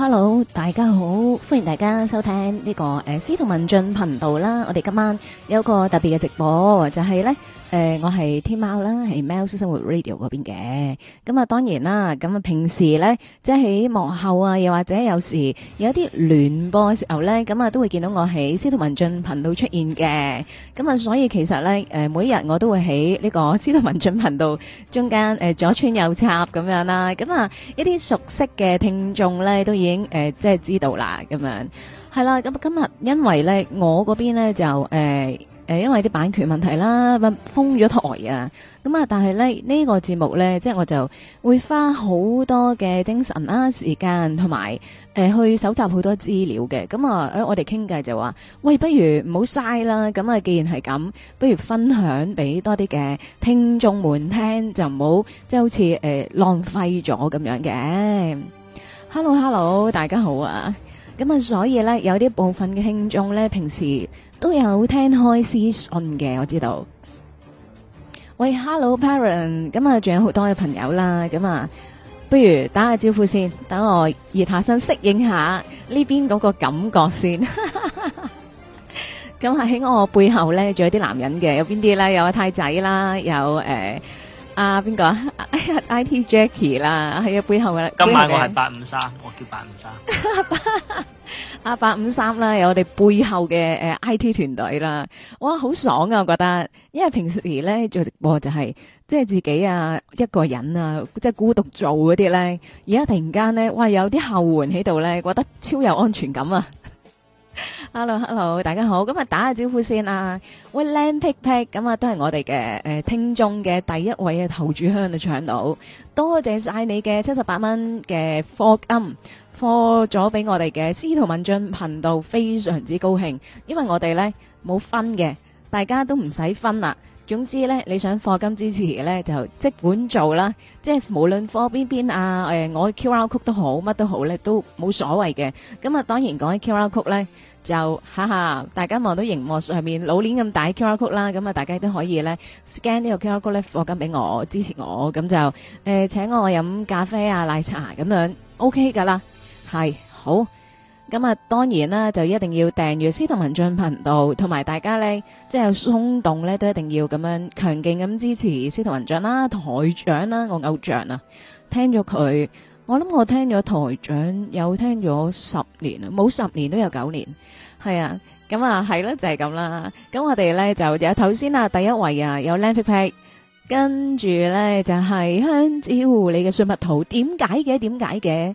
Hello，大家好，歡迎大家收聽呢個誒司徒文進頻道啦。我哋今晚有個特別嘅直播，就係咧。誒，我係天喵啦，係喵式生活 radio 嗰邊嘅。咁啊，當然啦，咁啊，平時咧，即係喺幕後啊，又或者有時有一啲聯播嘅時候咧，咁啊，都會見到我喺司徒文進頻道出現嘅。咁啊，所以其實咧，誒，每一日我都會喺呢個司徒文進頻道中間誒左穿右插咁樣啦。咁啊，一啲熟悉嘅聽眾咧，都已經誒即係知道啦。咁樣係啦。咁今日因為咧，我嗰邊咧就誒。誒，因為啲版權問題啦，封咗台啊，咁啊，但係咧呢個節目咧，即係我就會花好多嘅精神啦、啊、時間同埋誒去搜集好多資料嘅，咁、嗯、啊，誒我哋傾偈就話，喂，不如唔好嘥啦，咁、嗯、啊，既然係咁，不如分享俾多啲嘅聽眾們聽，就唔好即係好似誒浪費咗咁樣嘅。Hello，Hello，Hello，大家好啊，咁、嗯、啊，所以咧有啲部分嘅聽眾咧平時。都有聽開屍訊嘅，我知道。喂，Hello，Parent，咁啊，仲有好多嘅朋友啦，咁啊，不如打下招呼先，等我熱下身，適應下呢邊嗰個感覺先。咁 啊，喺我背後咧，仲有啲男人嘅，有邊啲咧？有阿太仔啦，有誒，阿邊個啊？IT Jackie 啦，喺我背後嘅。今晚我係八五三，我叫八五三。 阿八五三啦，有我哋背後嘅、誒 IT 團隊啦，哇，好爽啊！我覺得，因為平時咧做直播就係即係自己啊一個人啊，即係孤獨做嗰啲咧，而家突然間咧，哇，有啲後援喺度咧，覺得超有安全感啊！Hello，Hello，大家好，咁啊打下招呼先啊！喂，靚 pick pick，咁啊都係我哋嘅誒聽眾嘅第一位嘅頭柱香啊，搶到，多謝晒你嘅七十八蚊嘅課金，課咗俾我哋嘅司徒文進頻道，非常之高興，因為我哋呢冇分嘅，大家都唔使分啦。總之呢，你想課金支持嘅呢就即管做啦。即係無論課邊邊啊，誒我的 QR Code 都好，乜都好呢都冇所謂嘅。咁啊，當然講起 QR Code 呢，就哈哈，大家望到熒幕上面老年咁大 QR Code 啦，咁啊，大家都可以呢 scan 呢個 QR Code 呢，課金俾我支持我，咁就誒、呃、請我飲咖啡啊奶茶咁樣 OK 噶啦係好，咁啊，當然啦，就一定要訂閱司徒文進頻道，同埋大家咧，即係有鬆動咧，都一定要咁樣強勁咁支持司徒文進啦，台長啦，我偶像啊，聽咗佢，我諗我聽咗台長有聽咗十年，冇十年都有九年，係啊，咁啊，係啦，就係咁啦，咁我哋咧就有頭先啊，第一位啊，有 Landpack，跟住咧就係香子糊，你嘅信物圖點解嘅，點解嘅？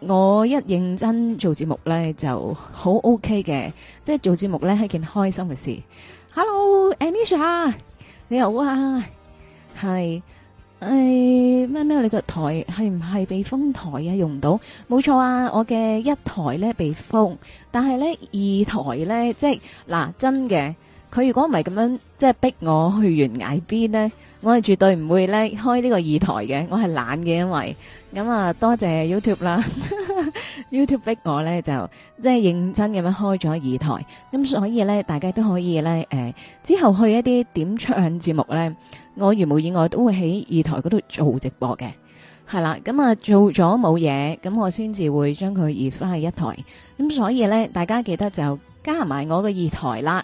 我一認真做節目咧就好 O K 嘅，即係做節目咧係件開心嘅事。Hello，Anisha，你好啊，係誒咩咩？你個台係唔係被封台啊？用唔到？冇錯啊，我嘅一台咧被封，但係咧二台咧即係嗱真嘅。佢如果唔係咁樣，即係逼我去懸崖邊呢？我係絕對唔會咧開呢個二台嘅。我係懶嘅，因為咁啊，多謝 YouTube 啦 ，YouTube 逼我呢，就即係認真咁樣開咗二台。咁所以呢，大家都可以呢，誒、呃、之後去一啲點唱節目呢，我如無意外都會喺二台嗰度做直播嘅。係啦，咁啊做咗冇嘢，咁我先至會將佢移翻去一台。咁所以呢，大家記得就加埋我個二台啦。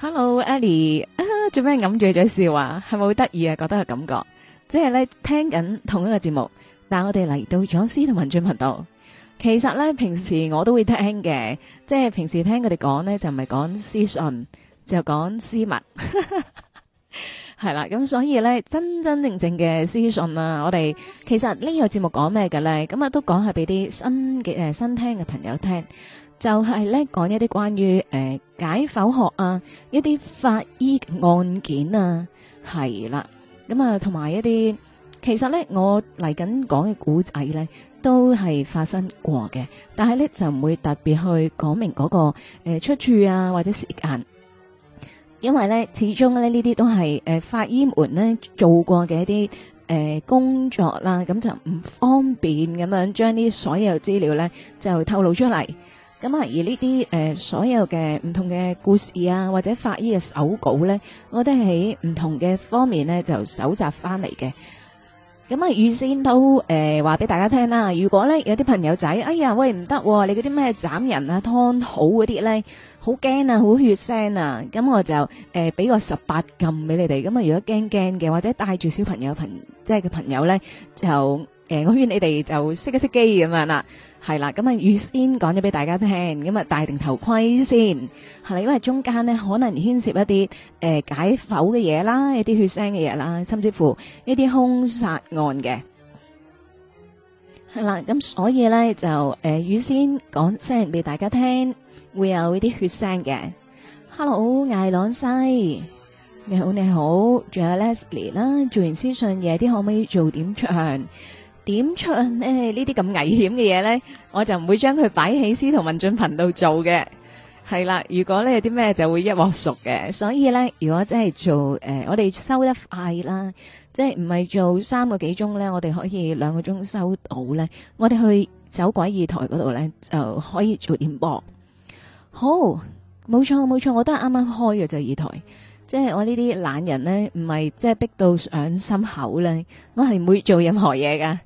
Hello，Eddie，做咩揞住嘴笑啊？係咪好得意啊？覺得個感覺，即係咧聽緊同一個節目，但係我哋嚟到咗司徒文進頻道，其實咧平時我都會聽嘅，即係平時聽佢哋講咧就唔係講私信，就講私密，係 啦，咁所以咧真真正正嘅私信啊，我哋其實個節呢個節目講咩嘅咧？咁啊都講下俾啲新嘅誒新聽嘅朋友聽。就係、是、咧講一啲關於誒、呃、解剖學啊，一啲法醫案件啊，係啦。咁啊，同埋一啲其實咧，我嚟緊講嘅古仔咧，都係發生過嘅。但係咧就唔會特別去講明嗰、那個、呃、出處啊，或者時間，因為咧始終咧呢啲都係誒、呃、法醫們咧做過嘅一啲誒、呃、工作啦、啊。咁就唔方便咁樣將啲所有資料咧就透露出嚟。咁啊，而呢啲誒所有嘅唔同嘅故事啊，或者法醫嘅手稿咧，我都喺唔同嘅方面咧就搜集翻嚟嘅。咁啊，預先都誒話俾大家聽、啊、啦。如果咧有啲朋友仔，哎呀，喂唔得、啊，你嗰啲咩斬人啊、湯好嗰啲咧，好驚啊、好血腥啊，咁我就誒俾、呃、個十八禁俾你哋。咁啊，如果驚驚嘅，或者帶住小朋友朋，即係嘅朋友咧，就是呢。就誒，我勸你哋就熄一熄機咁樣啦。係啦，咁啊預先講咗俾大家聽，咁啊戴定頭盔先。係啦，因為中間咧可能牽涉一啲誒解剖嘅嘢啦，一啲血腥嘅嘢啦，甚至乎一啲凶殺案嘅。係啦，咁所以咧就誒預先講聲俾大家聽，會有一啲血腥嘅。Hello 艾朗西，你好你好，仲有 Leslie 啦，做完屍訊嘢啲可唔可以做點長？點唱呢，呢啲咁危險嘅嘢呢？我就唔會將佢擺喺司徒文進頻道做嘅。係啦，如果呢有啲咩就會一鑊熟嘅。所以呢，如果真係做誒、呃，我哋收得快啦，即係唔係做三個幾鐘呢，我哋可以兩個鐘收到呢。我哋去走鬼二台嗰度呢，就可以做點播。好，冇錯冇錯，我都係啱啱開嘅就二台。即係我呢啲懶人呢，唔係即係逼到上心口呢，我係唔會做任何嘢噶。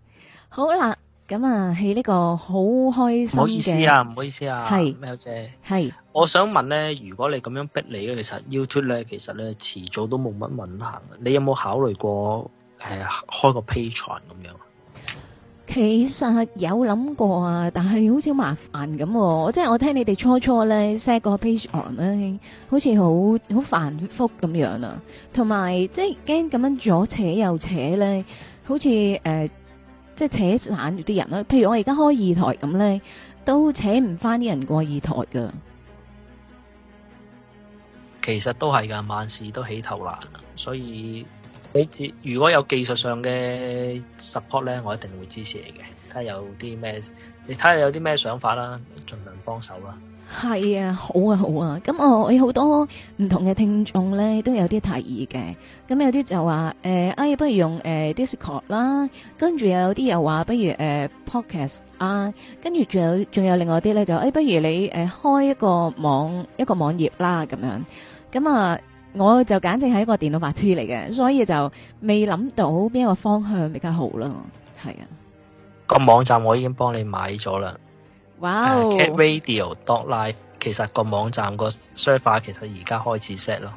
好啦，咁啊，係呢個好開心嘅。唔好意思啊，唔好意思啊，係喵姐。係，我想問咧，如果你咁樣逼你咧，其實 YouTube 咧，其實咧遲早都冇乜運行。你有冇考慮過誒開個 Patreon 咁樣？其實有諗過啊，但係好似麻煩咁。我即係我聽你哋初初咧 set 個 Patreon 咧，好似好好繁複咁樣啊。同埋即係驚咁樣左扯右扯咧，好似誒。即係扯散住啲人咯，譬如我而家開二台咁咧，都扯唔翻啲人過二台噶。其實都係噶，萬事都起頭難，所以你自如果有技術上嘅 support 咧，我一定會支持你嘅。睇下有啲咩，你睇下有啲咩想法啦，盡量幫手啦。係啊，好啊，好啊！咁、嗯、我有好多唔同嘅聽眾呢，都有啲提議嘅。咁、嗯、有啲就話誒、呃，哎，不如用、呃、Discord 啦，跟住有啲又話不如誒、呃、Podcast 啊，跟住仲有仲有另外啲呢，就誒、哎，不如你誒、呃、開一個網一個網頁啦咁樣。咁、嗯、啊、嗯，我就簡直係一個電腦白痴嚟嘅，所以就未諗到邊一個方向比較好咯。係啊，個網站我已經幫你買咗啦。哇、wow uh！catradio.live 其實個網站個 server 其實而家開始 set 咯，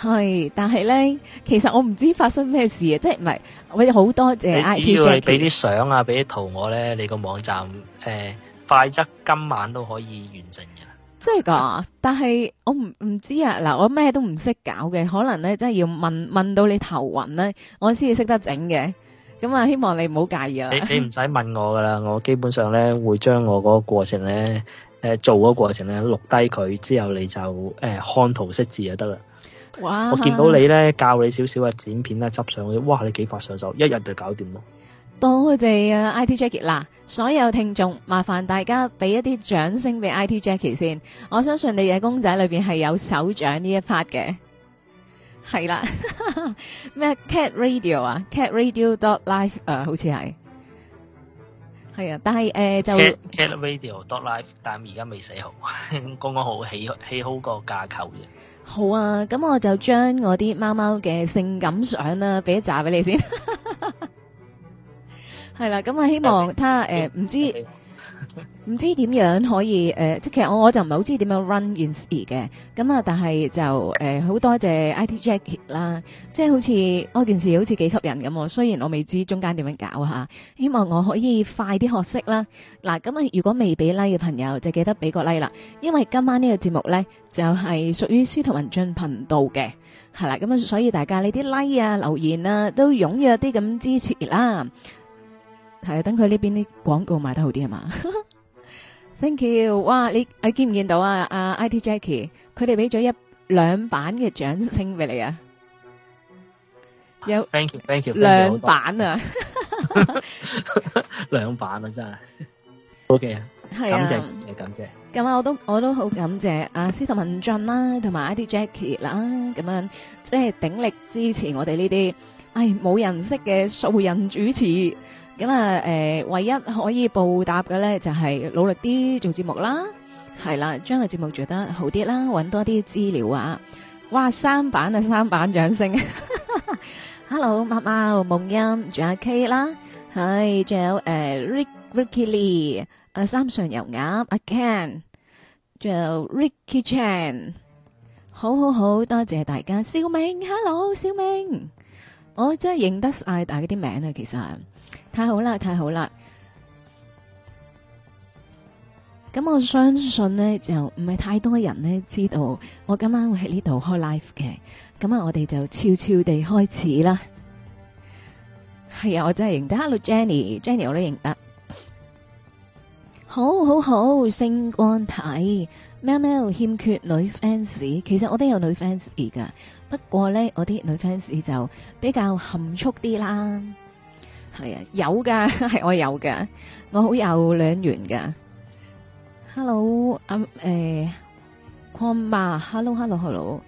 係但係咧，其實我唔知發生咩事啊！即係唔係我有好多多謝 ip，只要你俾啲相啊，俾啲圖我咧，你個網站誒、呃、快則今晚都可以完成嘅啦。真係噶？但係我唔唔知啊！嗱，我咩都唔識搞嘅，可能咧真係要問問到你頭暈咧，我先至識得整嘅。咁啊，希望你唔好介意啊！你你唔使問我噶啦，我基本上咧會將我嗰個過程咧，誒、呃、做嗰過程咧錄低佢之後，你就誒、呃、看圖識字就得啦。哇！我見到你咧教你少少嘅剪片啊，執上去，啲哇，你幾快上手，一日就搞掂咯。多謝啊，IT Jackie！嗱，所有聽眾麻煩大家俾一啲掌聲俾 IT Jackie 先，我相信你嘅公仔裏邊係有手掌呢一 part 嘅。係啦，咩 cat radio 啊，cat radio dot live，誒，好似係，係啊，但係誒就 cat radio dot live，但係我而家未寫好，剛剛好起起好個架構啫。好啊，咁我就將我啲貓貓嘅性感相啦，俾一扎俾你先。係啦，咁我，希望他誒，唔知。唔知點樣可以誒、呃，即其實我我就唔係好知點樣 run 件事嘅咁啊。但係就誒，好、呃、多謝 I T Jack 啦，即係好似嗰件事好似幾吸引咁。我雖然我未知中間點樣搞吓，希望我可以快啲學識啦。嗱，咁啊，如果未俾 like 嘅朋友，就係記得俾個 like 啦。因為今晚這個節呢個節目咧就係屬於司徒文進頻道嘅，係啦。咁啊，所以大家呢啲 like 啊、留言啊，都踊躍啲咁支持啦。係等佢呢邊啲廣告賣得好啲啊嘛。是吧 Thank you，哇！你誒見唔見到啊？阿、uh, IT Jackie 佢哋俾咗一兩版嘅掌聲俾你啊！有 Thank you，Thank you，兩 thank 版啊，兩 版 啊，真係。OK 啊，感謝，感謝，感謝。咁、嗯、啊，我都我都好感謝阿司徒文進啦、啊，同埋 IT Jackie 啦、啊，咁樣即係鼎力支持我哋呢啲誒冇人識嘅素人主持。咁啊，誒、呃，唯一可以報答嘅咧，就係努力啲做節目啦，係啦，將個節目做得好啲啦，揾多啲資料啊！哇，三版啊，三版掌聲 ！Hello，貓貓夢音，仲有 K 啦，係、呃，仲有誒 Rick Ricky Lee，啊，三上油鴨阿、啊、Ken 仲有 Ricky Chan，好，好好好，多謝大家，小明，Hello，小明。我真係認得晒大家啲名啊，其實太好啦，太好啦！咁我相信呢，就唔係太多人呢知道我今晚會喺呢度開 live 嘅。咁啊，我哋就悄悄地開始啦。係啊，我真係認得 Hello，Jenny，Jenny 我都認得。好好好，星光體，喵喵欠缺女 fans，其實我都有女 fans 噶。不過咧，我啲女 fans 就比較含蓄啲啦。係啊，有噶，係我有噶，我好有兩緣噶。Hello，阿誒、uh,，鄺罵，Hello，Hello，Hello hello.。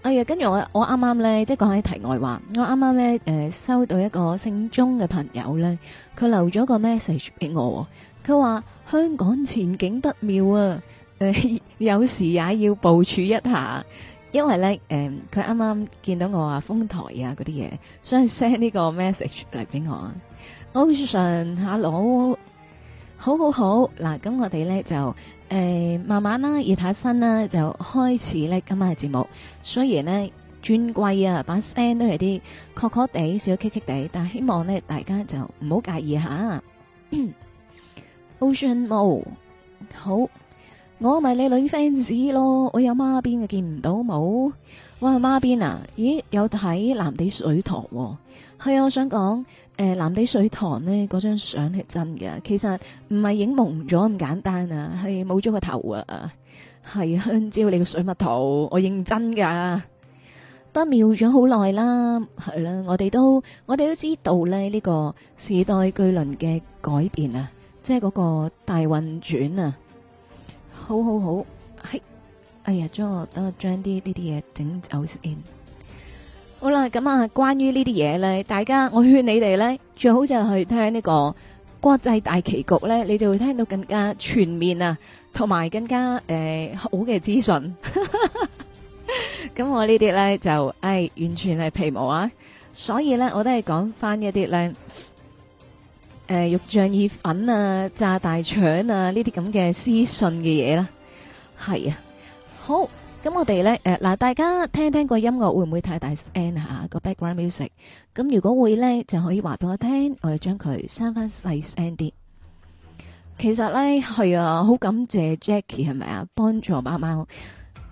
哎呀，跟住我，我啱啱咧，即係講起題外話，我啱啱咧，誒、呃，收到一個姓鍾嘅朋友咧，佢留咗個 message 俾我，佢話香港前景不妙啊，誒， 有時也要部署一下。因為咧，誒、呃，佢啱啱見到我話豐台啊嗰啲嘢，所以 send 呢個 message 嚟俾我。Ocean，hello，好好好，嗱，咁我哋咧就誒、呃、慢慢啦，熱下身啦，就開始咧今晚嘅節目。雖然咧轉季啊，把聲都係啲磕磕地，少少棘棘地，但係希望咧大家就唔好介意吓。 Ocean，Mall 好。我咪你女 fans 咯，我有孖辮嘅見唔到冇？哇孖辮啊，咦有睇藍地水塘，哦。係，啊、我想講誒、呃，藍地水塘呢，嗰張相係真嘅，其實唔係影蒙咗咁簡單啊，係冇咗個頭啊，係香蕉你嘅水蜜桃，我認真噶，不妙咗好耐啦，係啦，啊，我哋都我哋都知道咧呢、這個時代巨輪嘅改變啊，即係嗰個大運轉啊。好好好，係，哎呀，將我將啲呢啲嘢整走先。好啦，咁啊，關於呢啲嘢咧，大家我勸你哋咧，最好就去聽下呢個國際大棋局咧，你就會聽到更加全面啊，同埋更加誒，好嘅資訊。咁我呢啲咧就，哎，完全係皮毛啊，所以咧我都係講翻一啲咧。誒、呃，肉醬意粉啊，炸大腸啊，呢啲咁嘅屍訊嘅嘢啦，係啊，好，咁我哋咧，誒，嗱，大家聽聽個音樂會唔會太大聲吓、啊？個 background music，咁如果會咧，就可以話俾我聽，我哋將佢刪翻細聲啲。其實咧，係啊，好感謝 Jackie 係咪啊，幫助貓貓。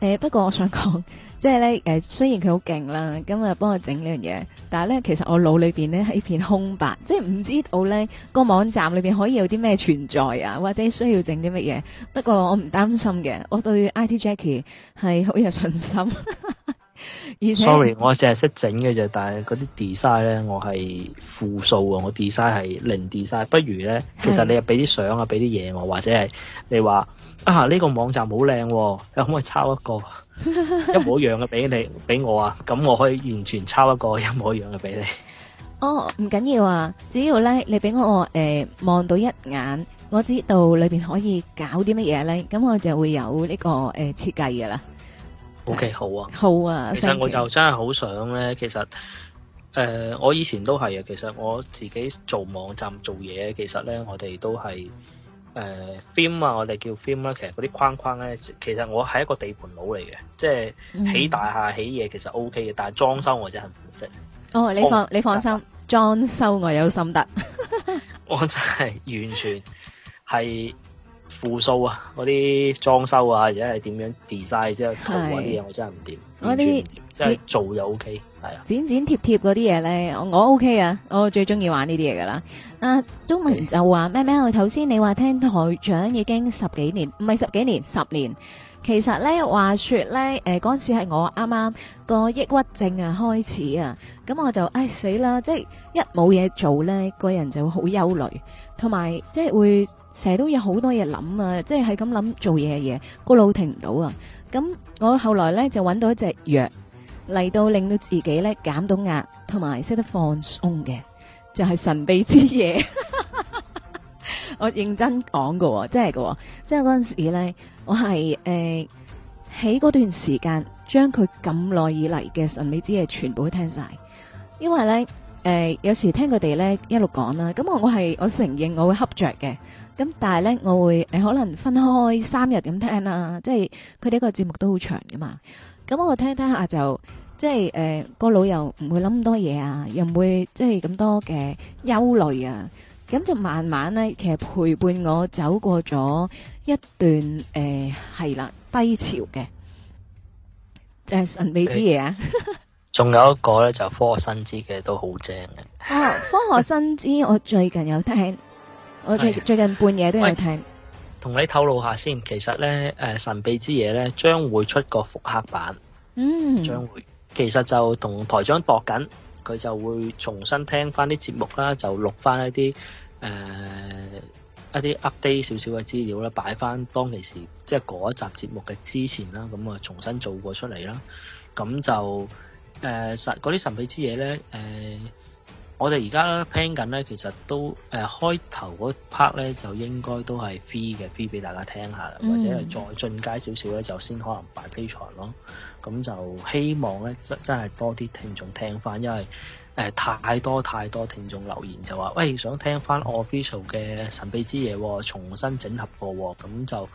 誒、呃，不過我想講，即係咧，誒、呃，雖然佢好勁啦，今日幫我整呢樣嘢，但係咧，其實我腦裏邊咧係一片空白，即係唔知道咧、個網站裏邊可以有啲咩存在啊，或者需要整啲乜嘢。不過我唔擔心嘅，我對 IT Jackie 係好有信心。 sorry，我淨係識整嘅啫，但係嗰啲 design 咧，我係負數啊，我 design 係零 design。不如咧，其實你又俾啲相啊，俾啲嘢我，或者係你話啊，呢、這個網站好靚、哦，你可唔可以抄一個一模一樣嘅俾你俾 我啊？咁我可以完全抄一個一模一樣嘅俾你。哦，唔緊要啊，只要咧、like, 你俾我誒望、呃、到一眼，我知道裏邊可以搞啲乜嘢咧，咁我就會有呢、這個誒設計嘅啦。呃 OK，好啊，好啊，其實我就真係好想咧，其實誒、呃，我以前都係啊，其實我自己做網站做嘢，其實咧我哋都係誒、呃、film 啊，我哋叫 film 啦、啊，其實嗰啲框框咧，其實我係一個地盤佬嚟嘅，即係起大廈起嘢其實 OK 嘅，但係裝修我真係唔識。哦，你放你放心，裝修我有心得， 我真係完全係。 富蘇啊，嗰啲裝修啊，或者係點樣 design 之後同埋嗰啲嘢，我真係唔掂。我啲即係做又 OK，係啊。剪剪貼貼嗰啲嘢咧，我 OK 啊，我最中意玩呢啲嘢噶啦。啊，中文就話咩咩？我頭先你話聽台長已經十幾年，唔係十幾年，十年。其實咧話説咧，誒嗰陣時係我啱啱個抑鬱症啊開始啊，咁我就唉死啦！即係一冇嘢做咧，個人就會好憂慮，同埋即係會。成日都有好多嘢諗啊，即係係咁諗做嘢嘅嘢個腦停唔到啊。咁我後來咧就搵到一隻藥嚟到，令到自己咧減到壓，同埋識得放鬆嘅就係神秘之夜。我認真講噶，真係噶，即係嗰陣時咧，我係誒喺嗰段時間將佢咁耐以嚟嘅神秘之夜全部都聽晒，因為咧誒有時聽佢哋咧一路講啦。咁我我係我承認我會恰著嘅。咁但係咧，我會誒可能分開三日咁聽啦、啊，即係佢哋一個節目都好長噶嘛。咁我聽聽下啊，就即係誒個腦又唔會諗咁多嘢啊，又唔會即係咁多嘅憂慮啊。咁就慢慢咧，其實陪伴我走過咗一段誒係啦低潮嘅，就係神秘之嘢啊。仲 有一個咧就科學新知嘅都好正嘅。哦、 啊，科學新知 我最近有聽。我最最近半夜都有聽，同你透露一下先。其實咧，誒、呃、神秘之夜咧，將會出個復刻版。嗯，將會其實就同台長搏緊，佢就會重新聽翻啲節目啦，就錄翻一啲誒、呃、一啲 update 少少嘅資料啦，擺翻當其時即係嗰一集節目嘅之前啦，咁、嗯、啊重新做過出嚟啦。咁就誒實嗰啲神秘之夜咧，誒、呃。我哋而家咧，聽緊咧，其實都誒開頭嗰 part 咧，就應該都係 free 嘅，free 俾大家聽下，啦、嗯。或者係再進階少少咧，就先可能 by Patreon 咯。咁就希望咧，真真係多啲聽眾聽翻，因為。誒太多太多聽眾留言就話，喂，想聽翻 official 嘅神秘之夜，哦，重新整合過，哦，咁就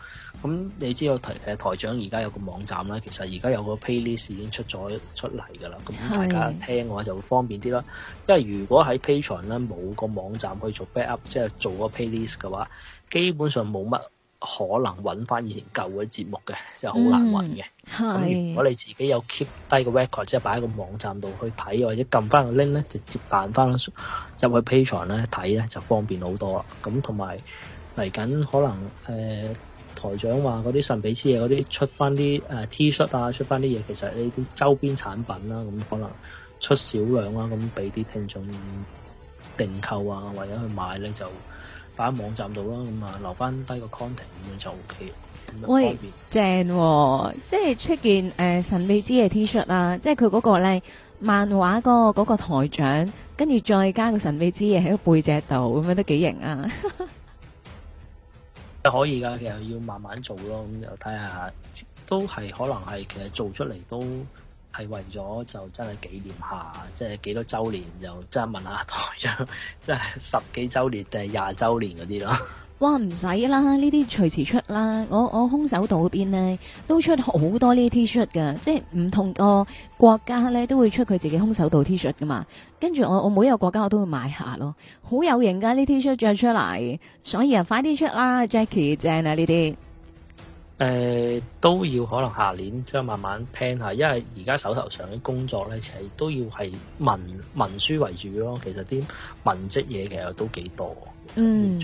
咁，你知道台誒台長而家有個網站啦，其實而家有個 playlist 已經出咗出嚟㗎啦，咁大家聽嘅話就會方便啲啦。因為如果喺 patreon 咧冇個網站去做 backup，即係做個 playlist 嘅話，基本上冇乜。可能揾翻以前舊嘅節目嘅就好難揾嘅。咁、嗯、如果自己有 keep 低個 record，即係擺喺個網站度去睇，或者撳翻個 link 咧，直接彈翻入去 Patreon 咧，睇咧，就方便好多啦。咁同埋嚟緊可能誒、呃、台長話嗰啲神秘啲嘢，嗰啲出翻啲誒 T 恤啊，出翻啲嘢，其實呢啲周邊產品啦、啊，咁可能出少量啦、啊，咁俾啲聽眾訂購啊，或者去買咧就。擺喺網站度咯，咁啊留翻低個 content 咁樣就 OK 樣。喂，正、啊，即係出件、呃、神秘之夜 T-shirt 啊，即係佢嗰個咧漫畫嗰個台長，跟住再加個神秘之夜喺個背脊度，咁樣都幾型啊！ 可以㗎，其實要慢慢做咯，咁就睇下，都係可能係其實做出嚟都。係為咗就真係紀念下，即係幾多周年，就真係問下台長，即係十幾周年定係廿周年嗰啲咯。哇，唔使啦，呢啲隨時出啦。我我空手道嗰邊咧都出好多呢啲 T 恤噶，即係唔同個國家咧都會出佢自己空手道 T 恤噶嘛。跟住我我每一個國家我都會買下咯，好有型噶呢啲 T 恤着出嚟，所以啊，快啲出啦，Jackie 正啊呢啲。誒、呃，都要可能下年即係、就是、慢慢 plan 下，因為而家手頭上啲工作咧，其實都要係文文書為主咯。其實啲文職嘢其實都幾多。嗯，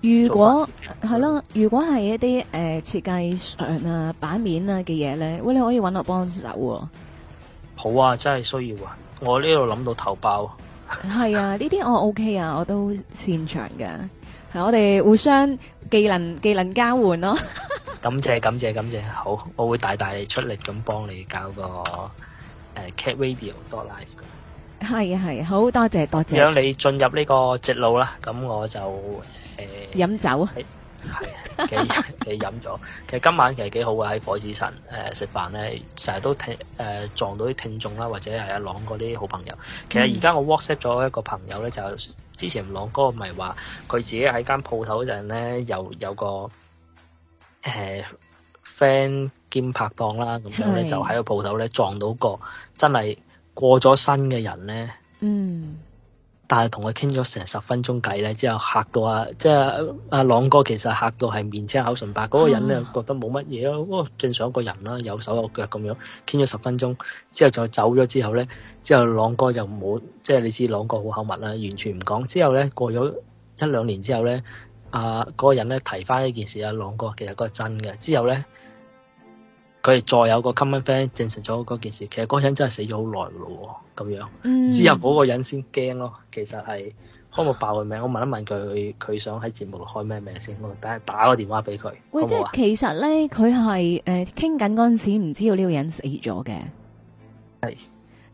如果係咯，如果係一啲誒設計上啊、版面啊嘅嘢咧，喂，你可以揾我幫手、啊。好啊，真係需要啊！我呢度諗到頭包，係啊，呢 啲、啊、我 OK 啊，我都擅長嘅。我哋互相技能技能交換咯。感謝感謝感謝，好，我會大大出力咁幫你搞個誒 cat radio dot live。係啊係，好多謝多謝。咁樣你進入呢個直路啦，咁我就誒。飲酒啊？係幾幾飲咗？其實今晚其實幾好啊，喺火子神誒食飯咧，成日都聽誒撞到啲聽眾啦，或者係阿朗嗰啲好朋友。其實而家我 WhatsApp 咗一個朋友咧，就。之前朗哥唔係話佢自己喺間鋪頭嗰陣咧，有有個誒 friend 兼拍檔啦，咁樣咧就喺個鋪頭咧撞到個真係過咗身嘅人咧。嗯。但係同佢傾咗成十分鐘偈咧，之後嚇到阿即係阿朗哥，其實嚇到係面青口唇白，嗰個人咧覺得冇乜嘢咯，哇正常一個人啦，有手有腳咁樣傾咗十分鐘，之後再走咗之後咧，之後朗哥就冇即係你知朗哥好口密啦，完全唔講。之後咧過咗一兩年之後咧，阿嗰個人咧提翻呢件事，阿朗哥其實個真嘅。之後咧。佢再有個 common friend 證實咗嗰件事，其實嗰個人真係死咗好耐噶咯，咁樣之後嗰個人先驚咯。其實係、嗯、可唔可以爆個名，我問一問佢，佢想喺節目度開咩名先？我等下打個電話俾佢。喂，即係其實咧，佢係誒傾緊嗰陣時，唔知道呢個人死咗嘅。係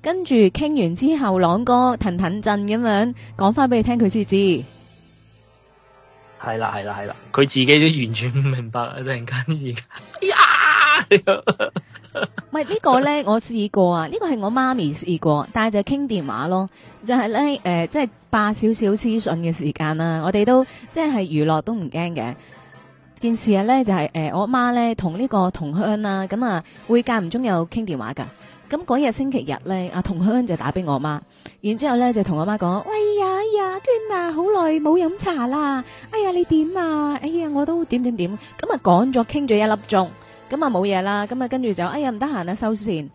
跟住傾完之後，朗哥騰騰震咁樣講翻俾你聽他，佢先知。係啦，係啦，係啦，佢自己都完全唔明白，突然間而家，哎呀～唔 係呢個咧，我試過啊，呢、這個係我媽咪試過，但係就傾電話咯，就係咧誒，即、呃、係霸少少資訊嘅時間啦。我哋都即係娛樂都唔驚嘅。件事咧就係、是、誒、呃，我媽咧同呢個同鄉啦，咁、嗯、啊會間唔中有傾電話噶。咁嗰日星期日咧，阿同鄉就打俾我媽，然之後咧就同我媽講，喂呀哎呀，哎呀娟啊，好耐冇飲茶啦！哎呀你點啊？哎呀我都點點點。咁啊講咗傾咗一粒鐘。咁啊冇嘢啦，咁啊跟住就哎呀唔得閒啦收線，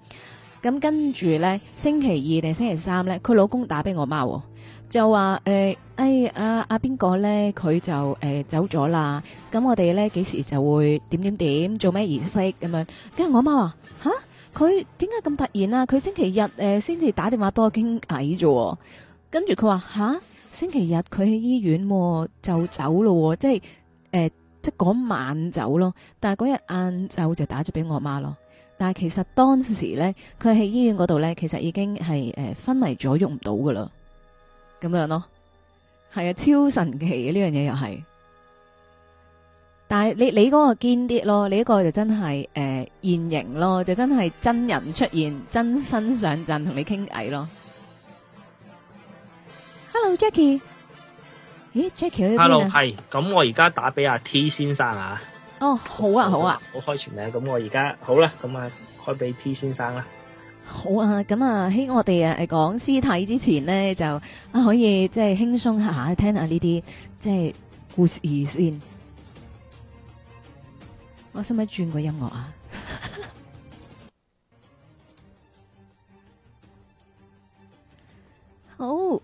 咁跟住咧星期二定星期三咧，佢老公打俾我媽，就話誒誒阿阿邊個咧佢就誒、呃、走咗啦，咁我哋咧幾時就會點點點做咩儀式咁樣？跟住我媽話吓佢點解咁突然啊？佢星期日誒先至打電話幫我傾偈啫，跟住佢話吓星期日佢喺醫院就走咯，即係誒。呃即嗰晚走咯，但係嗰日晏晝就打咗俾我媽咯。但係其實當時咧，佢喺醫院嗰度咧，其實已經係誒、呃、昏迷咗，喐唔到噶啦。咁樣咯，係啊，超神奇嘅呢樣嘢又係。但係你你嗰個堅啲咯，你呢個就真係誒、呃、現形咯，就真係真人出現，真身上陣同你傾偈咯。Hello Jackie。咦，Jackie hello 啊？係，咁我而家打俾阿 T 先生啊。哦、oh，好啊，好啊。我開全名，咁我而家好啦，咁啊開俾 T 先生啦。好啊，咁啊喺我哋誒講屍體之前呢，就啊可以即係輕鬆下聽下呢啲即係故事先。我使唔使轉個音樂啊？樂 好。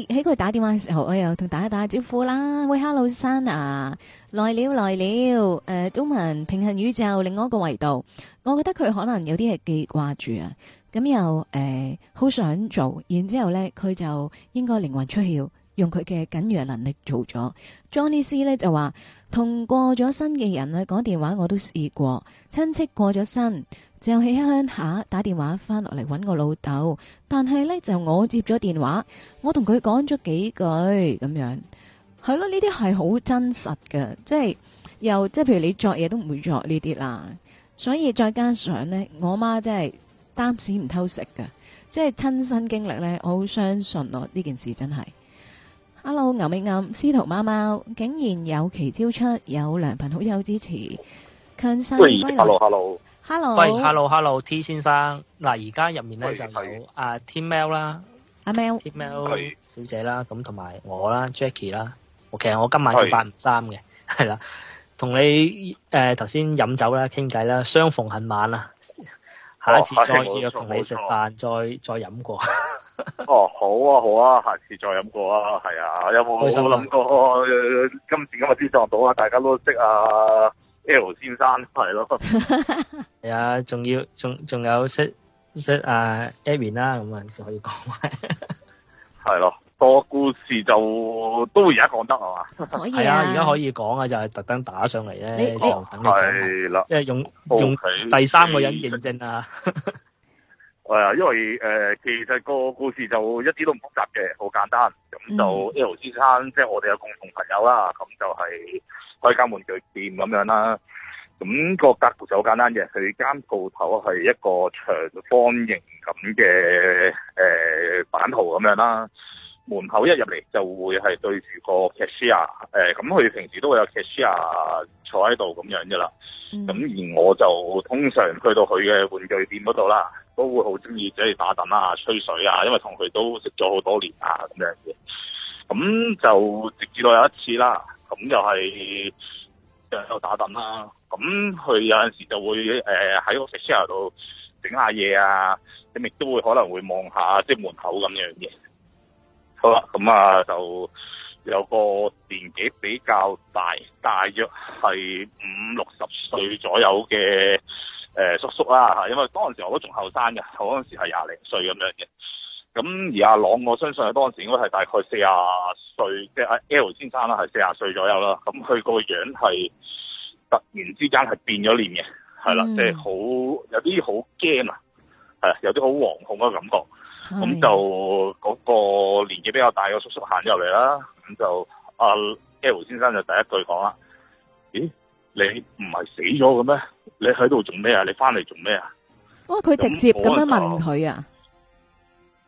喺佢打電話嘅時候，我又同大家打招呼啦。喂，Hello，山啊，來了來了。誒，中文平行宇宙另外一個維度，我覺得佢可能有啲嘢記掛住啊。咁又誒，好、uh, 想做，然之後咧，佢就應該靈魂出竅，用佢嘅隱約能力做咗。Johnny C 呢就話，同過咗身嘅人咧講、那個、電話，我都試過，親戚過咗身。就喺鄉下打電話翻落嚟揾我老豆，但係呢，就我接咗電話，我同佢講咗幾句咁樣，係咯？呢啲係好真實㗎。即係又即係，譬如你作嘢都唔會作呢啲啦。所以再加上呢，我媽真係擔屎唔偷食噶，即係親身經歷呢，我好相信咯、啊、呢件事真係。Hello，牛尾暗，司徒媽媽，竟然有奇招出，有良朋好友支持，強勢歸來 Hello，Hello。Hey, hello, hello. 喂 hello,、hey，Hello，Hello，T 先生，嗱，而家入面咧就有阿、uh, t Mel 啦，阿 Mel，T Mel 小姐啦，咁同埋我啦，Jacky 啦，Jackie, 其實我今晚着白唔衫嘅，係啦，同你誒頭先飲酒啦，傾偈啦，相逢恨晚啦，下一次再約同你食飯，哦，再再飲過。 哦，好啊，好啊，下次再飲過啊，係啊，有冇？我心諗、啊、過、哦，今次今日先撞到啊，大家都識啊。L 先生係咯，係啊，仲 要仲仲有識識啊，Amy 啦咁啊，就可以講係咯，S3, 還要 是那個故事就都會而家講得係嘛，係啊，而家可以講啊，就係特登打上嚟咧，係 啦、哦，即係、就是、用、okay. 用第三個人認證啊，係啊， 因為誒、呃，其實個故事就一啲都唔複雜嘅，好簡單，咁就 L 先生，即、嗯、係、就是、我哋有共同朋友啦，咁就係、是。開間玩具店咁樣啦，咁、那個格局就好簡單嘅，佢間鋪頭係一個長方形咁嘅誒版圖咁樣啦。門口一入嚟就會係對住個 cashier，誒咁佢平時都會有 cashier 坐喺度咁樣嘅啦。咁、嗯、而我就通常去到佢嘅玩具店嗰度啦，都會好中意走去打躉啊、吹水啊，因為同佢都識咗好多年啊咁樣嘅。咁就直至到有一次啦。咁就係喺度打盹啦、啊。咁佢有陣時就會喺個食車度整下嘢啊，咁亦都會可能會望下即係門口咁樣嘅。好啦、啊，咁啊就有個年紀比較大，大約係五六十歲左右嘅、呃、叔叔啦、啊、因為當陣時我都仲後生嘅，我嗰陣時係廿零歲咁樣嘅。咁而阿朗，我相信佢當時應該係大概四十歲，即係阿 L 先生啦，係四十歲左右啦。咁佢個樣係突然之間係變咗臉嘅，係、嗯、啦，即係好有啲好驚啊，係啊，有啲好惶恐嘅感覺。咁就嗰個年紀比較大嘅叔叔行入嚟啦，咁就阿 L 先生就第一句講啦：咦，你唔係死咗嘅咩？你喺度做咩啊？你翻嚟做咩啊？哦！佢直接咁樣問佢啊！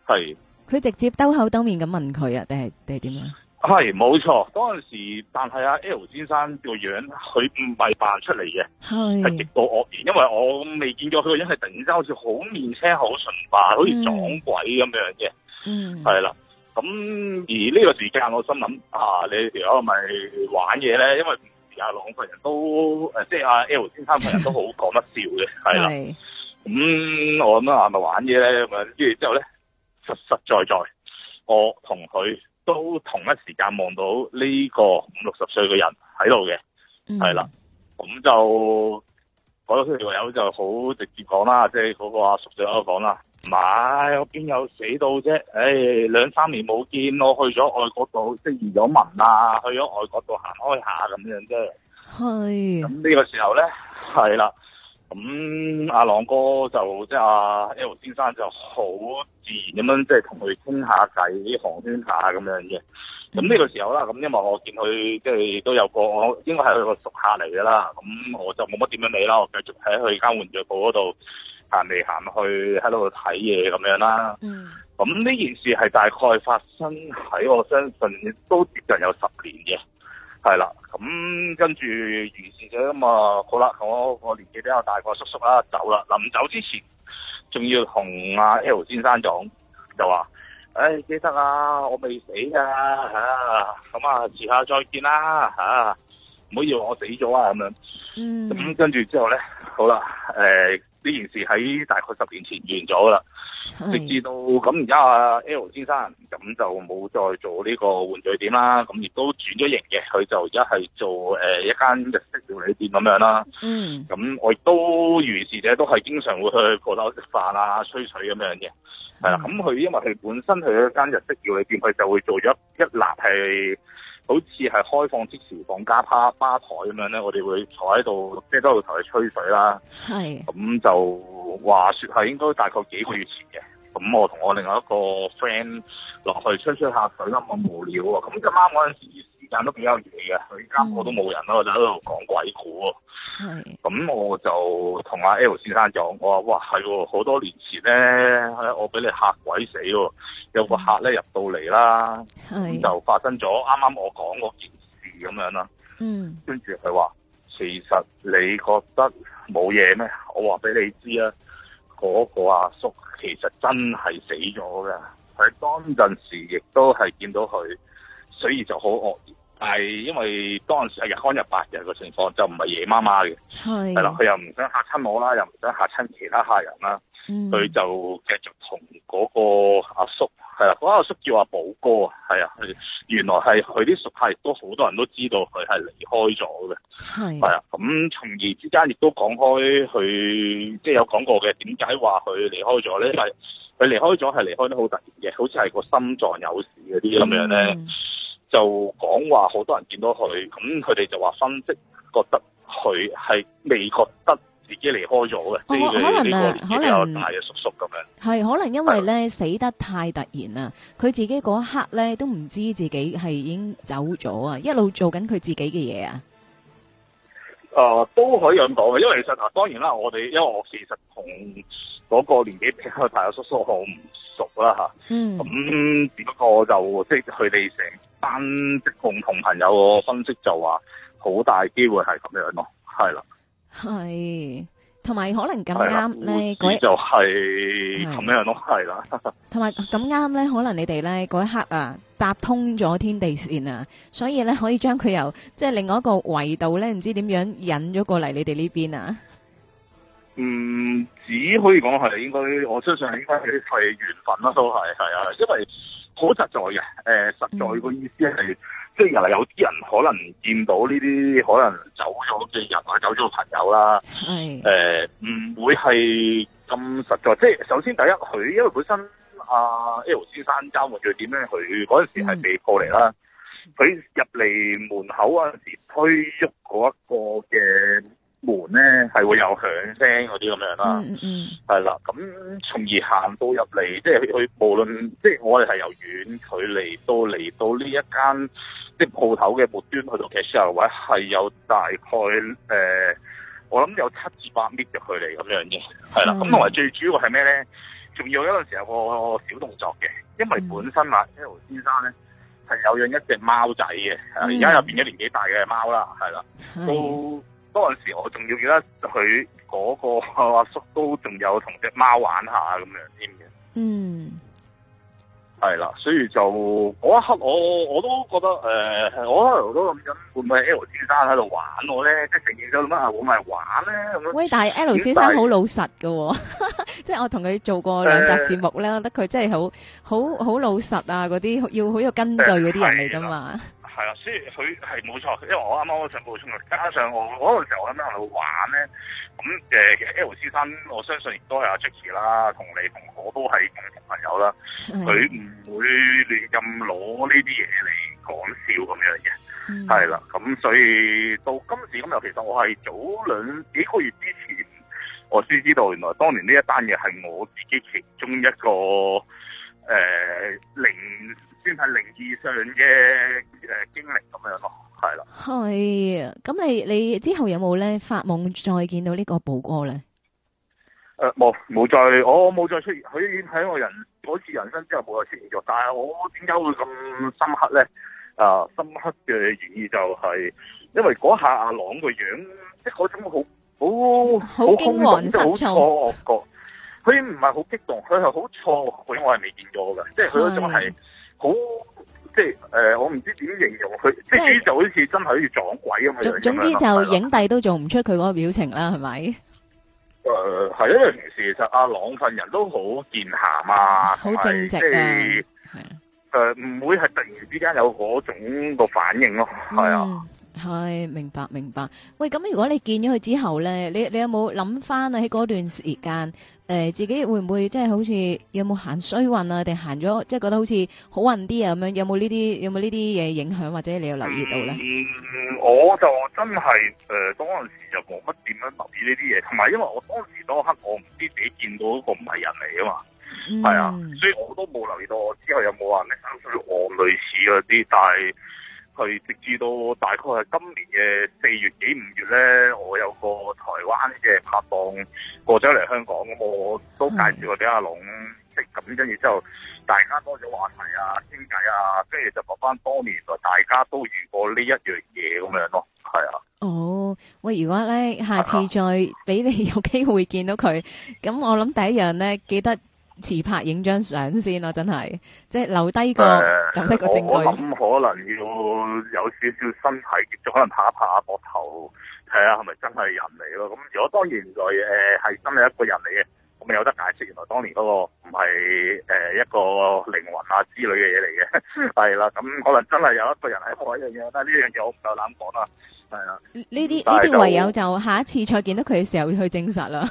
係，佢直接兜口兜面咁問佢啊，定係定係點樣啊？係，冇錯。嗰陣時，但係阿 L 先生個樣，佢唔係扮出嚟嘅，係係極度愕然。因為我未見過佢個樣，係突然之間好似好面青，好純白，好似撞鬼咁樣嘅。嗯，係啦。咁、嗯、而呢個時間，我心諗啊，你而家係咪玩嘢咧？因為阿朗兩人都誒，即係阿 L 先生份人都好講得笑嘅，係 啦。咁我諗啊，係咪玩嘢咧？咁啊，跟住之後咧。實實在在，我同佢都同一時間望到呢個五六十歲嘅人喺度嘅，係啦，Mm-hmm.，咁就我啲條友就好直接講啦，即係嗰個阿叔就喺度講啦，唔係我邊有死到啫，唉、哎、兩三年冇見，我去咗外國度，即係移咗民啊，去咗外國度行開下咁樣啫，係咁呢個時候咧，係啦。咁、嗯、阿朗哥就即係阿 L 先生就好自然咁、就是、樣即係同佢傾下偈，寒暄下咁樣嘅。咁、這、呢個時候啦，咁因為我見佢即係都有個，我應該係佢個熟客嚟嘅啦。咁、嗯、我就冇乜點樣理啦，我繼續喺佢間玩具鋪嗰度行嚟行去，喺度睇嘢咁樣啦。咁、嗯、呢、嗯嗯、件事係大概發生喺我相信都接近有十年嘅。係啦，咁跟住完事咗咁啊，好啦，我年紀比較大個叔叔啦走啦，臨走之前仲要同阿 L 先生講就話，唉、哎、記得啊，我未死啊。」吓，咁啊，遲下再見啦吓，唔、啊、好以為我死咗啊咁樣，咁、嗯、跟住之後咧，好啦，誒、欸。呢件事喺大概十年前完咗啦，直至到咁而家阿 L 先生咁就冇再做呢個玩具店啦，咁亦都轉咗型嘅，佢就一係做誒一間日式料理店咁樣啦。嗯，咁我亦都如是者，都係經常會去嗰度食飯啊、吹水咁樣嘅。係啦，咁佢因為佢本身佢一間日式料理店，佢就會做咗一立係。好似係開放即時放家趴吧台咁樣咧，我哋會坐喺度，即係都喺度同佢吹水啦。係咁就話說係應該大概幾個月前嘅，咁我同我另外一個 friend 落去吹吹下水啦，咁無聊喎。咁咁啱嗰陣時。時間都比較夜嘅，佢依家我都冇人啦，嗯，我就喺度講鬼故。咁我就同阿 L 先生講，我話：哇，係，好多年前咧，我俾你吓鬼死喎！有個客咧入到嚟啦，咁就發生咗啱啱我講嗰件事咁樣啦。嗯，跟住佢話：，其實你覺得冇嘢咩？我話俾你知啊，嗰、嗰個阿叔其實真係死咗嘅，佢當陣時亦都係見到佢。所以就好惡，但係因為當時係日光日白日嘅情況，就唔係夜媽媽嘅。係，係啦，佢又唔想嚇親我啦，又唔想嚇親其他客人啦。嗯，佢就繼續同嗰個阿叔係啦，嗰個阿叔叫阿寶哥啊，係啊，原來係佢啲熟客亦都好多人都知道佢係離開咗嘅。係，係啊，咁從而之間亦都講開佢，即係有講過嘅點解話佢離開咗咧？因為佢離開咗係離開得好突然嘅，好似係個心臟有事嗰啲咁樣咧。就講話好多人見到佢，咁佢哋就話分析覺得佢係未覺得自己離開咗嘅。哦。可能啊，大嘅叔叔，可能大嘅叔叔咁樣。係可能因為咧死得太突然啦，佢自己嗰一刻咧都唔知自己係已經走咗啊，一路做緊佢自己嘅嘢啊。誒、呃、都可以咁講嘅，因為其實啊，當然啦，我哋因為我其實同嗰個年紀比較大嘅叔叔好唔～熟啦吓，咁、嗯、只不過就即係佢哋成班即共同,同朋友分析就話，好大機會係咁樣咯，係啦，係，同埋可能咁啱咧，嗰就係咁樣咯，係啦，同埋咁啱咧，可能你哋咧嗰一刻啊，搭通咗天地線啊，所以咧可以將佢由即係另外一個維度咧，唔知點樣引咗過嚟你哋呢邊啊。嗯，只可以講，係，應該我相信係應該係緣分啦，都係係啊，因為好實在嘅，誒、呃，實在個意思係，即係人有啲人可能見到呢啲可能走咗嘅人啊，走咗嘅朋友啦，係、嗯、誒，唔、呃、會係咁實在，即係首先第一，佢因為本身阿、啊、L 先生交換咗點咧，佢嗰陣時係未過嚟啦，佢入嚟門口嗰陣時推喐嗰一個嘅。門咧係會有響聲嗰啲咁樣啦，係、嗯、啦，咁、嗯、從而行到入嚟，即係佢無論即係我哋係由遠距離到嚟到呢一間即係鋪頭嘅末端去到 cashier 位，係有大概誒、呃，我諗有七至八米嘅距離咁樣嘅。係啦，咁同埋最主要係咩咧？仲要有一陣時有個小動作嘅，因為本身阿 c、嗯、l 先生咧係有養一隻貓仔嘅，而家入變咗年紀大嘅貓啦，係啦、嗯，都。嗰陣時我、啊，我仲要記得佢嗰個阿叔都仲有同隻貓玩下咁樣添嘅。嗯，係啦，所以就嗰一刻我我都覺得誒，呃、一我一路都諗緊會唔會 L 先生喺度玩我咧？即係成件事都咁樣？會唔咪玩咧？咁樣。喂，但係 L 先生好老實㗎喎、哦，嗯、 即係我同佢做過兩集節目咧，得佢、呃、真係好好好老實啊！嗰啲要好有根據嗰啲人嚟噶嘛。 係啦、啊，所以佢係冇錯，因為我啱啱想補充加上我嗰陣時候我喺邊度玩咧，咁其實 L 先生，呃、Lc3, 我相信亦都係阿 Jacky 啦，你同你同我都係共同朋友啦，佢、嗯、唔會亂咁攞呢啲嘢嚟講笑咁樣嘅，係、嗯、啦，咁、啊、所以到今時今日，其實我係早兩幾個月之前，我先知道原來當年呢一單嘢係我自己其中一個。誒、呃，靈先係靈異上嘅誒經歷咁樣咯，係係啊，咁你你之後有冇咧發夢再見到個寶呢個寶哥咧？誒、呃，冇冇再，我冇再出現。佢喺我人，好人生之後冇再出現咗。但係我點解會咁深刻咧？啊，深刻嘅原因就係、是、因為嗰下阿朗個樣，即係嗰種好好好驚慌失措惡覺。佢唔係好激動，佢係好錯佢，我係未見過㗎，即係佢嗰種係好即係誒，我唔知點形容佢，即係就好似真係好似撞鬼咁樣。總總之就影帝都做唔出佢嗰個表情啦，係咪？誒係啊，因為平時其實阿朗份人都好健下嘛，好正直，係即係誒唔會係突然之間有嗰種個反應咯，係啊，係明白明白。喂，咁如果你見咗佢之後咧，你你有冇諗翻啊？喺嗰段時間。誒，自己會唔會即係好似有冇行衰運啊？定行咗即係覺得好似好運啲啊？咁樣有冇呢啲有冇呢啲嘢影響或者你有留意到咧？嗯，我就真係誒、呃，當陣時就冇乜點樣留意呢啲嘢，同埋因為我當時嗰刻我唔知自己見到嗰個唔係人嚟啊嘛，係、嗯、啊，所以我都冇留意到我之後有冇話咩三衰六旺類似嗰啲，但係。佢直至到大概係今年嘅四月幾五月咧，我有個台灣嘅拍檔過咗嚟香港，咁，我都介紹我俾阿龍識，咁跟住之後，大家多咗話題啊、傾偈啊，跟住就講翻當年大家都遇過呢一樣嘢咁樣咯，係啊。哦，喂，如果咧下次再俾你有機會見到佢，咁、啊、我諗第一樣咧記得。持拍影張相先咯。真係即係留低個、呃、留低個證據。我諗可能要有少少身體，可能拍一拍下膊頭，係啊，係咪真係人嚟咯。咁如果當然原來誒係真係一個人嚟嘅，咁有得解釋。原來當年嗰個唔係誒一個靈魂啊之類嘅嘢嚟嘅，係啦。咁可能真係有一個人喺度，一樣嘢，但係呢樣嘢我唔夠膽講啦。係啦，呢啲呢啲唯有就下一次再見到佢嘅時候去證實啦。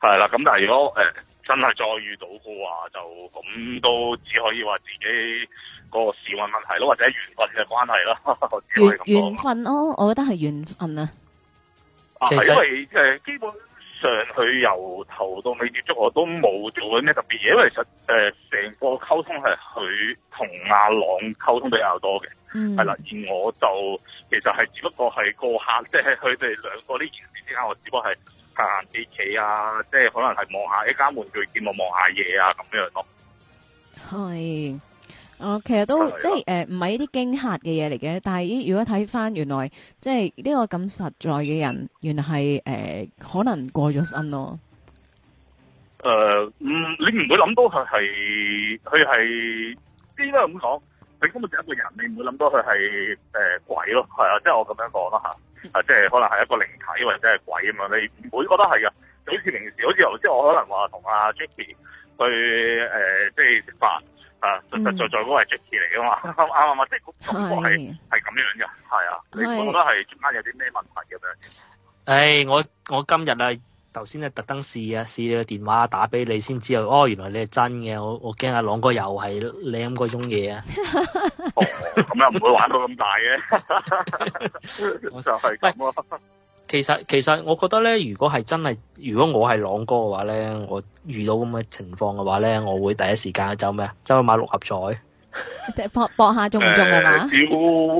係、嗯、啦，咁、嗯、 但係如果誒。呃真係再遇到嘅話，就咁都只可以話自己個時運問題咯，或者緣分嘅關係啦。緣分咯，我覺得係緣分啊。因為誒，基本上佢由頭到尾接觸，我都冇做緊咩特別嘢。因為實誒，成、呃、個溝通係佢同阿朗溝通比較多嘅，係、嗯、啦。而我就其實係只不過係個客，即係佢哋兩個呢件事之間，我只不過係。行啲企啊，即係可能係望下一家門對見，望望下嘢啊，咁樣咯、啊。係，哦，其實都即係誒，唔、呃、係一啲驚嚇嘅嘢嚟嘅。但係如果睇翻，原來即係呢個咁實在嘅人，原來係誒、呃，可能過咗身咯。誒、呃嗯，你唔會諗到佢係佢係，即係咁講？佢根本就一個人，你唔會諗到佢係誒鬼咯。係啊，即係我咁樣講啦吓。啊，即係可能係一個靈體或者係鬼咁嘛。你唔會覺得係噶，就好似平時，好似頭先我可能話同阿 Jackie 去誒、呃，即係食飯，誒、啊、實實在在嗰個係 Jackie 嚟噶嘛，啱唔啱？即係感覺係係咁樣嘅，係啊，你覺得係中間有啲咩問題嘅咩？誒、欸，我我今日啊～頭先咧特登試啊，試你個電話打畀你先知啊，哦，原來你係真嘅，我我驚阿朗哥又係你咁嗰種嘢啊，咁又唔會玩到咁大嘅，我就係咁咯。其實其實我覺得咧，如果係真係，如果我係朗哥嘅話咧，我遇到咁嘅情況嘅話咧，我會第一時間就咩啊，走去買六合彩。即係搏搏下中唔中係嘛？要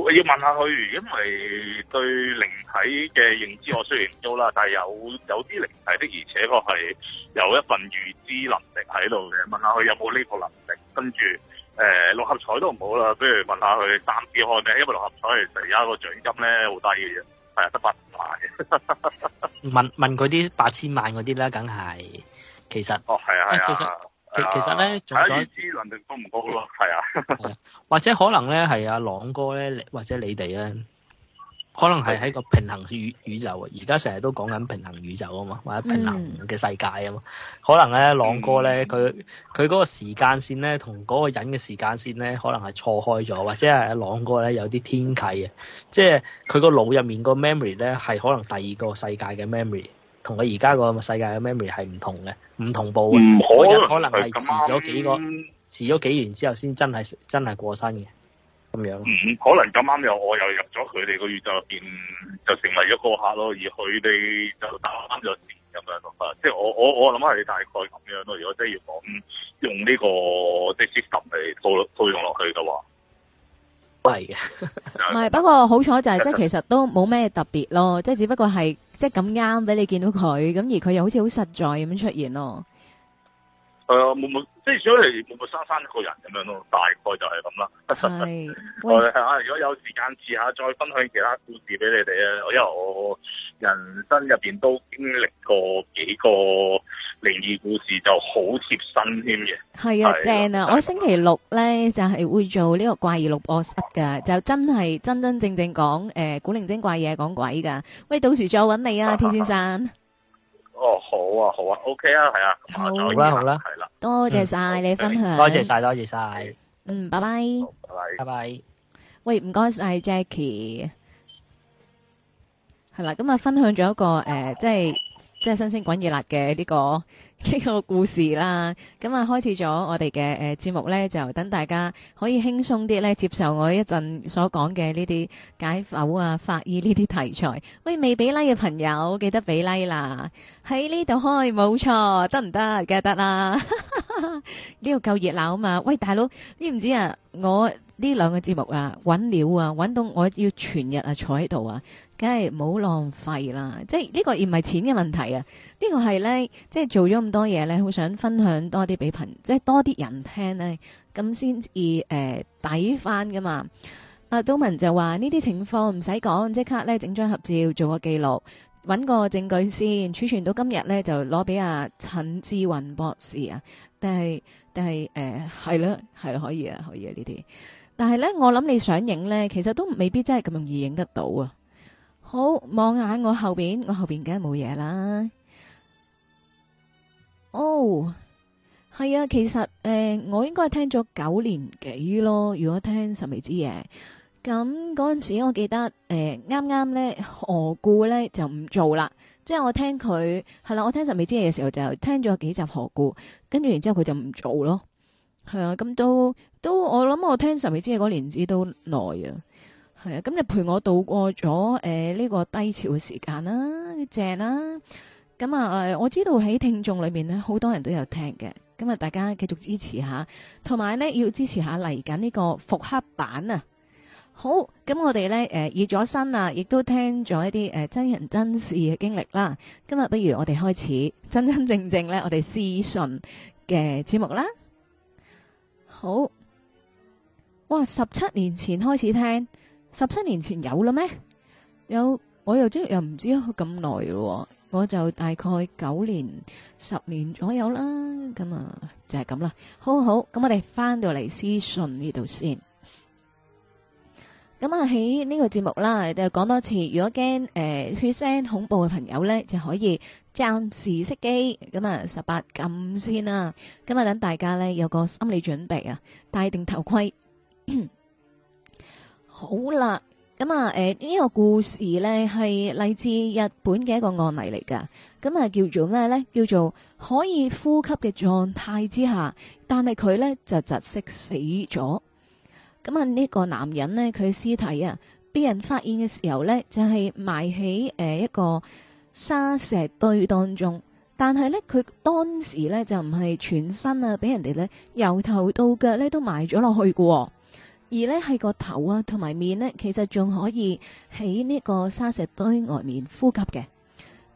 要問下佢，因為對靈體嘅認知，我雖然唔多啦，但係有有啲靈體的，而且確係有一份預知能力喺度嘅。問下佢有冇呢個能力，跟住誒六合彩都唔好啦，不如問下佢三支開咧，因為六合彩而家個獎金咧好低嘅啫，係啊，得八十萬。 問問佢啲八千萬嗰啲啦，梗係其實哦係啊係啊。其其實咧，仲在知能力高唔高咯。係啊，或者可能咧，係啊，朗哥咧，或者你哋咧，可能係喺個平衡宇宇宙啊。而家成日都講緊平衡宇宙啊嘛，或者平衡嘅世界啊嘛，嗯。可能咧，朗哥咧，佢佢嗰個時間線咧，同嗰個人嘅時間線咧，可能係錯開咗，或者係朗哥咧有啲天啟嘅，即係佢個腦入面個 memory 咧，係可能第二個世界嘅 memory。同佢而家個世界嘅 memory 係唔同嘅，唔同步嘅。唔、嗯、可能係咁遲咗幾、嗯、幾個，遲咗幾年之後先真係真係過身嘅，咁樣。嗯，可能咁啱又我又入咗佢哋個宇宙入邊，就成為咗個客咯。而佢哋就啱啱就死咁樣咯。啊，即係我我我諗係大概咁樣咯。如果真係要講用呢、呢個即係 system 嚟套套用落去嘅話。唔係， 不過好彩就係即係其實都冇咩特別囉，即只不過係即係咁啱俾你見到佢，咁而佢又好似好實在咁出現囉。係啊，默默即係主要係冇默生返一個人咁樣咯，大概就係咁啦。係，係啊！如果有時間，遲下再分享其他故事俾你哋啊。因為我人生入邊都經歷過幾個靈異故事，就好貼身添嘅。係啊，啊，正啊，啊！我星期六咧就係、是、會做呢個怪異錄播室嘅、啊，就真係真真正正講誒、呃、古靈精怪嘢，講鬼噶。喂，到時再搵你啊，天先生。啊啊哦，好啊，好啊，OK 啊，係啊，好啦，好啦，係啦，啊，多謝晒你分享，多謝晒，多謝晒，嗯，拜拜，拜拜，拜拜，喂，唔該晒 Jackie 係啦，咁啊，分享咗一個誒，即係即係新鮮滾熱辣嘅呢個呢個故事啦。咁、嗯、啊，開始咗我哋嘅誒節目咧，就等大家可以輕鬆啲咧接受我一陣所講嘅呢啲解剖啊、法醫呢啲題材。喂，未俾 like 嘅朋友記得俾 like 啦，喺呢度開冇錯，得唔得？梗係得啦，呢度夠熱鬧啊嘛。 喂，大佬知唔知啊？我呢兩個節目啊，搵料啊，搵到我要全日啊坐喺度啊。梗係唔好浪費啦！即係呢個而唔係錢嘅問題啊。這個、呢個係咧，即係做咗咁多嘢咧，好想分享多啲俾朋友，即係多啲人聽咧，咁先至抵翻㗎嘛。阿、啊、董文就話：況呢啲情況唔使講，即刻咧整張合照做個記錄，搵個證據先儲存到今日咧，就攞俾阿陳志雲博士啊。但係但係誒係囉，係啦，可以啊，可以啊呢啲。但係咧，我諗你想影咧，其實都未必真係咁容易影得到啊。好望下我後邊，我後邊梗係冇嘢啦。哦，係啊，其實誒、呃，我應該係聽咗九年幾咯，如果聽神秘之夜。咁嗰陣時我記得誒，啱啱咧何故咧就唔做啦。即係我聽佢係啦，我聽神秘之夜嘅時候就聽咗幾集何故，跟住然之後佢就唔做咯。係啊，咁都都我諗我聽神秘之夜嗰年資都耐啊。係啊，今日陪我渡過咗誒呢個低潮嘅時間啦，正啦。咁、嗯、啊、嗯，我知道喺聽眾裏面咧，好多人都有聽嘅。今日大家繼續支持一下，同埋咧要支持一下嚟緊呢個復刻版啊。好，咁、嗯、我哋呢，誒熱咗身啊，亦都聽咗一啲誒、呃、真人真事嘅經歷啦。今日不如我哋開始真真正正咧，我哋屍訊嘅節目啦。好，哇，十七年前開始聽。十七年前有啦咩？有我又,又知又唔知咁耐咯，我就大概九年、十年左右啦。咁啊就係咁啦。好好，咁我哋返到嚟屍訊呢度先。咁啊喺呢個節目啦，就講多次，如果驚誒、呃、血腥恐怖嘅朋友呢，就可以暫時熄機。咁啊，十八禁先啦。咁啊，等大家呢，有個心理準備啊，戴定頭盔。 好啦，咁啊，誒、這、呢個故事呢係嚟自日本嘅一個案例嚟噶，咁啊叫做咩呢？叫做可以呼吸嘅狀態之下，但係佢呢就窒息死咗。咁啊呢、這個男人呢，佢屍體啊俾人發現嘅時候呢，就係、是、埋喺誒、呃、一個沙石堆當中，但係呢，佢當時呢就唔係全身啊俾人哋呢由頭到腳呢都埋咗落去嘅、哦。而呢係個頭啊，同埋面呢，其實仲可以喺呢個砂石堆外面呼吸嘅。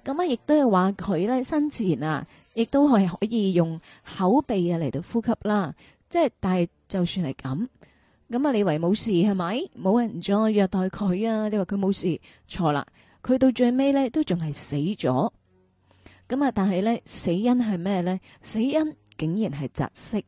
咁、嗯、啊，亦都係話佢呢生前啊，亦都係可以用口鼻啊嚟到呼吸啦。即係，但係就算係咁，咁、嗯、啊，你以為冇事係咪？冇人再虐待佢啊？你話佢冇事，錯啦。佢到最尾呢，都仲係死咗。咁、嗯、啊、嗯，但係呢，死因係咩呢？死因竟然係窒息。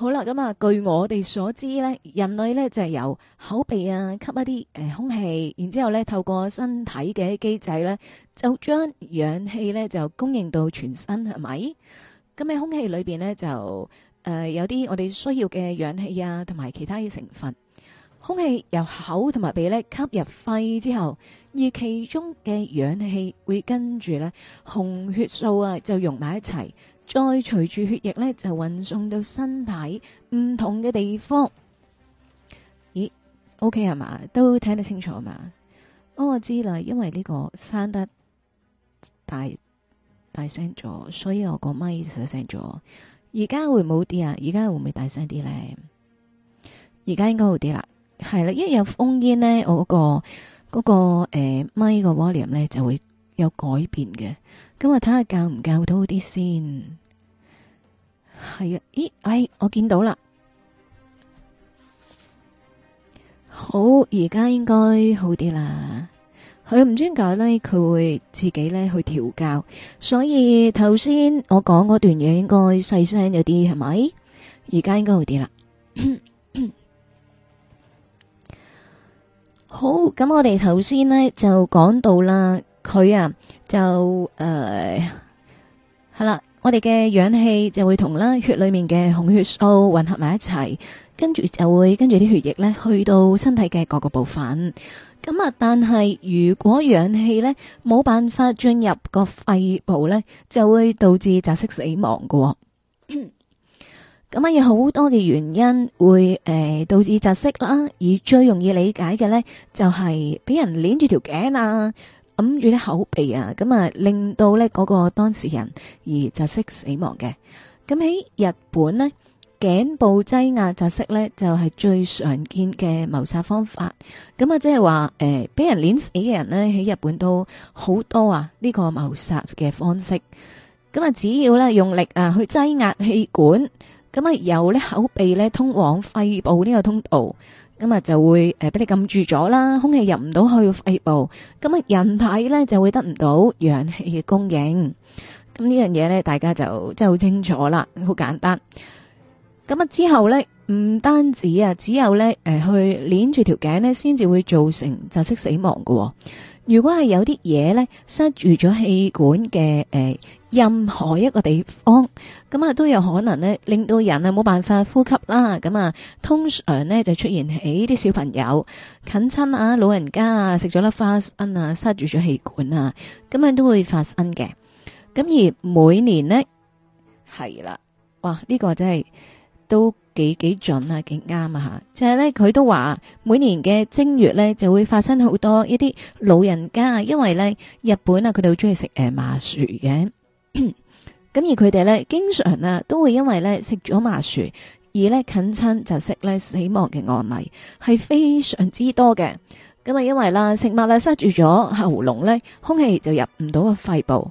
好啦，咁啊，據我哋所知咧，人類咧就係、是、由口鼻啊吸一啲、呃、空氣，然之後咧透過身體嘅機制咧，就將氧氣咧就供應到全身，係咪？咁喺空氣裏面咧就、呃、有啲我哋需要嘅氧氣啊，同埋其他嘅成分。空氣由口同埋鼻咧吸入肺之後，而其中嘅氧氣會跟住咧紅血素啊就融埋一齊，再隨住血液咧，就運送到身體唔同嘅地方。咦？O K 係嘛，都聽得清楚啊嘛、哦。我知啦，因為呢個生得大大聲咗，所以我個咪就細聲咗。而家會冇啲啊？而家會唔會大聲啲咧？而家應該好啲啦。係啦，一有風煙咧，我嗰、嗰個、嗰個誒咪個 volume 咧就會有改變嘅。咁我睇下教唔教到啲先。係啊，咦，哎，我見到啦，好，而家應該好啲啦。佢唔知解呢，佢會自己呢去調教，所以頭先我講嗰段嘢應該細聲咗啲，係咪？而家應該好啲、 呃、啦。好，咁我哋頭先呢就講到啦，佢啊就誒係啦。我哋嘅氧氣就會同啦血裏面嘅紅血素混合埋一齊，跟住就會跟住啲血液咧去到身體嘅各個部分。咁啊，但係如果氧氣咧冇辦法進入個肺部咧，就會導致窒息死亡噶。咁啊， 有好多嘅原因會誒、呃、導致窒息啦。而最容易理解嘅咧就係、是、俾人捏住條頸啊。諗住啲口鼻啊，咁啊令到咧嗰個當事人而窒息死亡嘅。咁喺日本咧，頸部擠壓窒息咧就係最常見嘅謀殺方法。咁啊，即係話誒，俾人碾死嘅人咧喺日本都好多啊。呢個謀殺嘅方式，咁啊，只要咧用力啊去擠壓氣管，咁啊由啲口鼻咧通往肺部呢個通道。咁啊就會誒俾你禁住咗啦，空氣入唔到去肺部，咁啊人體呢就會得唔到氧氣嘅供應。咁呢樣嘢呢，大家就真係好清楚啦，好簡單。咁啊之後呢，唔單止啊，只有呢誒、呃、去捻住條頸呢先至會造成窒息死亡噶、哦。如果係有啲嘢咧塞住咗氣管嘅誒、呃，任何一個地方咁啊，都有可能咧令到人啊冇辦法呼吸啦。咁啊，通常咧就出現喺啲小朋友近親啊、老人家啊食咗粒花生啊塞住咗氣管啊，咁樣都會發生嘅。咁而每年呢，係啦，哇！呢、這個真係都～幾幾準啊，幾啱啊，吓！就係咧，佢都話每年嘅正月咧，就會發生好多一啲老人家啊，因為咧日本啊，佢哋好中意食誒麻薯嘅，咁 而佢哋咧經常咧都會因為咧食咗麻薯而咧近親窒息咧死亡嘅案例係非常之多嘅，咁啊，因為啦食物啊塞住咗喉嚨咧，空氣就入唔到個肺部。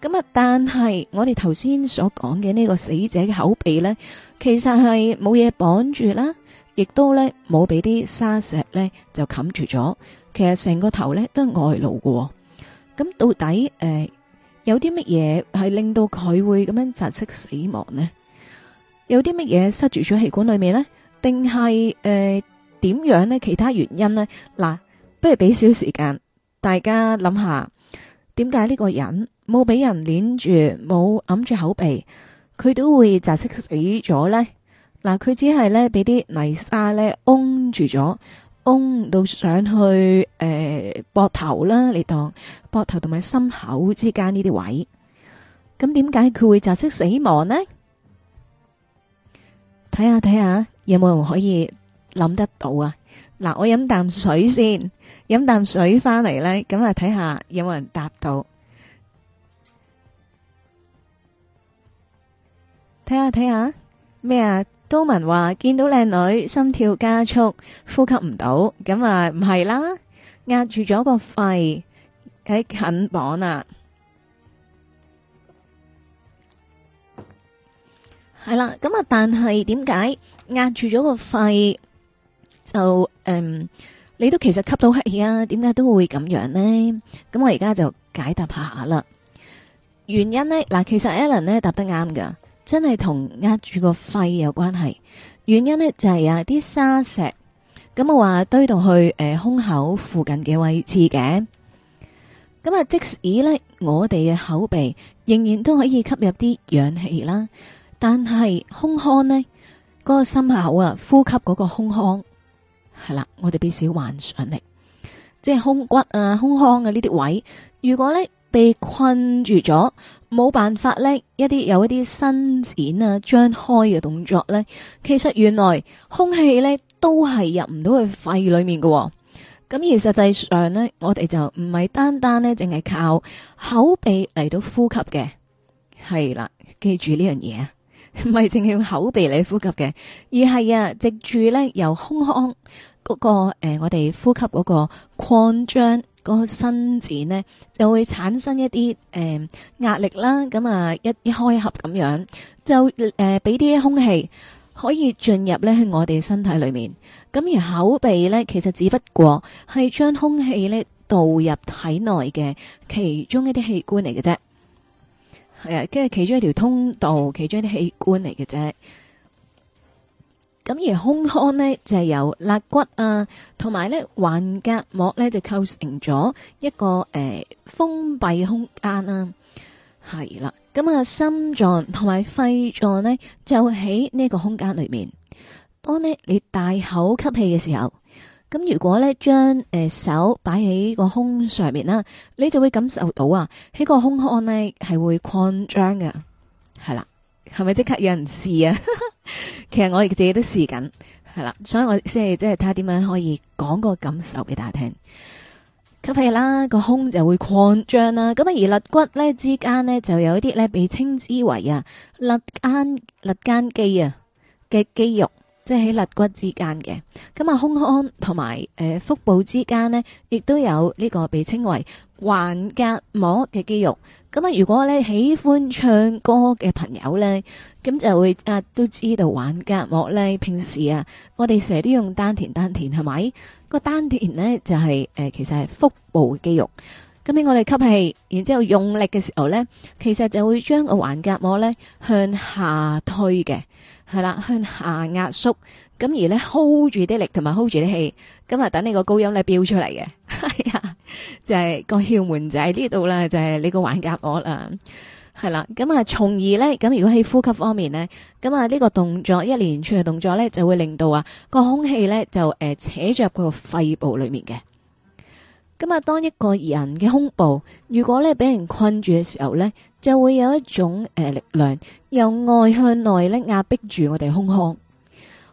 咁啊！但係我哋頭先所講嘅呢個死者嘅口鼻呢，其實係冇嘢綁住啦，亦都呢冇俾啲砂石呢就冚住咗。其實成個頭呢都係外露嘅。咁到底誒有啲乜嘢係令到佢會咁樣窒息死亡呢？有啲乜嘢塞住咗氣管裏面呢？定係誒點樣呢？其他原因呢？嗱，不如俾少時間大家諗下，點解呢個人？冇俾人捏住，冇揞住口鼻，佢都會窒息死咗呢。嗱，佢只係呢俾啲泥沙呢壅住咗，壅到上去誒，膊頭啦，你當膊頭同埋心口之間呢啲位。咁點解佢會窒息死亡呢？睇下睇下，有冇人可以諗得到啊？嗱，我飲啖水先，飲啖水翻嚟，呢，咁啊，睇下有冇人答到。睇下睇下咩啊？都文話見到靚女心跳加速，呼吸唔到咁啊？唔係啦，壓住咗個肺喺近綁啊，係啦。咁啊，但係點解壓住咗個肺就誒？你都其實吸到黑氣啊？點解都會咁樣呢？咁我而家就解答下啦。原因呢嗱，其實 Alan 呢答得啱㗎。真係同壓住個肺有關係，原因呢就係啊啲沙石，咁我話堆到去誒、呃、胸口附近嘅位置嘅，咁啊即使呢我哋嘅口鼻仍然都可以吸入啲氧氣啦，但係胸腔呢，嗰、嗰個心口啊，呼吸嗰個胸腔係啦，我哋必須患上嚟，即係胸骨啊、胸腔嘅呢啲位，如果呢。被困住咗，冇辦法咧。一啲有一啲伸展啊、張開嘅動作咧，其實原來空氣咧都係入唔到去肺裏面嘅、哦。咁而實際上咧，我哋就唔係單單咧淨係靠口鼻嚟到呼吸嘅。係啦，記住呢樣嘢啊，唔係淨係用口鼻嚟呼吸嘅，而係啊，藉住咧由胸腔嗰、那個誒、呃，我哋呼吸嗰個擴張。個伸展呢就會產生一啲誒壓力啦，咁啊一一開合咁樣就誒俾啲空氣可以進入呢喺我哋身體裏面，咁而口鼻呢，其實只不過係將空氣呢導入體內嘅其中一啲器官嚟嘅啫，係啊，跟住其中一條通道，其中一啲器官嚟嘅啫。咁而胸腔咧就係由肋骨啊同埋咧橫格膜咧就構成咗一個誒、呃、封閉空間啦、啊，係啦。咁、那、啊、個、心臟同埋肺臟咧就喺呢個空間裏面。當呢你大口吸氣嘅時候，咁如果咧將誒手擺喺個胸上面啦，你就會感受到啊喺個胸腔咧係會擴張嘅，係啦。係咪即刻有人試啊？ 其實我亦自己都試緊，係啦，所以我即係即係睇下點樣可以講個感受俾大家聽。吸氣啦，個胸就會擴張啦。咁啊，而肋骨咧之間呢，就有一啲咧被稱之為啊肋間肋間肌啊嘅肌肉，即係喺肋骨之間嘅。咁啊，胸腔同埋誒腹部之間呢，亦都有呢個被稱為橫膈膜嘅肌肉。咁啊，如果咧喜歡唱歌嘅朋友咧，咁就會啊都知道玩隔膜咧。平時啊，我哋成日都用丹田，丹田係咪？個丹田咧就係誒，其實係腹部嘅肌肉。咁啲我哋吸氣，然之後用力嘅時候咧，其實就會將個橫隔膜咧向下推嘅，係啦，向下壓縮。咁而咧 hold 住啲力同埋 hold 住啲氣，咁咪等你個高音咧飆出嚟嘅。係 啊、哎，就係、是、個竅門就喺呢度啦，就係、是、你個橫膈膜啦，係啦，咁啊，從而呢，咁如果喺呼吸方面呢，咁啊呢個動作一連串嘅動作呢，就會令到啊個空氣呢，就誒、呃、扯着個肺部裏面嘅。咁啊，當一個人嘅胸部如果呢俾人困住嘅時候呢，就會有一種誒、呃、力量由外向內呢壓迫住我哋胸腔，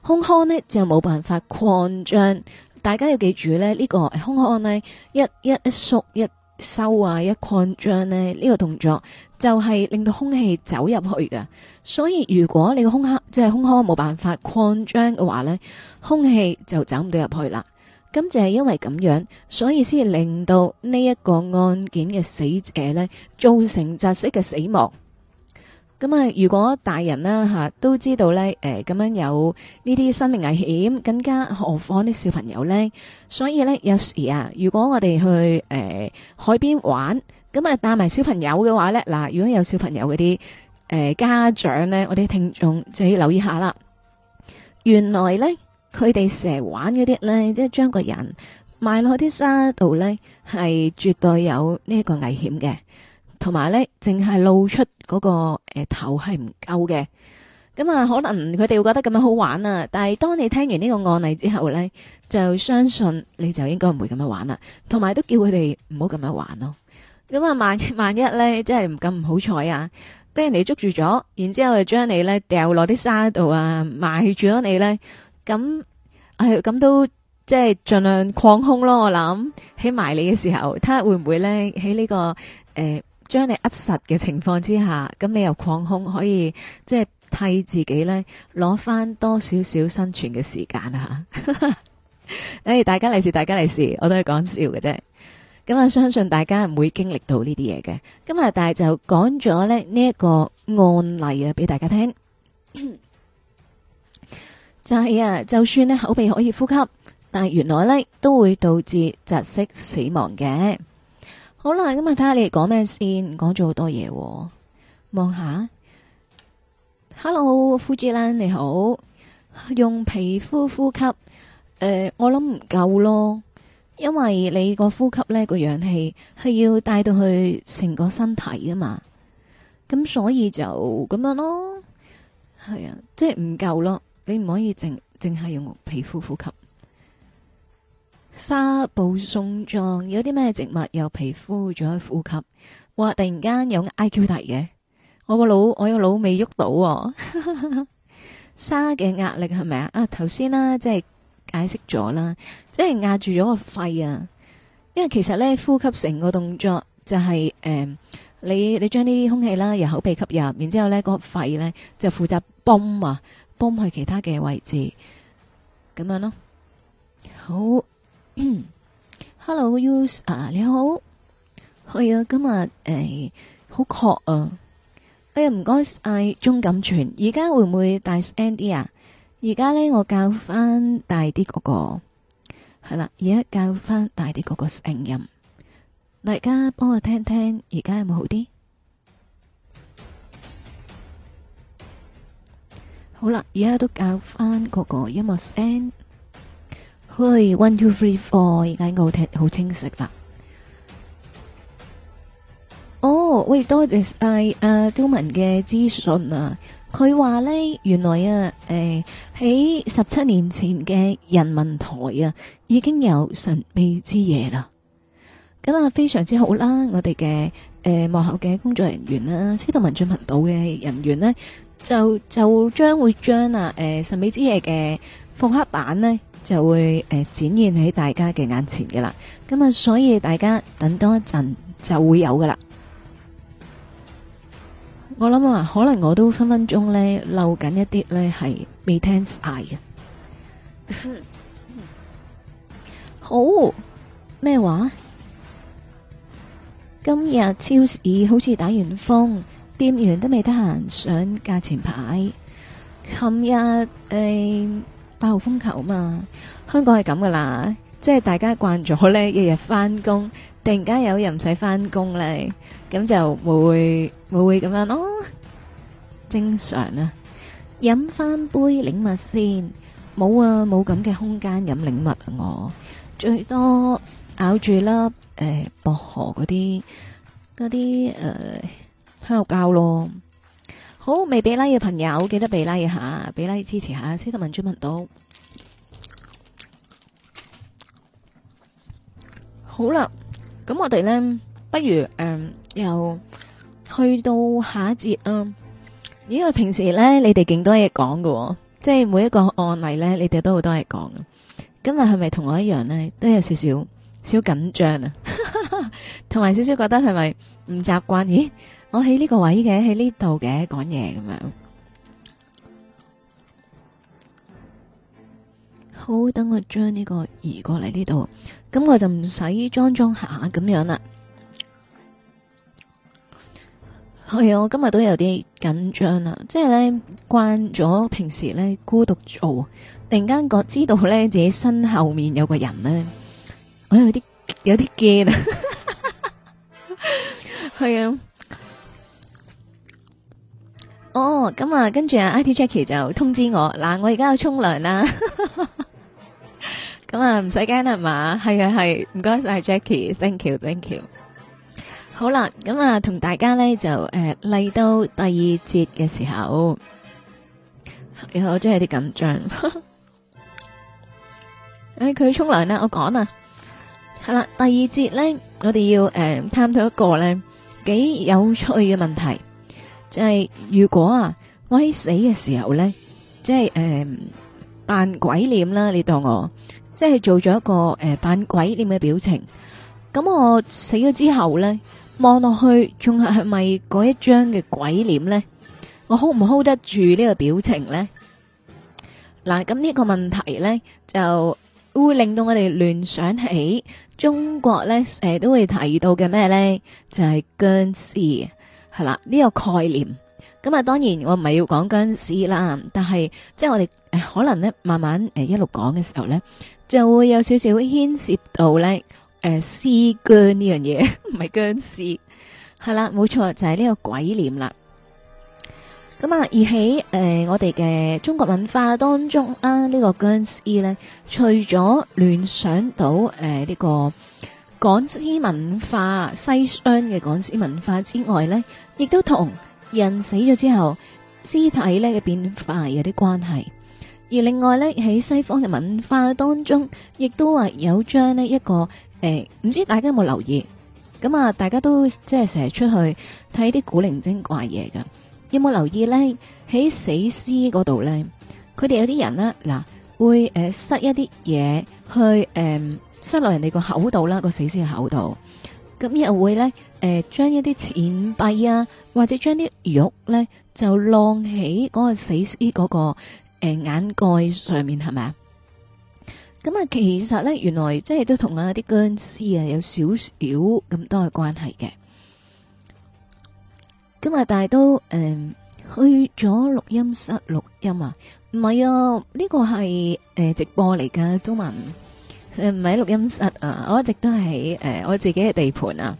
胸腔呢，就冇辦法擴張。大家要記住咧，這個、呢個胸腔呢一一一縮一收啊，一擴張呢呢、這個動作就係令到空氣走入去嘅。所以如果你個胸腔即係胸腔冇辦法擴張嘅話呢，空氣就走唔到入去啦。咁就係因為咁樣，所以先至令到呢一個案件嘅死者呢，造成窒息嘅死亡。咁、嗯、啊，如果大人啦吓、啊、都知道咧，誒、呃、咁樣有呢啲生命危險，更加何況啲小朋友咧？所以咧有時啊，如果我哋去誒、呃、海邊玩，咁啊帶埋小朋友嘅話咧，嗱、呃，如果有小朋友嗰啲誒家長咧，我哋聽眾就要留意下啦。原來咧，佢哋成日玩嗰啲咧，即係將個人埋落啲沙度咧，係絕對有呢一個危險嘅。同埋咧，淨係露出嗰、那個誒、欸、頭係唔夠嘅，咁啊可能佢哋會覺得咁樣好玩啊！但係當你聽完呢個案例之後咧，就相信你就應該唔會咁樣玩啦。同埋都叫佢哋唔好咁樣玩咯。咁啊萬萬一咧，即係唔咁唔好彩啊，俾人哋捉住咗，然之後就將你咧掉落啲沙度啊，埋住咗你咧，咁誒咁都即係盡量擴空咯。我諗喺埋你嘅時候，睇下會唔會咧喺呢、這個誒。呃將你扼實嘅情況之下，咁你又擴空，可以即係替自己呢攞翻多少少生存嘅時間啊！哎， 大家利是，大家利是，我都係講笑嘅啫。咁啊，相信大家唔會經歷到呢啲嘢嘅。今日大就講咗咧呢一個案例啊，俾大家聽， 就係、是、啊，就算呢口鼻可以呼吸，但係原來呢都會導致窒息死亡嘅。好啦，咁啊，睇下你哋講咩先，講咗好多嘢。望下，Hello，富芝蘭你好，用皮膚呼吸。誒、呃，我諗唔夠咯，因為你個呼吸咧個氧氣係要帶到去成個身體啊嘛。咁所以就咁樣咯，係啊，即係唔夠咯，你唔可以淨淨係用皮膚呼吸。沙布送葬有啲咩植物？有皮膚仲有呼吸，哇突然間有 IQ 題嘅，我個腦我個腦未喐到、哦呵呵。沙嘅壓力係咪啊？啊，頭先啦，即係解釋咗啦，即係壓住咗個肺啊，因為其實咧呼吸成個動作就係、是、誒、呃，你你將啲空氣啦由口鼻吸入，然之後咧、那個肺咧就負責泵啊泵去其他嘅位置，咁樣咯，好。 Hello，user，你好，係啊，今日誒好渴啊，哎呀，唔該晒，鍾錦泉。而家會唔會大聲啲啊？而家呢，我教翻大啲嗰、那個係啦，而家教翻大啲嗰個聲音，大家幫我聽聽，而家有冇好啲？好啦，而家都教翻嗰、那個音樂聲。喂，one two three four，而家我好聽好清晰啦。哦、oh,，喂，多謝誒誒，周、啊、文嘅資訊啊。佢話呢，原來啊誒喺十七年前嘅人民台啊，已經有神秘之夜啦。咁啊，非常之好啦、啊。我哋嘅誒幕後嘅工作人員啦、啊，司徒文進頻道嘅人員呢，就就將會將啊誒、呃、神秘之夜嘅復刻版呢。就會誒、呃、展現喺大家嘅眼前嘅啦，咁啊，所以大家等多一陣就會有噶啦。我諗啊，可能我都分分鐘呢漏緊一啲呢，係未聽晒嘅。 好咩話？今日超市好似打完風，店員都未得閒上價錢牌。琴日誒。呃八號風球嘛，香港係咁噶啦，即係大家慣咗咧，日日翻工，突然間有人唔使翻工咧，咁就冇會冇會咁樣咯，正常啊。飲翻杯檸蜜先，冇啊冇咁嘅空間飲檸蜜，啊，我最多咬住粒誒薄荷嗰啲嗰啲誒香口膠咯。好未俾拉嘅朋友，記得俾拉一下，俾拉支持下司徒文進頻道。好啦，咁我哋咧，不如誒、呃，又去到下一節啊！咦、呃，因為平時咧，你哋勁多嘢講喎。即係每一個案例咧，你哋都好多嘢講。今日係咪同我一樣咧，都有少少少緊張啊？同 埋少少覺得係咪唔習慣？咦？我喺呢個位嘅，喺呢度嘅講嘢咁樣。好，等我將呢個移過嚟呢度，咁我就唔使裝裝吓咁樣啦。係啊，我今日都有啲緊張啊，即係咧慣咗平時咧孤獨做，突然間覺知道咧自己身後面有個人咧，我有啲有啲驚啊。係啊。哦，咁啊，跟住啊，IT Jackie 就通知我，嗱，我而家要沖涼啦，咁啊，唔使驚啦，係嘛？係啊，係，唔該晒 Jackie，Thank you，Thank you，好啦，咁啊，同大家咧就誒嚟到第二節嘅時候，然後我真係有啲緊張，誒，佢沖涼啦，我講啊，係啦，第二節咧，我哋要誒探討一個咧幾有趣嘅問題。係如果啊，我喺死嘅時候咧，即係誒扮鬼臉啦，你當我即係做咗一個誒扮、呃、鬼臉嘅表情，咁我死咗之後咧，望落去仲係咪嗰一張嘅鬼臉咧？我 hold 唔 hold 得住呢個表情咧？嗱，咁呢個問題咧，就會令到我哋聯想起中國咧誒都會提到嘅咩咧？就係殭屍。係啦，呢個概念，咁啊，當然我唔係要講僵屍啦，但係即係我哋、呃、可能咧，慢慢誒、呃、一路講嘅時候咧，就會有少少牽涉到咧誒屍僵呢樣嘢，唔係僵屍，係啦，冇、嗯、錯就係、是、呢個鬼念啦。咁、呃、啊，而喺誒、呃、我哋嘅中國文化當中啊，這個、呢個僵屍咧，除咗聯想到誒呢、呃這個。港資文化、西商嘅港資文化之外咧，亦都同人死咗之後肢體咧嘅變化有啲關係。而另外咧，喺西方嘅文化當中，亦都話有將呢一個唔、呃、知大家有冇留意？咁、嗯、啊，大家都即係成日出去睇啲古靈精怪嘢㗎。有冇留意咧？喺死屍嗰度咧，佢哋有啲人咧、啊，嗱會誒、呃、塞一啲嘢去、呃塞落人哋個口度啦，個死屍嘅口度，咁又會咧，誒、呃，將一啲錢幣啊，或者將啲肉咧，就晾喺嗰個死屍嗰、嗰個誒、呃、眼蓋上面，係咪啊？咁啊，其實咧，原來即係都同啊啲僵屍啊有少少咁多嘅關係嘅。咁啊，但係都誒、呃、去咗錄音室錄音啊？唔係啊，呢、呢個係誒、呃、直播嚟噶，中文。唔喺錄音室啊！我一直都喺誒我自己嘅地盤啊！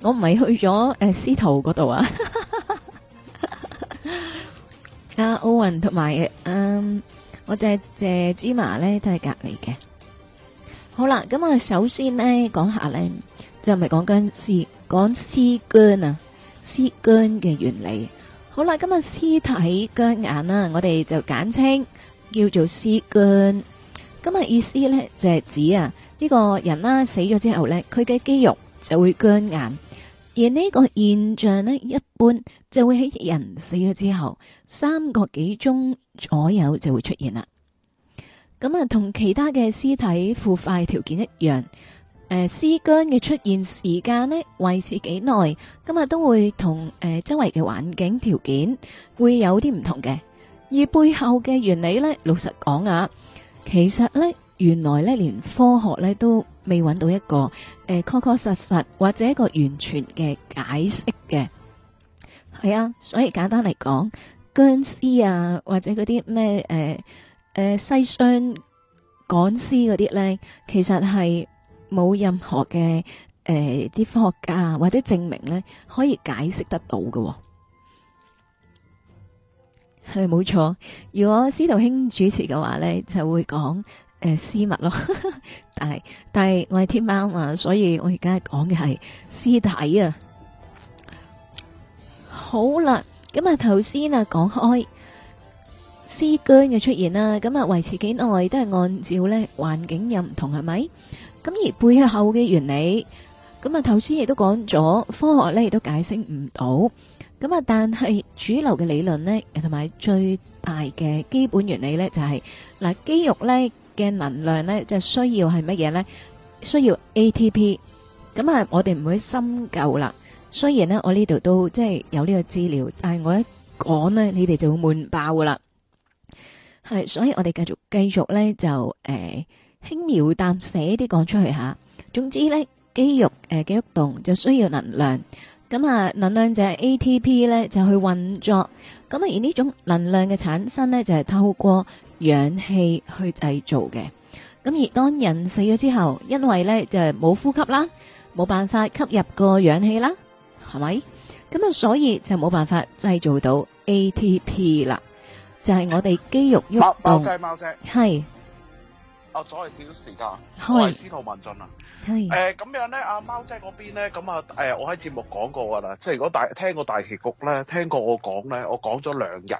我唔係去咗誒司徒嗰度啊！阿奧運同埋嘅，嗯，我隻謝芝麻咧，都係隔籬嘅。好啦，咁啊，首先咧講下咧，就唔係講僵屍，講屍僵啊，屍僵嘅原理。好啦，今日屍體僵硬啦，我哋就簡稱叫做屍僵。咁啊，意思呢，就係指啊呢個人啦死咗之後呢，佢嘅肌肉就會僵硬，而呢個現象呢，一般就會喺人死咗之後三個幾鐘左右就會出現啦。咁啊，同其他嘅屍體腐壞條件一樣，誒，屍僵嘅出現時間呢，維持幾耐，咁啊，都會同誒周圍嘅環境條件會有啲唔同嘅。而背後嘅原理呢，老實講啊。其實咧，原來咧，連科學咧都未揾到一個誒，確、呃、確實實或者一個完全嘅解釋嘅。係啊，所以簡單嚟講，僵屍啊，或者嗰啲咩誒誒湘西趕屍嗰啲咧，其實係冇任何嘅誒啲科學家或者證明咧，可以解釋得到嘅，哦。係冇錯，如果司徒兄主持嘅話咧，就會講誒私密咯。但係但係我係天喵啊，所以我而家講嘅係屍體啊。好啦，咁啊頭先啊講開屍僵嘅出現啦，咁啊維持幾耐都係按照咧環境有唔同係咪？咁而背後嘅原理，咁啊頭先亦都講咗，科學咧亦都解釋唔到。咁啊，但係主流嘅理論呢，同埋最大嘅基本原理呢，就係、是、嗱，肌肉呢嘅能量呢，就需要係乜嘢呢？需要 ATP。咁啊，我哋唔會深究啦。雖然呢，我呢度都即係有呢個資料，但係我一講呢，你哋就會悶爆噶啦。係，所以我哋繼續繼續呢，就誒輕描淡寫啲講出去吓。總之呢，肌肉誒、啊、肌肉動就需要能量。咁啊，能量就係 ATP 咧，就去運作。咁啊，而呢種能量嘅產生咧，就係透過氧氣去製造嘅。咁而當人死咗之後，因為咧就係冇呼吸啦，冇辦法吸入個氧氣啦，係咪？咁啊，所以就冇辦法製造到 ATP 啦。就係我哋肌肉喐動。貓仔貓仔係。哦，所以少時間，係司徒文進啊。誒，咁樣咧，阿貓姐嗰邊咧，咁啊，誒，我喺節目講過噶啦，即係如果大聽過大棋局咧，聽過我講咧，我講咗兩日，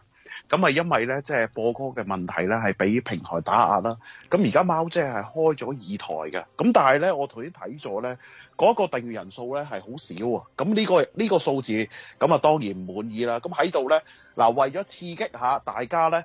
咁啊，因為咧，即係播歌嘅問題咧，係俾平台打壓啦。咁而家貓姐係開咗二台嘅，咁但係咧，我頭先睇咗咧，嗰個訂閱人數咧係好少，咁呢個呢個數字，咁啊，當然唔滿意啦。咁喺度咧，嗱，為咗刺激下大家咧。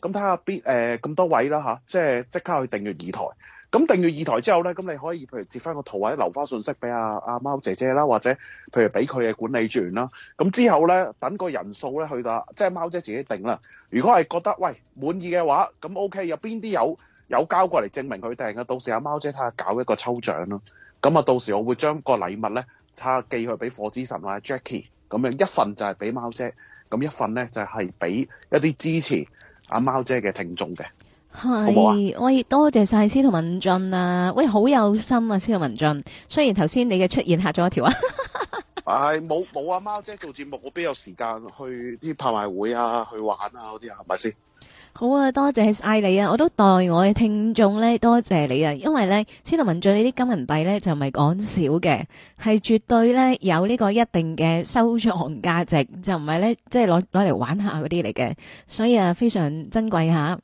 咁睇下邊咁多位啦，啊、即係即刻去訂閱二台。咁訂閱二台之後咧，咁你可以譬如截翻個圖或者留翻信息俾阿阿貓姐姐啦，或者譬如俾佢嘅管理員啦。咁之後咧，等個人數咧去到，即係貓姐自己定啦。如果係覺得喂滿意嘅話，咁 O K。有邊啲有有交過嚟證明佢訂嘅，到時阿貓姐睇下搞一個抽獎咯。咁啊，到時我會將個禮物咧差寄去俾火之神啊 Jackie，咁樣一份就係俾貓姐，咁一份咧就係、是、俾一啲支持，阿貓姐嘅聽眾嘅，好唔好啊？喂，多謝晒司徒文俊啊！喂，好有心啊，司徒文俊。雖然頭先你嘅出現嚇咗我條啊，係冇冇阿貓姐做節目，我邊有時間去啲拍賣會啊，去玩啊嗰啲啊，係咪先？好啊，多謝晒你啊！我都代我嘅聽眾咧，多謝你啊！因為咧，司徒文進呢啲金銀幣咧，就唔係講少嘅，係絕對咧有呢個一定嘅收藏價值，就唔係咧即係攞攞嚟玩下嗰啲嚟嘅，所以啊，非常珍貴吓。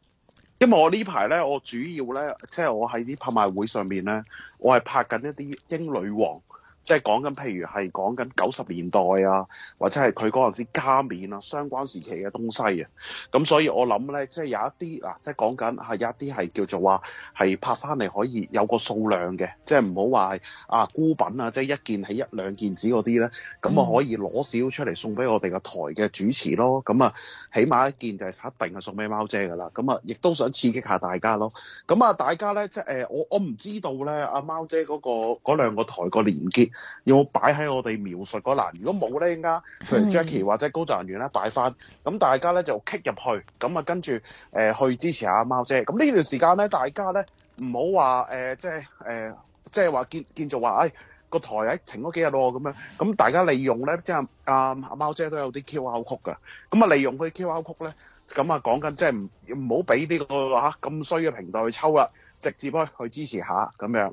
因為我呢排咧，我主要咧，即係我喺啲拍賣會上面咧，我係拍緊一啲英女王。即係講緊，譬如係講緊九十年代啊，或者係佢嗰陣時加冕啊，相關時期嘅東西啊。咁所以我諗咧，即係有一啲啊，即係講緊有一啲係叫做話、啊、係拍翻嚟可以有個數量嘅，即係唔好話啊孤品啊，即係一件起一兩件紙嗰啲咧，咁啊可以攞少出嚟送俾我哋個台嘅主持咯。咁啊，起碼一件就係一定係送俾貓姐噶啦。咁啊，亦都想刺激下大家咯。咁啊，大家咧即係誒，我我唔知道咧，阿貓姐嗰、嗰個嗰兩個台個連結。要有冇擺喺我哋描述嗰欄，如果冇咧，依家譬如 Jackie 或者高層人員咧，擺、嗯、翻，咁大家咧就 kick 入去，咁啊跟住誒、呃、去支持一下貓姐。咁呢段時間咧，大家咧唔好話誒，即係誒、呃，即係話建建造話，誒、哎、個台喺停咗幾日咯咁樣。咁大家利用咧，即係阿阿貓姐都有啲 Q R 曲嘅，咁啊利用佢 Q R 曲咧，咁、這個、啊講緊即係唔唔好俾呢個嚇咁衰嘅平台去抽啦，直接去去支持一下咁樣。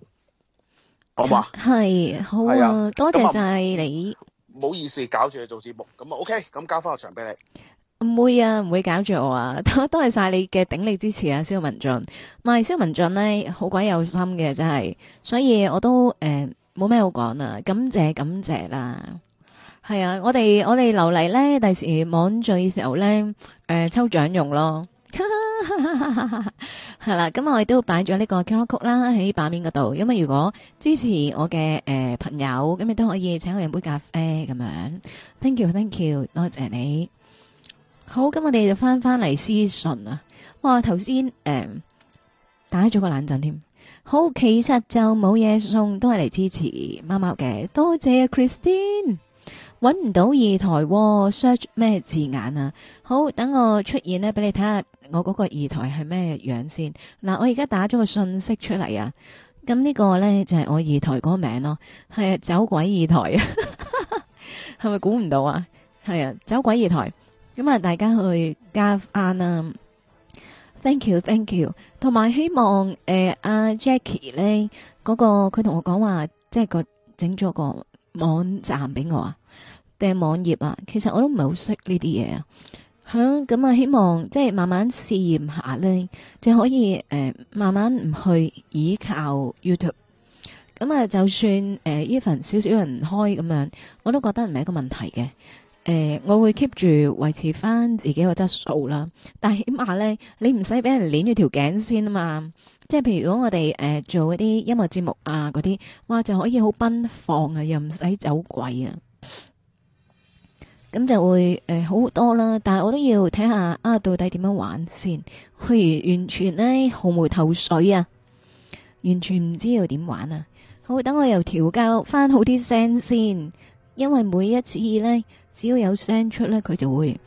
好嘛，係好啊，啊，多謝晒你。唔、嗯嗯、好意思，搞住你做節目，咁、嗯、啊 OK，咁、嗯、交翻個場俾你。唔會啊，唔會搞住我啊，多謝晒你嘅鼎力支持啊，蕭文俊。唔係蕭文俊咧，好鬼有心嘅真係，所以我都誒冇咩好講啊！感謝感謝啦。係啊，我哋我哋留嚟咧，第時網聚時候咧，誒、呃、抽獎用咯。 哈 哈、嗯，係啦，咁我亦都擺咗呢個歌曲啦喺版面嗰度。因為如果支持我嘅誒、呃、朋友，咁你都可以請我飲杯咖啡咁樣。Thank you，Thank you，多謝你。好，咁我哋就翻翻嚟私信啊。哇，頭先誒打咗個冷震添。好，其實就冇嘢送，都係嚟支持貓貓嘅。多謝、啊、Christine，搵唔到二台，search 咩字眼啊？好，等我出現咧，俾你睇下。我嗰個二台係咩樣先？嗱，我而家打咗個信息出嚟啊！咁呢個咧就係、是、我二台嗰個名字咯，係啊，走鬼二台啊，係咪估唔到啊？係啊，走鬼二台，咁啊，大家去加返、呃、啊。Thank you，Thank you，同埋希望誒阿 Jackie 咧嗰、那個佢同我講話，即、就、係、是、個整咗個網站俾我啊，定網頁啊，其實我都唔係好識呢啲嘢啊。咁、嗯、啊、嗯，希望即係慢慢試驗下咧，就可以誒、呃，慢慢唔去倚靠 YouTube。咁、嗯、啊，就算誒呢份少少人開咁樣，我都覺得唔係一個問題嘅。誒、呃，我會 keep 住維持翻自己個質素啦。但係起碼咧，你唔使俾人捏住條頸先啊嘛。即係譬如講，我哋誒做一啲音樂節目啊，嗰啲哇就可以好奔放啊，又唔使走鬼啊。咁就會誒、欸、好多啦，但係我都要睇下啊，到底點樣玩先？譬如完全咧毫無頭緒啊，完全唔知道點玩啊！好，等我又調校翻好啲聲先，因為每一次咧，只要有聲出咧，佢就會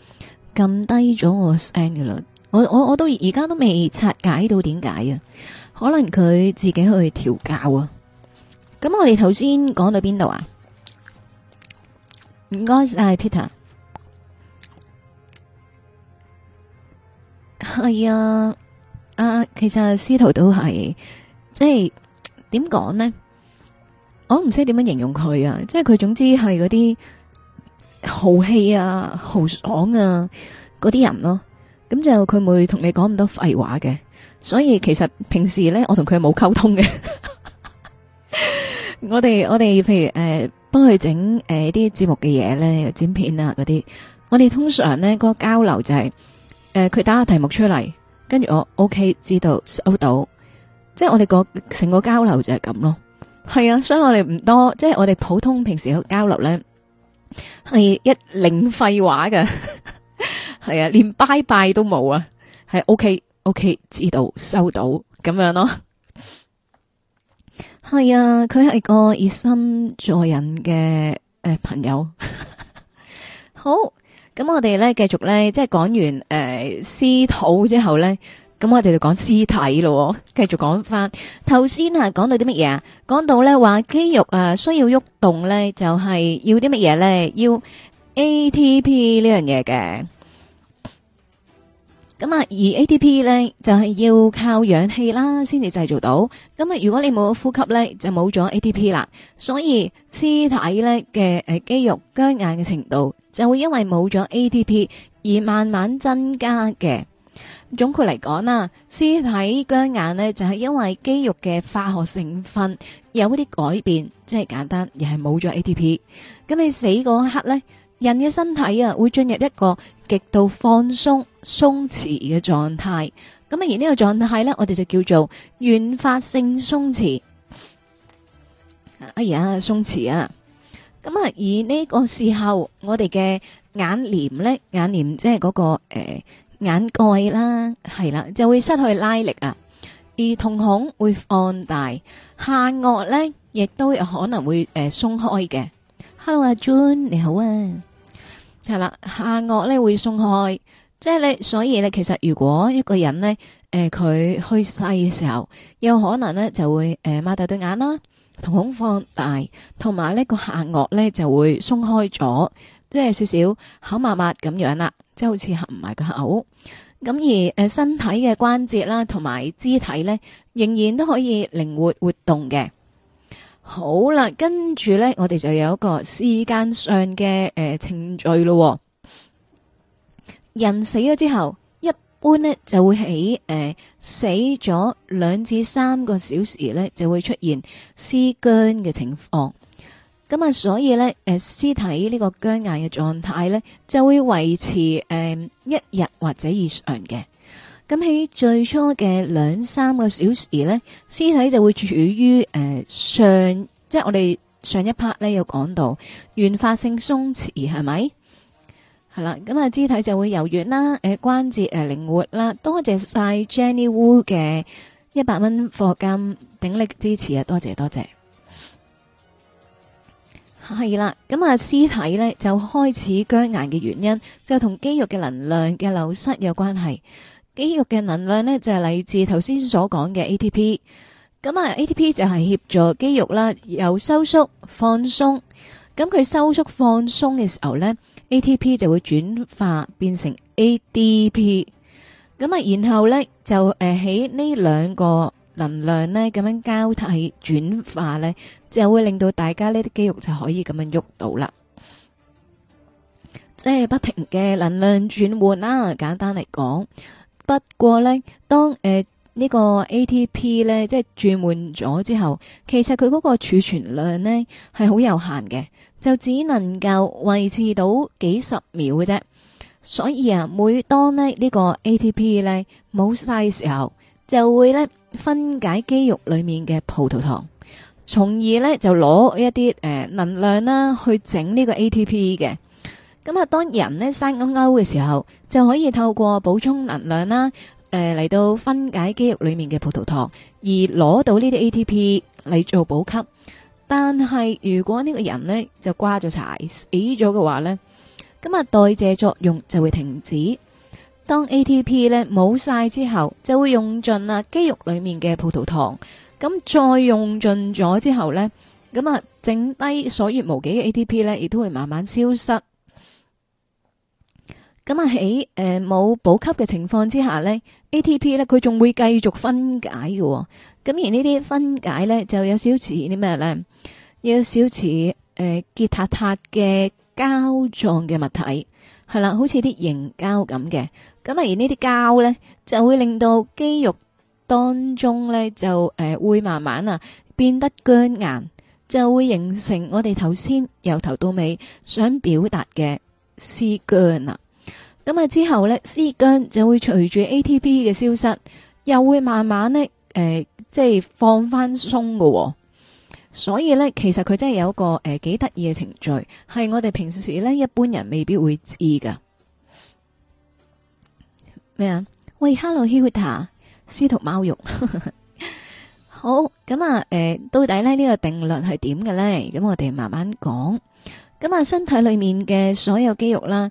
撳低咗我聲噶啦。我我我都而家都未拆解，解到點解啊？可能佢自己去調校啊。咁我哋頭先講到邊度啊？唔該晒 Peter，係啊，啊，其實司徒都係，即係點講呢？我都唔識點樣形容佢啊！即係佢總之係嗰啲豪氣啊、豪爽啊嗰啲人咯。咁就佢唔會同你講咁多廢話嘅。所以其實平時咧，我同佢冇溝通嘅。我哋我哋譬如誒。幫佢整誒啲節目嘅嘢咧，剪片啊嗰啲。我哋通常咧、個交流就係、是、誒，佢、呃、打個題目出嚟，跟住我 OK 知道收到，即係我哋個成個交流就係咁咯。係啊，所以我哋唔多，即係我哋普通平時嘅交流咧係一零廢話嘅，係 啊，連拜拜都冇啊，係 OK OK 知道收到咁樣咯。係啊，佢係個熱心助人嘅、誒、呃、朋友。 好，咁我哋咧繼續咧，即係講完誒、屍、呃、肚之後咧，咁我哋就講屍體咯、哦。繼續講翻，頭先啊，講到啲乜嘢啊？講到咧話肌肉啊，需要喐動咧，就係要啲乜嘢咧？要 ATP 呢樣嘢嘅。咁啊，而 ATP 呢就係、是、要靠氧氣啦，先至製造到。咁啊，如果你冇呼吸呢，就冇咗 ATP 啦。所以屍體呢嘅誒、呃、肌肉僵硬嘅程度，就會因為冇咗 ATP 而慢慢增加嘅。總括嚟講啦，屍體僵硬呢，就係、是、因為肌肉嘅化學成分有啲改變，即、就、係、是、簡單，而係冇咗 ATP。咁你死嗰刻呢？人嘅身體啊，會進入一個極度放鬆鬆弛嘅狀態。咁啊，而呢個狀態呢，我哋就叫做原發性鬆弛。哎呀，鬆弛啊！咁啊，而呢個時候，我哋嘅眼簾呢，眼簾即係嗰個誒、呃、眼蓋啦，係啦，就會失去拉力啊。而瞳孔會放大，下顎呢亦都有可能會誒、呃、鬆開嘅。hello 阿 John 你好啊，係啦，下顎咧會鬆開，即係你所以咧，其實如果一個人咧，誒佢去世嘅時候，有可能咧就會誒擘、呃、大對眼啦，瞳孔放大，同埋呢個下顎咧就會鬆開咗，即係少少口擘擘咁樣啦，即係好似合唔埋個口，咁而誒身體嘅關節啦同埋肢體咧，仍然都可以靈活活動嘅。好啦，跟住呢，我哋就有一個時間上嘅誒、呃、程序咯、哦。人死咗之後，一般呢就會喺誒、呃、死咗兩至三個小時呢，就會出現屍僵嘅情況。咁啊，所以呢，誒、呃、屍體呢個僵硬嘅狀態呢，就會維持誒、呃、一日或者以上嘅。咁喺最初嘅兩三個小時呢，屍體就會處於誒、呃、上，即係我哋上一 part 呢有講到原發性鬆弛，係咪係啦？咁啊，肢體就會柔軟啦，誒、呃、關節誒靈活啦。多謝晒 Jenny Wu 嘅一百蚊課金鼎力支持啊！多謝多謝，係啦。咁啊，屍體呢，就開始僵硬嘅原因就同肌肉嘅能量嘅流失有關係。肌肉嘅能量呢就係嚟自頭先所講嘅 ATP，咁啊，ATP 就係協助肌肉啦，由收縮、放鬆，咁佢收縮、放鬆嘅時候呢，ATP 就會轉化變成 ADP，咁啊然後呢就誒喺呢兩個能量呢咁樣交替轉化呢，就會令到大家呢啲肌肉就可以咁樣喐到啦，即係不停嘅能量轉換啦，簡單嚟講。不過呢，當誒呢、呃呢個 ATP 呢即係轉換咗之後，其實佢嗰個儲存量呢係好有限嘅，就只能夠維持到幾十秒嘅啫。所以啊，每當呢呢、呢個 ATP 呢冇晒時候，就會呢分解肌肉裏面嘅葡萄糖，從而呢就攞一啲誒、呃、能量啦去整呢個 ATP 嘅。咁啊，當人呢生勾勾嘅時候，就可以透過補充能量啦，誒嚟到分解肌肉裏面嘅葡萄糖，而攞到呢啲 A T P 嚟做補給。但係如果呢個人呢就瓜咗柴死咗嘅話呢，咁啊代謝作用就會停止。當 A T P 呢冇晒之後，就會用盡啦肌肉裏面嘅葡萄糖。咁再用盡咗之後呢，咁啊剩低所餘無幾嘅 A T P 呢，亦都會慢慢消失。咁啊，喺誒冇補給嘅情況之下呢 ATP 咧，佢仲會繼續分解嘅，哦。咁而呢啲分解呢，就有少似啲咩呢？有少似誒結塔塔嘅膠狀嘅物體係啦，好似啲凝膠咁嘅。咁啊，而呢啲膠呢，就會令到肌肉當中呢，就誒、呃、會慢慢啊變得僵硬，就會形成我哋頭先由頭到尾想表達嘅屍僵啊。咁啊，之後呢，屍僵就會隨住 ATP 嘅消失，又會慢慢呢，誒、呃，即係放翻鬆噶、哦。所以呢，其實佢真係有一個誒幾得意嘅程序，係我哋平時咧一般人未必會知噶。咩啊？喂，Hello Hilita，司徒貓肉。 好，咁啊誒，到底咧呢、這個定律係點嘅呢？咁我哋慢慢講。咁啊，身體裏面嘅所有肌肉啦。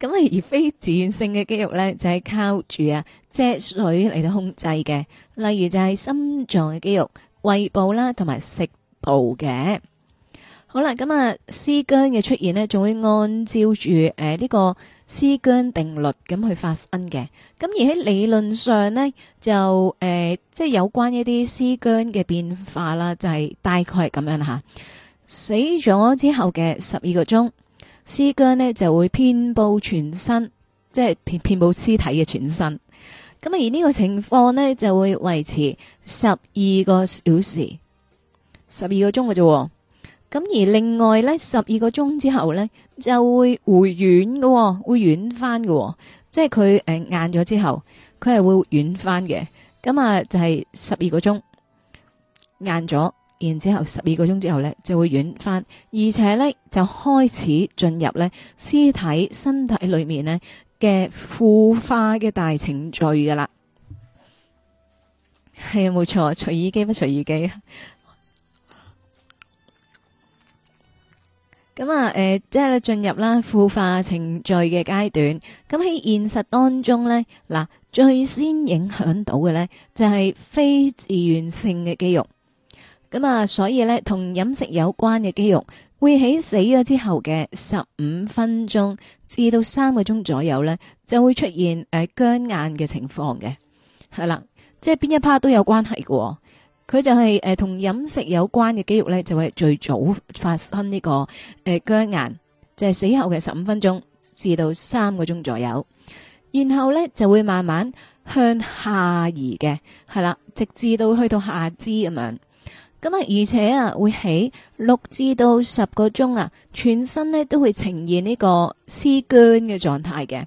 咁啊，而非自願性嘅肌肉咧，就係、是、靠住啊脊髓嚟到控制嘅。例如就係心臟嘅肌肉、胃部啦，同埋食道嘅。好啦，咁啊，屍僵嘅出現呢，仲會按照住誒呢個屍僵定律咁去發生嘅。咁而喺理論上呢，就誒即係有關一啲屍僵嘅變化啦，就係、是、大概咁樣吓。死咗之後嘅十二個鐘。屍僵咧就會遍布全身，即係遍遍布屍體嘅全身。咁啊，而呢個情況咧就會維持十二個小時，十二個鐘嘅啫。咁而另外咧，十二個鐘之後咧就會回軟嘅喎，會軟翻嘅喎。即係佢誒硬咗之後，佢係會軟翻嘅。咁啊，就係十二個鐘硬咗。然後12個之後十二個鐘之後呢，就會軟返，而且呢，就開始進入呢屍體身體裏面呢嘅腐化嘅大程序噶啦。係啊，冇錯，隨意肌不隨意肌。咁啊，誒、呃，即係咧進入啦腐化程序嘅階段。咁喺現實當中呢，嗱，最先影響到嘅呢，就係非自願性嘅肌肉。咁啊，所以咧，同飲食有關嘅肌肉會喺死咗之後嘅十五分鐘至到三個鐘左右咧，就會出現誒、呃、僵硬嘅情況嘅，係啦，即係邊一 part 都有關係喎、哦。佢就係誒同飲食有關嘅肌肉咧，就會最早發生呢、這個誒、呃、僵硬，即、就、係、是、死後嘅十五分鐘至到三個鐘左右，然後咧就會慢慢向下移嘅，係啦，直至到去到下肢咁樣。咁啊，而且啊，會喺六至到十個鐘啊，全身咧都會呈現呢個屍僵嘅狀態嘅。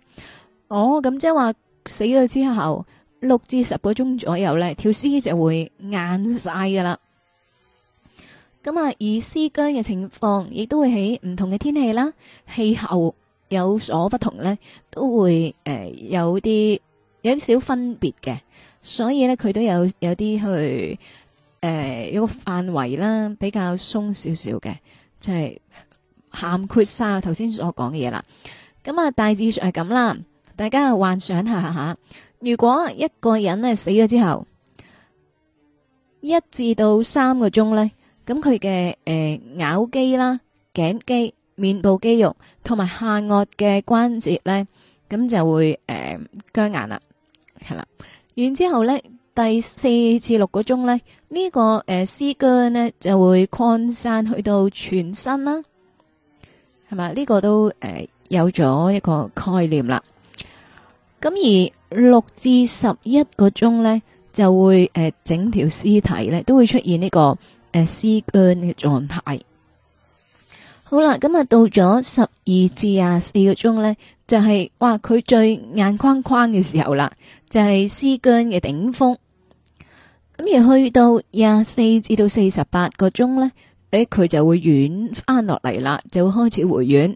哦，咁即係話死咗之後，六至十個鐘左右咧，條屍就會硬晒噶、嗯、啦。咁啊，而屍僵嘅情況亦都會喺唔同嘅天氣啦、氣候有所不同咧，都會誒、呃、有啲有啲少分別嘅。所以咧，佢都有有啲去。誒、呃，有個範圍啦，比較鬆少少嘅，就係涵蓋晒頭先所講嘅嘢啦。咁啊，大致係咁啦，大家幻想一下一下。如果一個人咧死咗之後，一至到三個鐘呢，咁佢嘅誒咬肌啦、頸肌、面部肌肉同埋下顎嘅關節呢，咁就會誒、呃、僵硬啦，係啦。然之後咧。第四至六個鐘、這個呃、呢，呢個誒屍僵就會擴散去到全身啦，係咪？呢、這個都誒、呃、有咗一個概念啦。咁而六至十一個鐘呢，就會誒、呃、整條屍體呢都會出現呢、這個誒屍僵嘅狀態。好啦，咁啊到咗十二至廿四個鐘呢，就係、是、哇佢最硬框框嘅時候啦，就係屍僵嘅頂峰。咁而去到廿四至到四十八個鐘呢，誒，佢就會軟翻落嚟啦，就會開始回軟。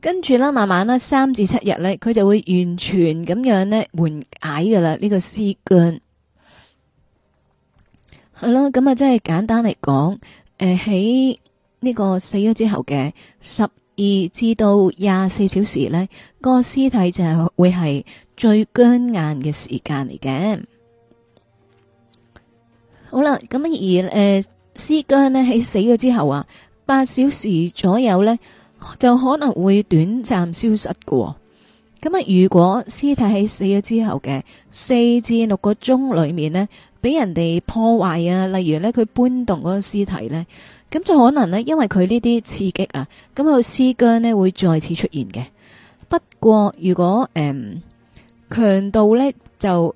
跟住啦，慢慢啦，三至七日呢，佢就會完全咁樣呢，緩解噶啦。呢個屍僵係咯，咁啊，即係簡單嚟講，誒，喺呢個死咗之後嘅十二至到廿四小時呢，個屍體就係會係最僵硬嘅時間嚟嘅。好啦，咁而誒屍僵呢，喺死咗之後啊，八小時左右呢，就可能會短暫消失㗎喎。咁啊，如果屍體喺死咗之後嘅四至六個鐘裏面呢，俾人哋破壞啊，例如呢，佢搬動嗰個屍體呢，咁就可能呢，因為佢呢啲刺激啊，咁啊個屍僵呢會再次出現嘅。不過如果誒強度呢，就。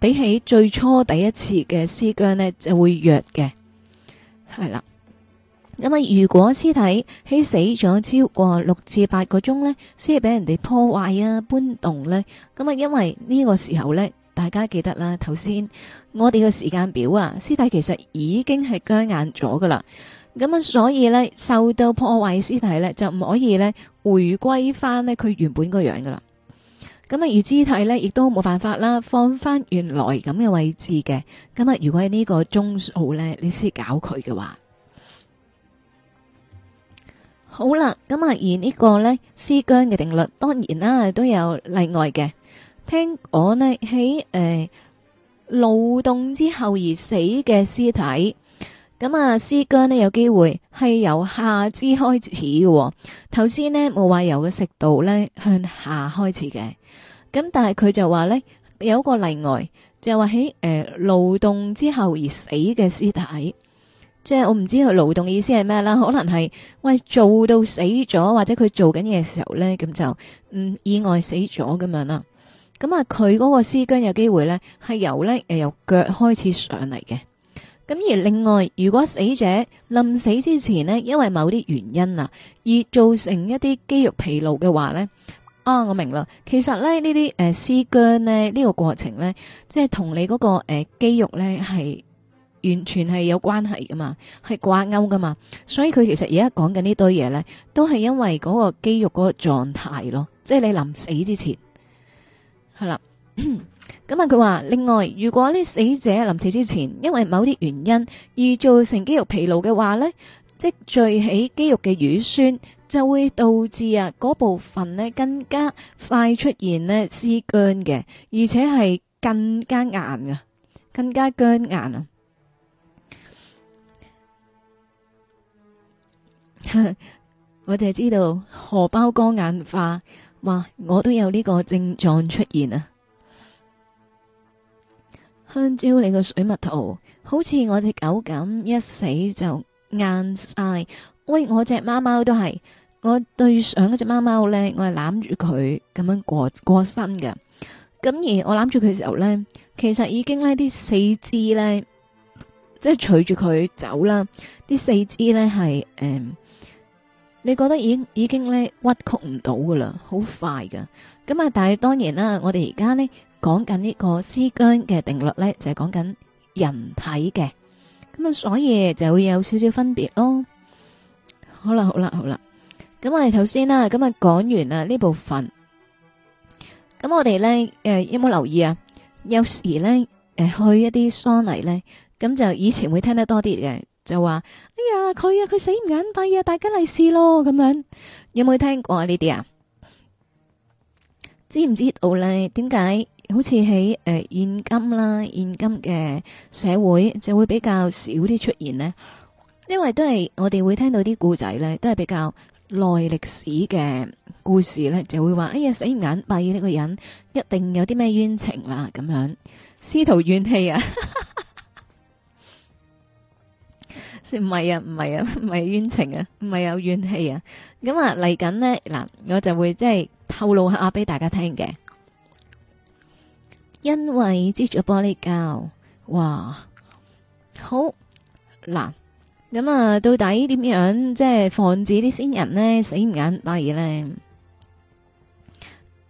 比起最初第一次嘅屍僵咧，就會弱嘅，係啦。咁啊，如果屍體起死咗超過六至八個鐘咧，先係俾人哋破壞啊、搬動咧。咁啊，因為呢個時候咧，大家記得啦，頭先我哋嘅時間表啊，屍體其實已經係僵硬咗噶啦。咁啊，所以咧，受到破壞屍體咧，就唔可以咧回歸翻咧佢原本個樣噶啦。咁啊，而肢體呢亦都冇辦法啦，放翻原來咁嘅位置嘅。咁啊，如果喺呢個鐘數呢，你先搞佢嘅話，好啦。咁啊，而呢、這個呢，屍僵嘅定律，當然啦，都有例外嘅。聽講呢，喺誒、呃、勞動之後而死嘅屍體。咁啊，屍僵呢，有機會係由下肢開始嘅哦。頭先呢，冇話由個食道咧向下開始嘅。咁但係佢就話咧有個例外，就話喺誒勞動之後而死嘅屍體。即係我唔知佢勞動意思係咩啦，可能係喂做到死咗，或者佢做緊嘢嘅時候咧，咁就嗯意外死咗咁樣啦。咁啊，佢嗰個屍僵有機會咧係由咧誒由腳開始上嚟嘅。咁而另外，如果死者臨死之前呢，因為某啲原因啊，而造成一啲肌肉疲勞嘅話呢，啊，我明啦，其實咧呢啲誒屍僵咧呢、呢個過程呢，即係同你嗰、嗰個誒、呃、肌肉呢係完全係有關係噶嘛，係掛鈎噶嘛，所以佢其實而家講緊呢堆嘢呢，都係因為嗰個肌肉嗰個狀態咯，即係你臨死之前，係啦。 咁啊！佢話另外，如果呢死者臨死之前，因為某啲原因而造成肌肉疲勞嘅話咧，積聚起肌肉嘅乳酸，就會導致啊嗰部分咧更加快出現咧屍僵嘅，而且係更加硬嘅，更加僵硬啊。我就係知道荷包肝硬化，哇！我都有呢個症狀出現啊。香蕉，你個水蜜桃好似我隻狗咁，一死就硬晒。喂，我隻貓貓都係，我對上嗰隻貓貓好靚，我係攬住佢咁樣過過身嘅。咁而我攬住佢嘅時候咧，其實已經咧啲四肢咧，即係隨住佢走啦，啲四肢咧係誒，你覺得已經已經咧屈曲唔到噶啦，好快噶。咁啊，但係當然啦，我哋而家咧。講緊呢個屍僵嘅定律咧，就係講緊人體嘅，咁啊，所以就會有少少分別咯。好啦，好啦，好啦，咁我哋頭先啦，今日講完啊呢部分，咁我哋咧誒有冇留意啊？有時咧誒去一啲桑泥咧，咁就以前會聽得多啲嘅，就話哎呀佢啊佢死唔眼閉啊，大吉利是咯咁樣，有冇聽過呢啲啊？知唔知道咧？點解？好似喺誒現今啦，現今嘅社會就會比較少啲出現呢，因為都係我哋會聽到啲故仔咧，都係比較內歷史嘅故事咧，就會話哎呀死眼閉呢，這個人一定有啲咩冤情啦咁樣，司徒怨氣啊，唔 係啊唔係啊唔係，啊啊啊，冤情啊，唔係有怨氣啊，咁啊嚟緊，啊，呢，嗱，我就會即係透露下俾大家聽嘅。因為支住玻璃膠，哇！好嗱，咁啊，到底點樣即係防止啲仙人呢死唔眼閉咧？誒、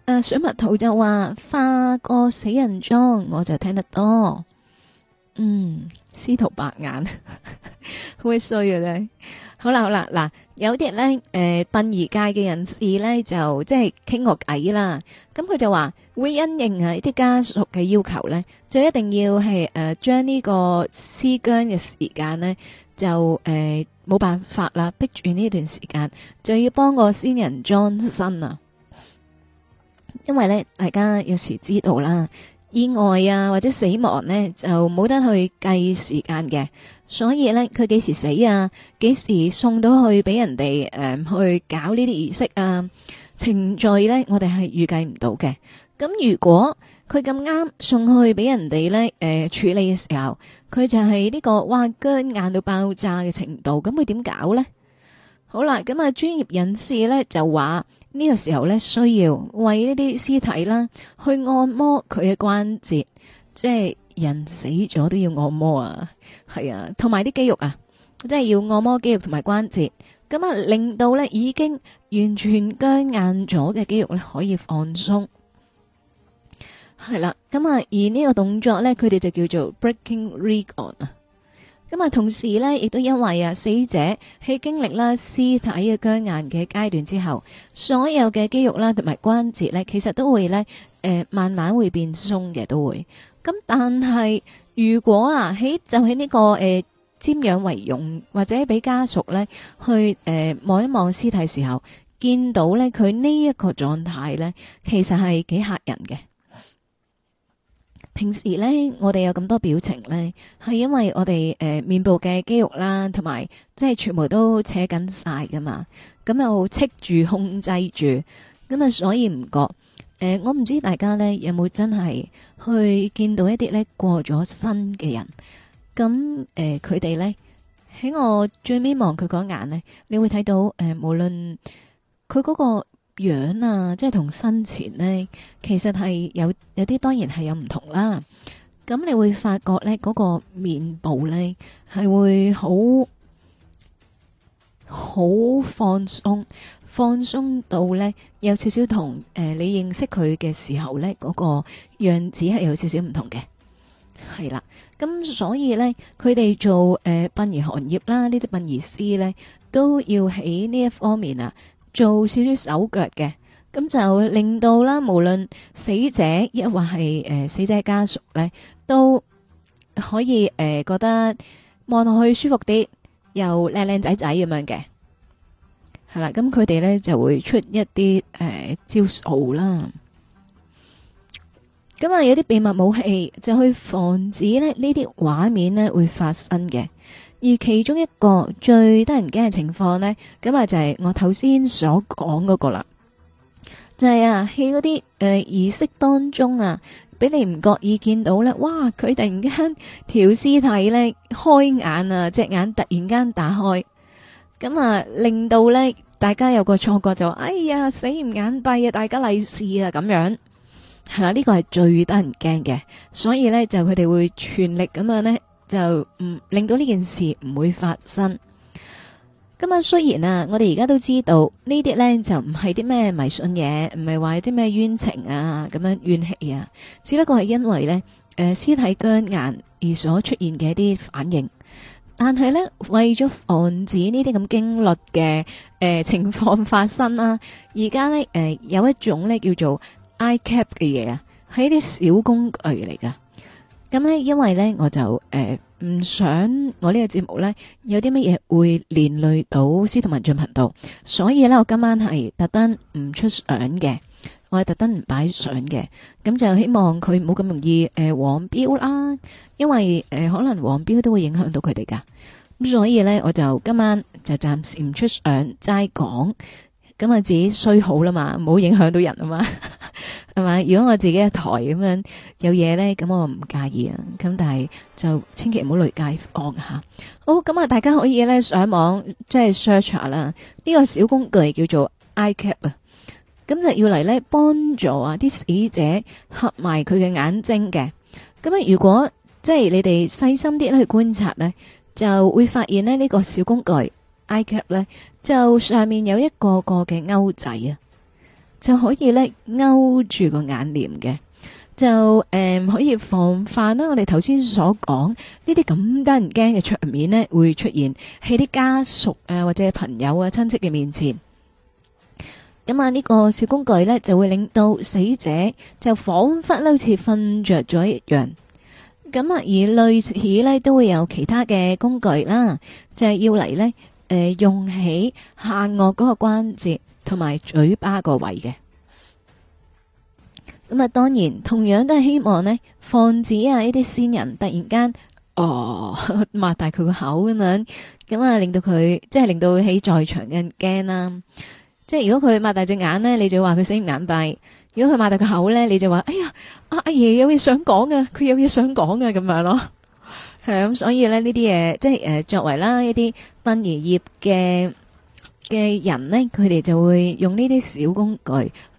呃，水蜜桃就話化個死人妝，我就聽得多。嗯，司徒白眼，好衰嘅咧，好啦，好啦，嗱。有啲咧，誒、呃、殯儀界嘅人士咧，就即係傾個偈啦。咁佢就話會因應啊呢啲家屬嘅要求咧，就一定要係誒將呢個屍僵嘅時間咧，就誒冇、呃、辦法啦，逼住呢段時間，就要幫個先人裝身啊。因為咧，大家有時知道啦。意外啊，或者死亡呢，就冇得去計時間嘅。所以呢，佢幾時死啊？幾時送到去俾人哋誒、呃、去搞呢啲儀式啊？程序呢，我哋係預計唔到嘅。咁如果佢咁啱送去俾人哋呢，誒處理嘅時候，佢就係呢、這個哇，僵硬到爆炸嘅程度，咁會點搞呢？好啦，咁啊，專業人士咧就話呢個時候咧需要為呢啲屍體啦，去按摩佢嘅關節，即係人死咗都要按摩啊，係啊，同埋啲肌肉啊，即係要按摩肌肉同埋關節，咁啊，令到咧已經完全僵硬咗嘅肌肉咧可以放鬆。係啦，咁啊，而呢個動作咧，佢哋就叫做 breaking rigor。咁啊，同時咧，亦都因為啊，死者喺經歷啦屍體嘅僵硬嘅階段之後，所有嘅肌肉啦同埋關節咧，其實都會咧，誒，慢慢會變鬆嘅，都會。咁但係如果啊，喺就喺呢個誒瞻仰遺容或者俾家屬咧去誒望一望屍體時候，見到咧佢呢一個狀態咧，其實係幾嚇人嘅。平時咧，我哋有咁多表情咧，係因為我哋誒面部嘅肌肉啦，同埋即係全部都扯緊晒噶嘛，咁又戚住控制住，咁啊所以唔覺。誒，我唔知大家咧有冇真係去見到一啲咧過咗身嘅人，咁誒佢哋咧喺我最尾望佢嗰眼咧，你會睇到誒無論佢嗰個。樣啊，即係同生前呢，其實係有有啲當然係有唔同啦。咁你會發覺呢嗰個面部呢，係會好好放鬆，放鬆到呢，有少少同誒你認識佢嘅時候呢，嗰個樣子係有少少唔同嘅。係啦，咁所以呢，佢哋做誒殯儀行業啦，呢啲殯儀師呢，都要喺呢一方面啊。做少少手腳嘅，咁就令到啦，無論死者亦或係誒死者家屬咧，都可以誒覺得望落去舒服啲，又靚靚仔仔咁樣嘅，係啦。咁佢哋咧就會出一啲誒招數啦。咁啊，有啲秘密武器就去防止咧呢啲畫面咧會發生嘅。而其中一個最得人驚嘅情況咧，咁啊就係我頭先所講嗰個啦，就係啊喺嗰啲誒儀式當中啊，俾你唔覺意見到咧，哇！佢突然間條屍體咧開眼啊，隻眼突然間打開，咁啊令到咧大家有個錯覺就，哎呀死唔眼閉啊，大家利是啊咁樣，係啦，呢個係最得人驚嘅，所以咧就佢哋會全力咁樣咧。就唔令到呢件事唔會發生。今日雖然啊，我哋而家都知道這些呢啲呢就唔係啲咩迷信嘢，唔係話啲咩冤情啊咁樣怨氣啊，只不過係因為呢，誒、呃、屍體僵硬而所出現嘅一啲反應。但係呢，為咗防止呢啲咁驚慄嘅誒情況發生啦，啊，而家呢，誒、呃、有一種呢叫做 ICAP 嘅嘢啊，係一啲小工具嚟噶。咁、嗯、咧，因為咧，我就誒唔、呃、想我個節呢個節目咧有啲乜嘢會連累到司徒文進頻道，所以咧，我今晚係特登唔出相嘅，我係特登唔擺相嘅，咁、嗯、就希望佢唔好咁容易誒、呃、黃標啦、啊，因為誒、呃、可能黃標都會影響到佢哋噶，咁所以咧，我就今晚就暫時唔出相，齋講。咁啊，自己衰好啦嘛，冇影響到人啊嘛，係 咪？如果我自己一台咁樣有嘢咧，咁我唔介意啊。咁但係就千祈唔好累街坊吓。好，咁啊，大家可以咧上網即係 search 下啦，呢個小工具叫做 iCap 啊。咁就要嚟咧幫助啊啲死者合埋佢嘅眼睛嘅。咁啊如果即係你哋細心啲咧去觀察咧，就會發現咧呢個小工具。埃及呢，就上面有一個個嘅勾仔啊，就可以呢勾住個眼簾嘅，就誒、嗯、可以防範啦。我哋頭先所講呢啲咁得人驚嘅場面呢，會出現喺啲家屬啊或者朋友啊親戚嘅面前。咁啊呢個小工具呢，就會令到死者就仿佛好似瞓着咗一樣。咁啊而類似呢，都會有其他嘅工具啦，就係、是、要嚟呢。誒、呃，用起下顎嗰個關節同埋嘴巴個位嘅，咁啊，當然同樣都係希望呢，防止啊呢啲先人突然間哦擘大佢個口咁樣，咁啊令到佢即係令到喺在場嘅人驚啦。即係如果佢擘大隻眼呢，你就話佢死唔眼閉；如果佢擘大個口咧，你就話哎呀阿阿爺有嘢想講啊，佢有嘢想講啊，咁、啊、樣咯。係咁、 嗯，所以咧呢啲嘢，即係誒，作為啦一啲殯儀業嘅嘅人咧，佢哋就會用呢啲小工具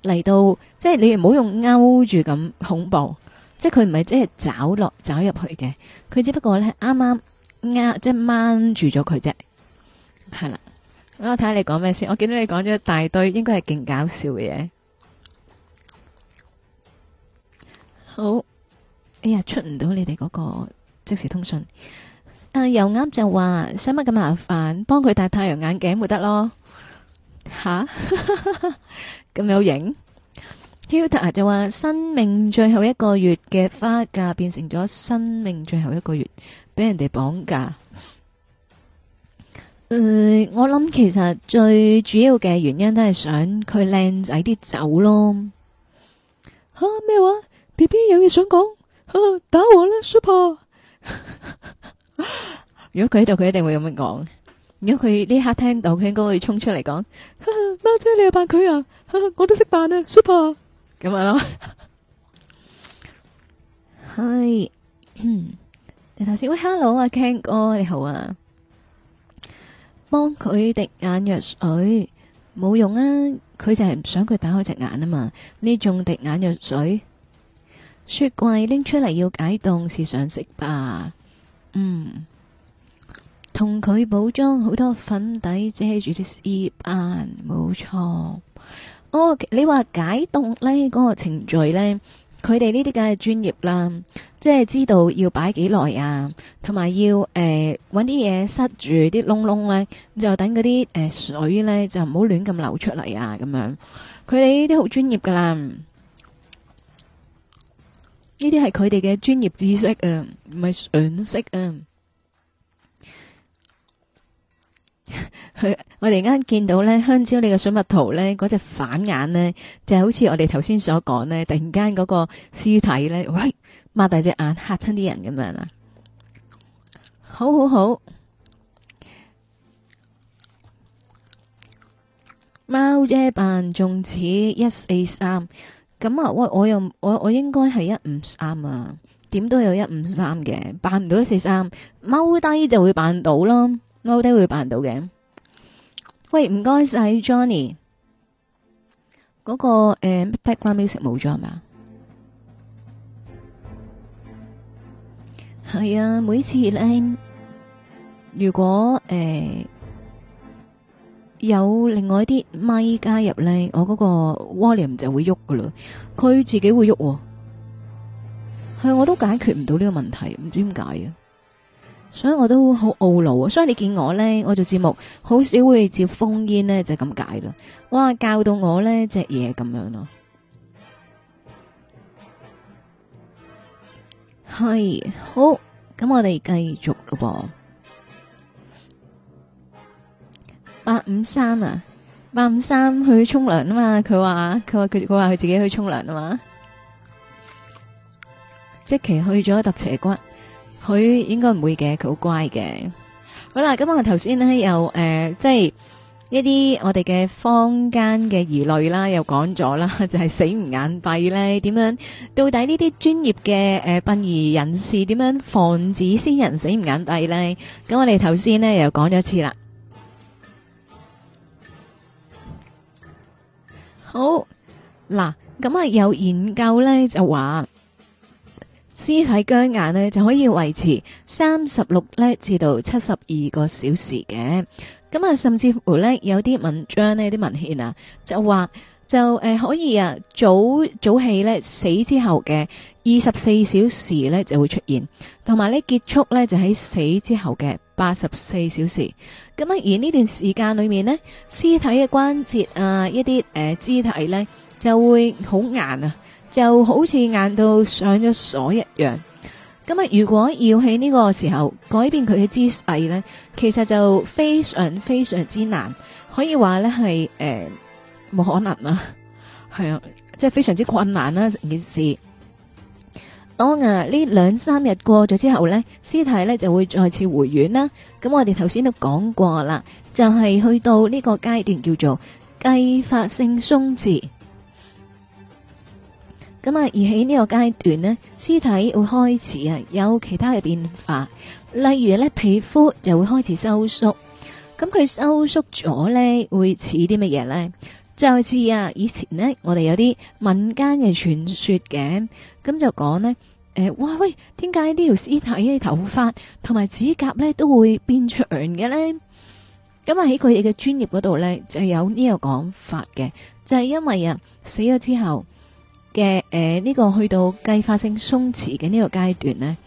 嚟到，即係你唔好用勾住咁恐怖， 即係佢唔係即係找落找入去嘅，佢只不過咧啱啱壓即係掹住咗佢啫，係啦。咁 我睇下你講咩先，我見到你講咗一大堆，應該係勁搞笑嘅嘢。好，哎呀，出唔到你哋嗰、嗰個。即時通訊，但又啱就話，使乜咁麻煩？幫佢戴太陽眼鏡，咪得咯吓，咁有型。Huta 就話，生命最後一個月嘅花嫁變成咗生命最後一個月，俾人哋綁架。誒，我諗其實最主要嘅原因都係想佢靚仔啲走咯吓。咩話？BB 有嘢想講，打我啦，Super！ 如果佢喺度，佢一定會咁樣講。如果佢呢刻聽到，佢應該會衝出嚟講：貓 姐，你又扮佢啊？ 我都識扮啊，Super。咁啊，咯。係， 你。頭先喂，hello 啊，Ken 哥，你好啊。幫佢滴眼藥水冇用啊，佢就係唔想佢打開隻眼啊嘛。呢種滴眼藥水。雪櫃拎出嚟要解凍，是常識吧？嗯，同佢補妝好多粉底遮住啲眼，冇錯。哦，你話解凍呢嗰個程序呢，佢哋呢啲梗係專業啦，即係知道要擺幾耐啊，同埋要誒搵啲嘢塞住啲窿窿呢，就等嗰啲誒水呢就唔好亂咁流出嚟啊，咁樣，佢哋呢啲好專業噶啦。呢啲係佢哋嘅專業知識啊，唔係常識啊。 我我哋啱見到呢香蕉你個水蜜桃咧，嗰隻反眼呢，就好似我哋頭先所講呢，突然間嗰個屍體呢，喂擘大隻眼吓親啲人咁樣啊！好好好，貓姐扮仲似一四三。咁啊 1, 5, 1, 4, 3，喂，我又我我應該係一五三啊，點都有一五三嘅，扮唔到一四三，踎低就會扮到啦，踎低會扮到嘅。喂，唔該晒 Johnny，嗰個誒 background music 冇咗係嘛？係 啊，每次咧，如果誒。Uh, 有另外啲咪,咪加入呢，我嗰個 volume 就會喐噶啦，佢自己會喐，係我都解決唔到呢個問題，唔知點解啊！所以我都好懊惱啊！所以你見我呢，我做節目好少會接烽煙呢，就咁、係、解啦。哇，教到我呢隻嘢咁樣咯，係，好，咁我哋繼續咯噃。八五三啊，八五三去沖涼啊嘛！佢話佢話，佢佢話佢自己去沖涼啊嘛！即期去咗一揼斜骨，佢應該唔會嘅，佢好乖嘅。好啦，咁、嗯、我頭先咧又誒、呃，即係一啲我哋嘅坊間嘅疑慮啦，又講咗啦，就係、是、死唔眼閉咧，點樣到底呢啲專業嘅誒殯儀人士點樣防止先人死唔眼閉咧？咁、嗯、我哋頭先咧又講咗一次啦。好嗱，咁啊有研究咧就話屍體僵硬咧就可以維持三十六咧至到七十二個小時嘅。咁啊，甚至乎咧有啲文章咧啲文獻啊就話就誒、呃、可以啊早早期咧死之後嘅二十四小時咧就會出現，同埋咧結束咧就喺死之後嘅。八十四小時，咁啊而呢段時間裏面呢，屍體嘅關節啊，一啲誒、呃、肢體呢，就會好硬啊，就好似硬到上咗鎖一樣。咁啊，如果要喺呢個時候改變佢嘅姿勢呢，其實就非常非常之難，可以話呢係誒冇可能啊，係啊，即係非常之困難啦成件事。當啊呢兩三日過咗之後呢，屍體呢就會再次回軟啦。咁我哋頭先都講過啦，就係去到呢個階段叫做繼發性鬆弛。咁啊而喺呢個階段呢，屍體會開始啊有其他嘅變化，例如呢，皮膚就會開始收縮。咁佢收縮咗呢，會似啲乜嘢呢？就好似啊，以前呢，我哋有啲民間嘅傳說嘅，咁就講呢。誒，哇喂，點解呢條屍體嘅頭髮同埋指甲呢都會變長嘅呢？咁啊，喺佢哋嘅專業嗰度呢，就有呢個講法嘅，就係、是、因為啊，死咗之後嘅誒呢個去到繼發性鬆弛嘅呢個階段呢，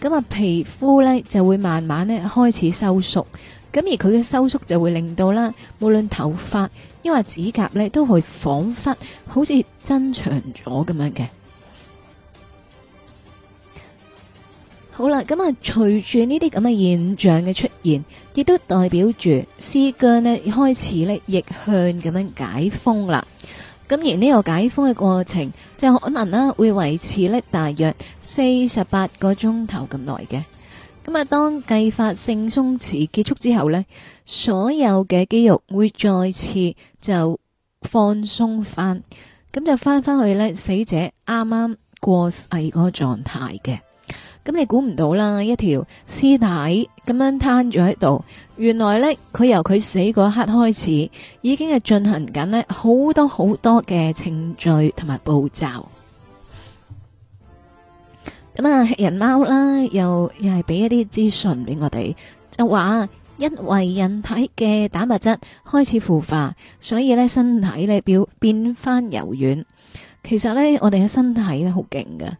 咁啊，皮膚呢就會慢慢咧開始收縮，咁而佢嘅收縮就會令到啦，無論頭髮。因為指甲咧都會仿佛好似增長咗咁樣嘅。好啦，咁啊，隨住呢啲咁嘅現象嘅出現，亦都代表住屍僵呢開始咧逆向咁樣解封啦。咁而呢個解封嘅過程，就可能啦會維持呢大約四十八個鐘頭咁耐嘅。咁啊，當繼發性鬆弛結束之後呢，所有嘅肌肉會再次就放鬆翻，咁就翻翻去呢，死者啱啱過世嗰個狀態嘅。咁你估唔到啦，一條屍體咁樣攤住喺度，原來呢，佢由佢死嗰刻開始，已經係進行緊呢好多好多嘅程序同埋步驟。咁啊，人貓啦，又又係俾一啲資訊俾我哋，就話因為人體嘅蛋白質開始腐化，所以咧身體咧表變翻柔軟。其實咧，我哋嘅身體咧好勁㗎，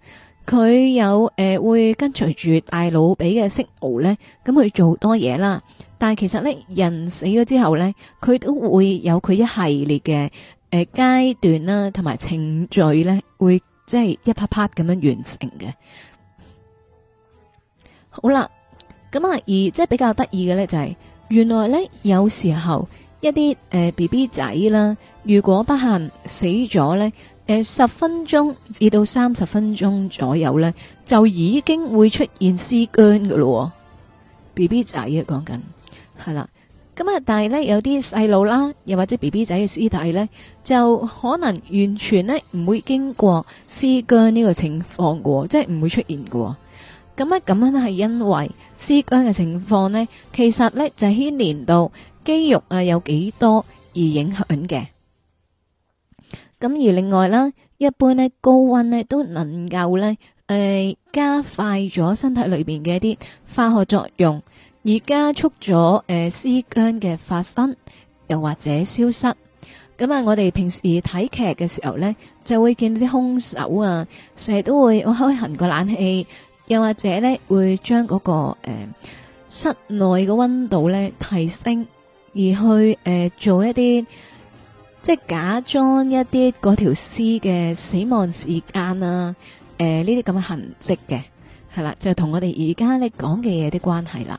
佢有誒、呃、會跟隨住大腦俾嘅信號咧，咁去做多嘢啦。但係其實咧，人死咗之後咧，佢都會有佢一系列嘅誒階段啦，同埋程序咧會。即係一拍拍咁樣完成嘅。好啦，咁啊而即係比較得意嘅咧就係、是，原來咧有時候一啲誒 B B 仔啦，如果不幸死咗咧，誒、呃、十分鐘至到三十分鐘左右咧，就已經會出現屍僵噶咯，B B 仔啊講緊係啦。咁啊，但係咧有啲細路啦，又或者 BB 仔嘅屍體咧，就可能完全咧唔會經過屍僵呢個情況嘅，即係唔會出現嘅。咁啊，咁樣係因為屍僵嘅情況咧，其實咧就牽連到肌肉啊有幾多而影響嘅。咁而另外啦，一般咧高溫咧都能夠咧誒加快咗身體裏邊嘅一啲化學作用。而加速咗誒屍僵嘅發生，又或者消失。咁啊，我哋平時睇劇嘅時候咧，就會見到啲兇手啊，成日都會我開行個冷氣，又或者咧會將嗰個誒室內嘅溫度咧提升，而去誒做一啲即係假裝一啲嗰條屍嘅死亡時間啦，誒呢啲咁嘅痕跡嘅，係啦，就同我哋而家你講嘅嘢有啲關係啦。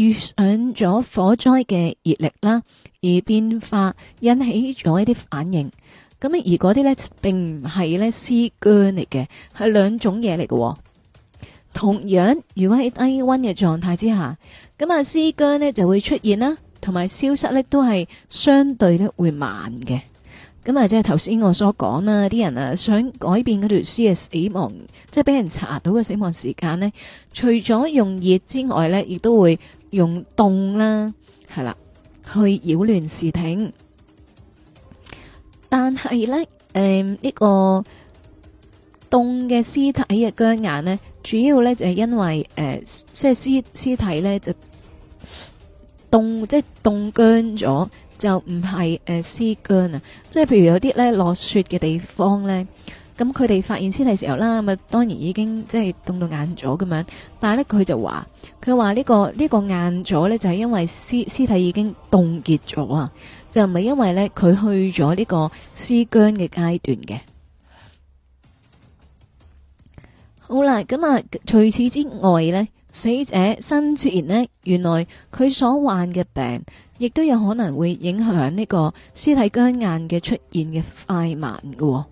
遇上咗火災嘅熱力啦，而變化引起咗一啲反應，咁而嗰啲呢，並唔係呢屍僵嚟嘅，係兩種嘢嚟嘅。同樣，如果喺低溫嘅狀態之下，咁啊屍僵呢就會出現啦，同埋消失呢都係相對呢會慢嘅。咁啊即係頭先我所講啦，啲人啊想改變嗰條屍嘅死亡，即係俾人查到嘅死亡時間呢，除咗用熱之外呢，亦都會。用凍啦，係啦，去擾亂視聽。但係咧，誒、呃、呢、這個凍嘅屍體嘅僵硬咧，主要咧就係、是、因為誒，即、呃、係屍屍體咧就凍，即係凍僵咗，就唔係誒屍僵啊。即係譬如有啲咧落雪嘅地方咧，咁佢哋發現屍體的時候啦，咁啊當然已經即係凍到硬咗噉樣。但係咧佢就話。佢話呢個呢、呢個硬咗呢，就係因為屍屍體已經凍結咗啊，就唔係因為呢，佢去咗呢個屍僵嘅階段嘅。好啦，咁啊，除此之外呢，死者生前呢，原來佢所患嘅病，亦都有可能會影響呢個屍體僵硬嘅出現嘅快慢噶、哦。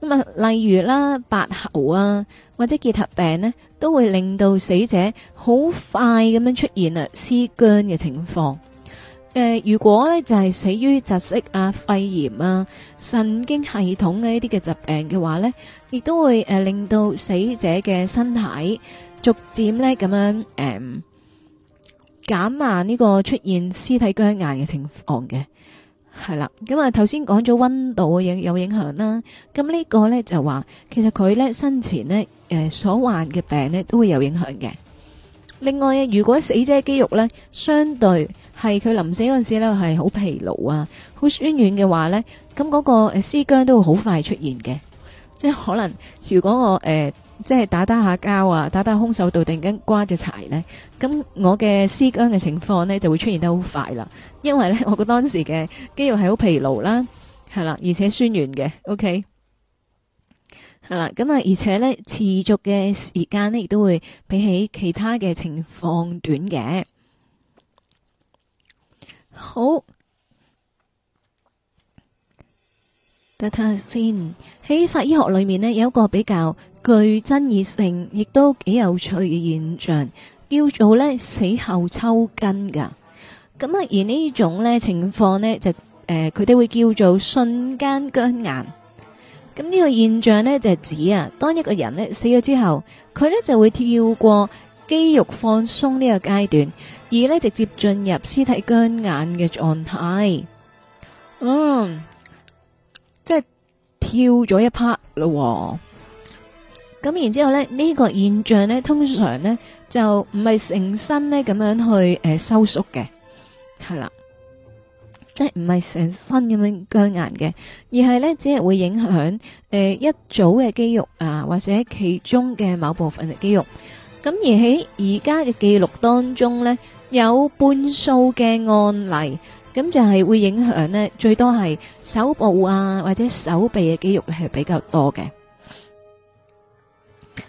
咁啊，例如啦，白喉啊，或者結核病呢。都會令到死者好快咁樣出現啊屍僵嘅情況。誒、呃，如果咧就係、是、死於窒息啊、肺炎啊、神經系統嘅一啲嘅疾病嘅話咧，亦都會誒、呃、令到死者嘅身體逐漸咧咁樣誒、呃、減慢呢個出現屍體僵硬嘅情況嘅。係啦，咁啊頭先講咗溫度影有影響啦，咁、這、呢個呢，就話，其實佢呢，生前呢誒所患嘅病呢都會有影響嘅。另外，如果死者肌肉呢，相對係佢臨死嗰陣時呢係好疲勞啊，好酸軟嘅話呢，咁嗰個誒屍僵都會好快出現嘅，即係可能如果我誒。呃即係打打下交啊，打打空手道，突然間刮咗柴呢。咁我嘅屍僵嘅情況呢，就會出現得好快啦。因為呢，我嘅當時嘅肌肉係好疲勞啦，係啦，而且酸軟嘅，OK，係啦。咁啊，而且呢，持續嘅時間呢，亦都會比起其他嘅情況短嘅。好，得睇下先。喺法醫學裏面呢，有一個比較。具爭議性，亦都幾有趣嘅現象，叫做呢死後抽筋噶。咁啊，而呢種情況呢，就誒，佢、呃、哋會叫做瞬間僵硬。咁呢個現象呢，就是、指啊，當一個人呢死咗之後，佢呢就會跳過肌肉放鬆呢個階段，而呢直接進入屍體僵硬嘅狀態。嗯，即係跳咗一 part 咯。咁然之後咧，呢個現象咧，通常咧就唔係成身咧咁樣去誒收縮嘅，係啦，即係唔係成身咁樣僵硬嘅，而係咧只係會影響誒一組嘅肌肉啊，或者其中嘅某部分嘅肌肉。咁而喺而家嘅記錄當中咧，有半數嘅案例，咁就係會影響咧，最多係手部啊或者手臂嘅肌肉係比較多嘅。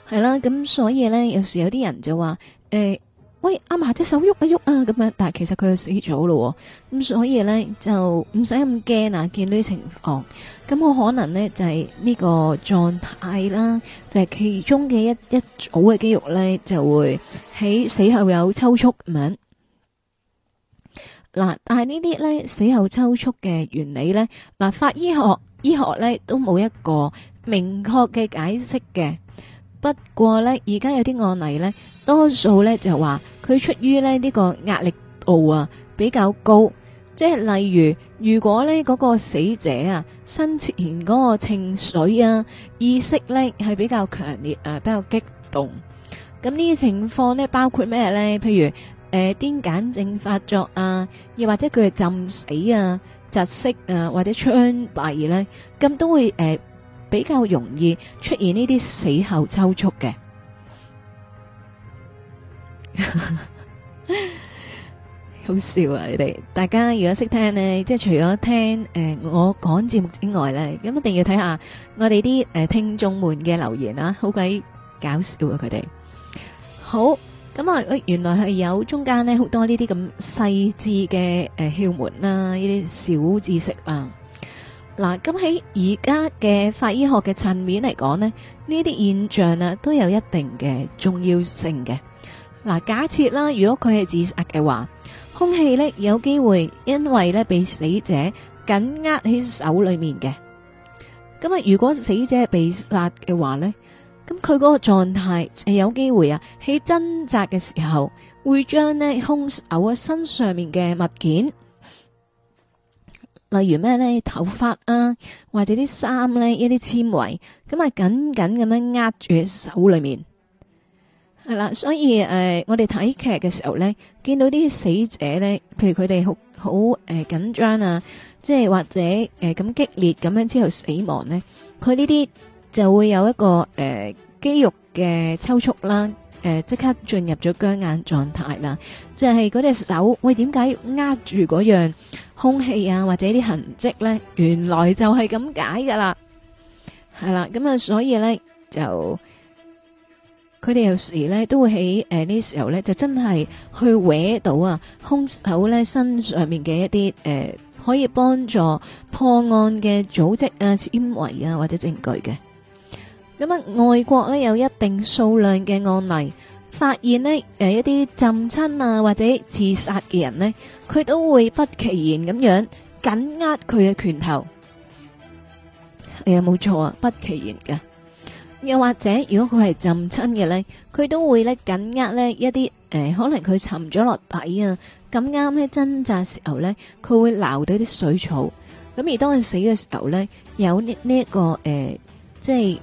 係啦，咁所以咧，有時有啲人就話誒、欸，喂，阿嫲隻手喐一喐啊，咁樣，但係其實佢又死咗咯。咁所以咧，就唔使咁驚啊。見到啲情況，咁好可能咧就係、是、呢個狀態啦，就係、是、其中嘅一一組嘅肌肉咧就會喺死後有抽搐咁樣嗱、啊。但係呢啲咧死後抽搐嘅原理咧嗱、啊，法醫學醫學咧都冇一個明確嘅解釋嘅。不過咧，而家有啲案例咧，多數咧就話佢出於呢、呢個壓力度啊比較高，即係例如如果咧嗰、嗰個死者啊，生前嗰個情緒啊、意識咧係比較強烈、呃、比較激動，咁呢啲情況咧包括咩咧？譬如誒、呃、癲癇症發作啊，又或者佢係浸死啊，窒息啊，或者槍斃咧，咁都會誒。呃比較容易出現呢啲死後抽搐嘅，好笑啊！你哋大家如果識聽呢，即係除咗聽誒我講節目之外呢，咁一定要睇下我哋啲誒聽眾們嘅留言啊，好鬼搞笑啊！佢哋好咁啊，誒，原來係有中間呢好多呢啲咁細緻嘅誒竅門啦，呢啲小知識啊。嗱，咁喺而家嘅法醫學嘅層面嚟講呢，呢啲現象啊，都有一定嘅重要性嘅。嗱，假設啦，如果佢係自殺嘅話，空氣呢，有機會因為呢被死者緊握喺手裏面嘅，咁啊，如果死者被殺嘅話呢，咁佢嗰個狀態有機會啊，喺掙扎嘅時候會將呢兇手喺身上面嘅物件。例如咩咧？頭髮啊，或者啲衫咧，一啲纖維，咁啊緊緊咁樣握住喺手裏面，係啦。所以誒，我哋睇劇嘅時候咧，見到啲死者咧，譬如佢哋好好誒緊張啊，即係或者誒咁激烈咁樣之後死亡咧，佢呢啲就會有一個誒肌肉嘅抽搐啦，誒即刻進入咗僵硬狀態啦，就係嗰隻手，喂，點解要握住嗰樣？空氣啊，或者啲痕跡咧，原來就係咁解噶啦，係啦，咁啊，所以咧就佢哋有時咧都會喺誒呢時候咧就真係去揾到啊，兇手咧身上面嘅一啲誒可以幫助破案嘅組織啊、纖維啊或者證據嘅，咁啊，外國咧有一定數量嘅案例。發現咧，誒，一啲浸親啊或者自殺嘅人咧，佢都會不其然咁樣緊握佢嘅拳頭。誒，冇錯啊，不其然㗎。又或者如果佢係浸親嘅咧，佢都會咧緊握咧一啲誒，可能佢沉咗落底啊，咁啱咧掙扎時候咧，佢會撈到啲水草。咁而當佢死嘅時候咧，有呢呢一個誒，即係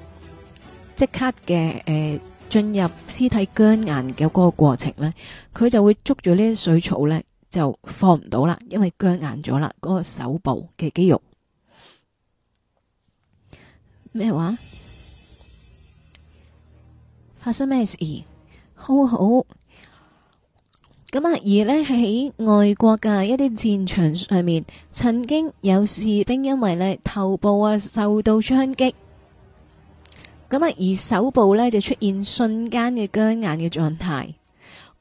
即刻嘅誒。進入屍體僵硬嘅嗰個過程呢，佢就會捉住呢啲水草呢，就放唔到啦，因為僵硬咗啦，嗰個手部嘅肌肉。咩話？發生咩事？好好。咁啊，而呢，喺外國嘅一啲戰場上面，曾經有士兵因為呢頭部啊受到槍擊。咁啊，而手部咧就出現瞬間嘅僵硬嘅狀態。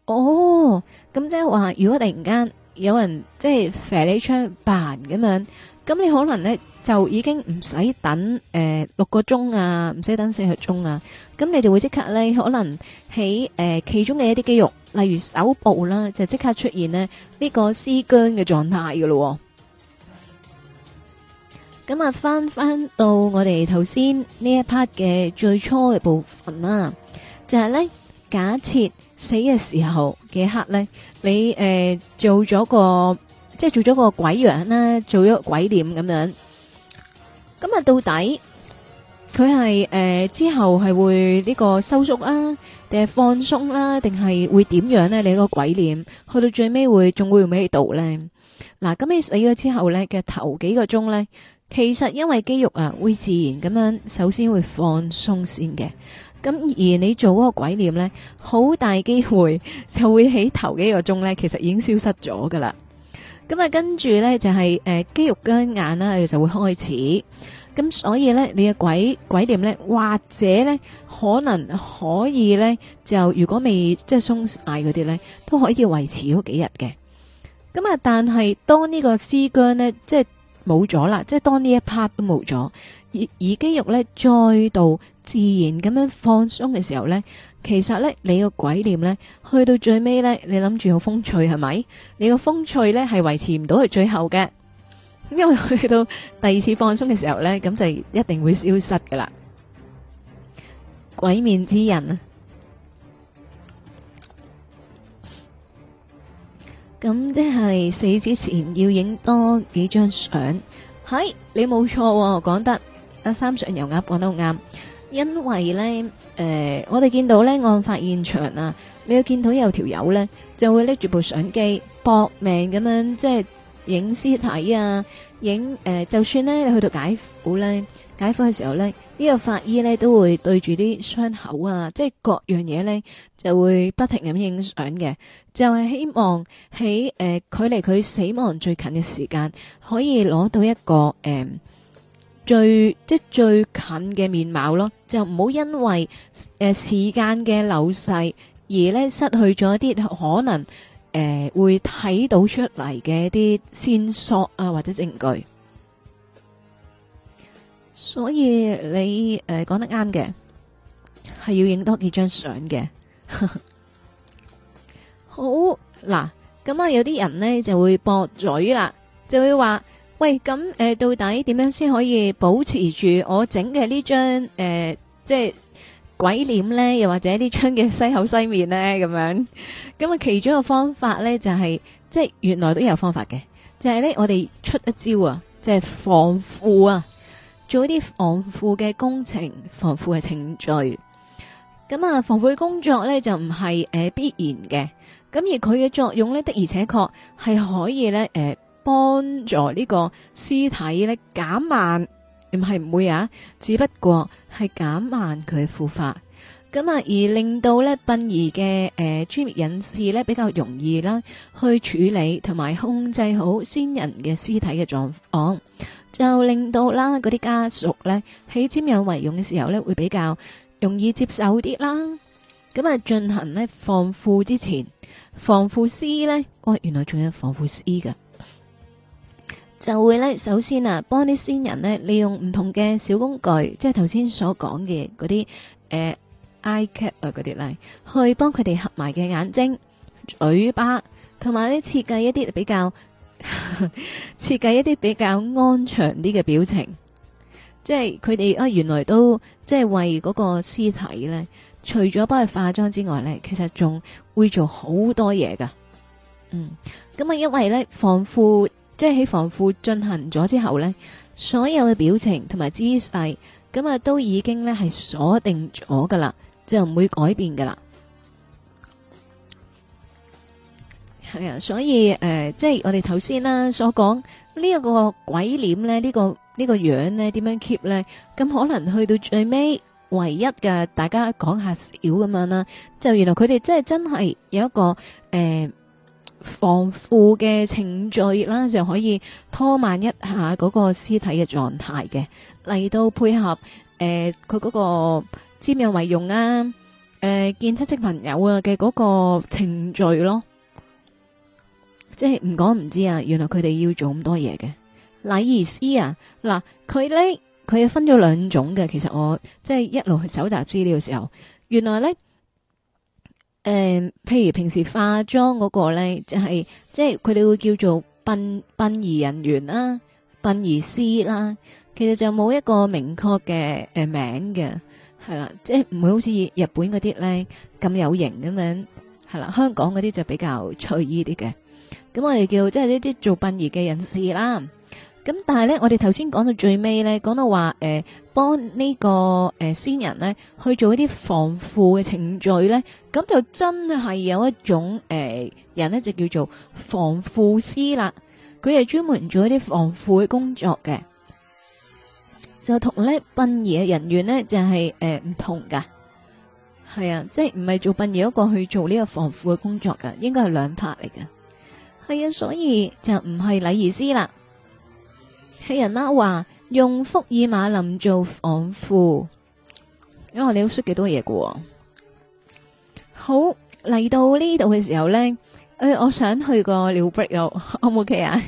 哦，咁即係話，如果突然間有人即係射你槍，扮咁樣，咁你可能咧就已經唔使等誒、呃、六個鐘啊，唔使等四個鐘啊，咁你就會即刻咧可能喺誒、呃、其中嘅一啲肌肉，例如手部啦，就即刻出現咧呢、呢個屍僵嘅狀態嘅咯。咁啊，翻翻到我哋頭先呢一 part 嘅最初嘅部分啦，就係咧假設死嘅時候嘅一刻咧，你誒做咗個即係做咗個鬼樣啦，做咗個鬼臉咁樣。咁啊，到底佢係誒之後係會呢個收縮啦，定係放鬆啦，定係會點樣咧？你個鬼臉去到最尾會仲會唔會喺度咧？嗱，咁你死咗之後咧嘅頭幾個鐘咧？其實因為肌肉啊會自然咁樣，首先會放鬆先嘅。咁而你做嗰個鬼臉呢，好大機會就會喺頭幾個鐘呢，其實已經消失咗噶啦。咁啊，跟住呢，就係、是、誒、呃、肌肉僵硬啦，啊，就會開始。咁所以呢，你嘅鬼鬼臉呢，或者呢，可能可以呢，就如果未即係鬆懈嗰啲呢，都可以維持好幾日嘅。咁啊，但係當呢個屍僵呢，即係。冇咗啦，即係當呢一 part 都冇咗，而而肌肉呢再度自然咁樣放鬆嘅時候呢，其實呢，你個鬼念呢，去到最尾呢，你諗住好風趣係咪？你個風趣呢係維持唔到佢最後嘅，因為去到第二次放鬆嘅時候呢，咁就一定會消失噶啦。鬼面之人啊！咁即係死之前要影多幾張相，係你冇錯。哦，講得阿三上油鴨講得好啱，因為呢，誒、呃，我哋見到呢，案發現場啊，你要見到有條友呢就會拎住部相機搏命咁樣即係影屍體啊，影誒、呃，就算呢，你去到解剖呢。解剖嘅時候呢，呢、呢個法醫呢都會對住啲傷口啊，即係各樣嘢呢就會不停咁影相嘅，就係、是、希望喺誒、呃、距離佢死亡最近嘅時間，可以攞到一個誒、呃、最即最近嘅面貌咯，就唔好因為誒、呃、時間嘅流逝而呢失去咗一啲可能誒、呃、會睇到出嚟嘅一啲線索啊或者證據。所以你誒講、呃、得啱嘅，係要影多幾張相嘅。好嗱，咁啊有啲人呢就會駁嘴啦，就會話：喂，咁誒、呃、到底點樣先可以保持住我整嘅呢張誒即係鬼臉呢？又或者呢張嘅西口西面呢？樣」咁樣咁啊，其中一個方法呢，就係、是、即係原來都有方法嘅，就係呢——我哋出一招啊，即係防腐啊。做一啲防腐嘅工程、防腐嘅程序，咁啊，防腐工作咧就唔係誒必然嘅，咁而佢嘅作用咧的而且確係可以咧誒幫助這個呢個屍體咧減慢，唔係唔會啊，只不過係減慢佢嘅腐化，咁啊而令到咧殯儀嘅誒專業人士咧比較容易啦去處理同埋控制好先人嘅屍體嘅狀況。就令到啦，嗰啲家屬咧喺瞻仰遺容嘅時候咧，會比較容易接受啲啦。咁啊，進行咧防腐之前，防腐師咧，哦，原來仲有防腐師噶，就會咧首先啊，幫啲先人咧，利用唔同嘅小工具，即係頭先所講嘅嗰啲誒，icap 啊嗰啲啦，去幫佢哋合埋嘅眼睛、嘴巴，同埋咧設計一啲比較設 計一啲比較安詳啲嘅表情，即係佢哋啊，原來都即係為嗰個屍體呢。除咗幫佢化妝之外呢，其實仲會做好多嘢噶。嗯，咁啊，因為呢，防腐，即係喺防腐進行咗之後呢，所有嘅表情同埋姿勢，咁啊都已經呢係鎖定咗噶啦，就唔會改變噶啦。係啊，所以誒，即、呃、係、就是、我哋頭先啦所講呢一、這個鬼臉咧，呢、這個呢、這個樣咧，點樣 keep 咧？咁可能去到最尾，唯一嘅大家講下少咁樣啦，就原來佢哋真係真係有一個誒、呃、防腐嘅程序啦，就可以拖慢一下嗰個屍體嘅狀態嘅，嚟到配合誒佢嗰個瞻仰遺容啊，誒、呃、見親戚朋友啊嘅嗰個程序咯。即係唔講唔知啊，原來佢哋要做咁多嘢嘅禮儀師啊。嗱，佢咧佢又分咗兩種嘅。其實我即係一路去搜集資料嘅時候，原來咧，誒、呃，譬如平時化妝嗰個咧，就係、是、即係佢哋會叫做殯殯儀人員啦、啊、殯儀師啦、啊，其實就冇一個明確嘅誒名嘅，係啦，即係唔會好似日本嗰啲咧咁有型咁樣，係啦，香港嗰啲就比較隨意啲嘅。咁我哋叫即係呢啲做殯儀嘅人士啦。咁但係咧，我哋頭先講到最尾咧，講到話誒，幫、呃這個呃、呢個誒先人咧去做一啲防腐嘅程序咧，咁就真係有一種誒、呃、人咧，就叫做防腐師啦。佢係專門做一啲防腐嘅工作嘅，就同咧殯儀嘅人員咧就係誒唔同噶。係啊，即係唔係做殯儀嗰個去做呢個防腐嘅工作噶，應該係兩 part 嚟嘅。係啊， 所以就唔係禮儀師啦。有人啦話用福爾馬林做防腐，因、哦、為你要識幾多嘢嘅、哦。好，嚟到呢度嘅時候咧，誒、呃，我想去個尿 break，OK 啊？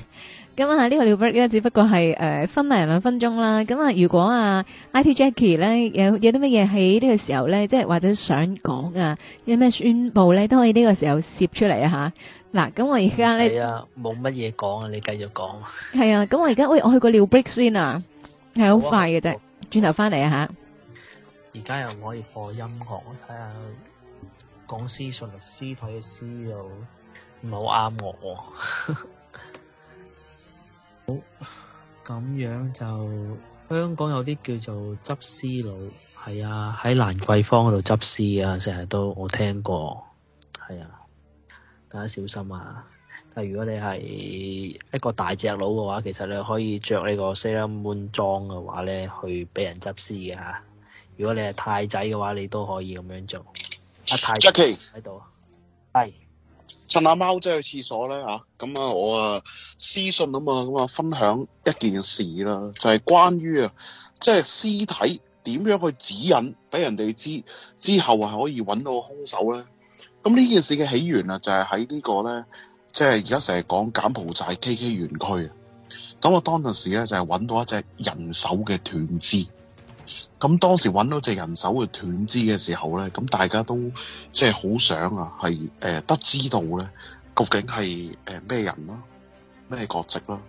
咁啊，呢個尿 break 咧，只不過係誒分埋兩分鐘啦。咁啊，如果啊，IT Jackie 咧有有啲乜嘢喺呢個時候咧，即係或者想講啊，有咩宣布咧，都可以呢個時候攝出嚟啊吓。嗱，咁我而家咧，係啊，冇乜嘢講啊，你繼續講。係啊，咁我而家喂我去過尿 break 先啊，係好快嘅啫，轉頭翻嚟啊吓。而家又可以播音樂，我睇下講詩順啊，詩體嘅詩又唔係好啱我。好、哦、咁樣就香港有啲叫做執屍佬，係啊，喺蘭桂坊嗰度執屍啊，成日都我聽過，係啊，大家小心啊！但係如果你係一個大隻佬嘅話，其實你可以着呢個西裝裝嘅話咧，去俾人執屍嘅吓。如果你係太仔嘅話，你都可以咁樣做。阿太在這裡，吉喺度係。趁阿貓仔去廁所咧嚇，咁啊我啊私信啊嘛，咁啊分享一件事啦，就係關於啊即係屍體點樣去指引俾人哋知，之後係可以搵到兇手咧。咁呢件事嘅起源啊，就係喺呢個咧，即係而家成日講柬埔寨 KK 園區啊。咁我當陣時咧就係搵到一隻人手嘅斷肢。咁當時揾到隻人手去斷肢嘅時候咧，咁大家都即係好想啊，係誒、呃、得知道咧，究竟係誒咩人咯、啊，咩國籍啦、啊、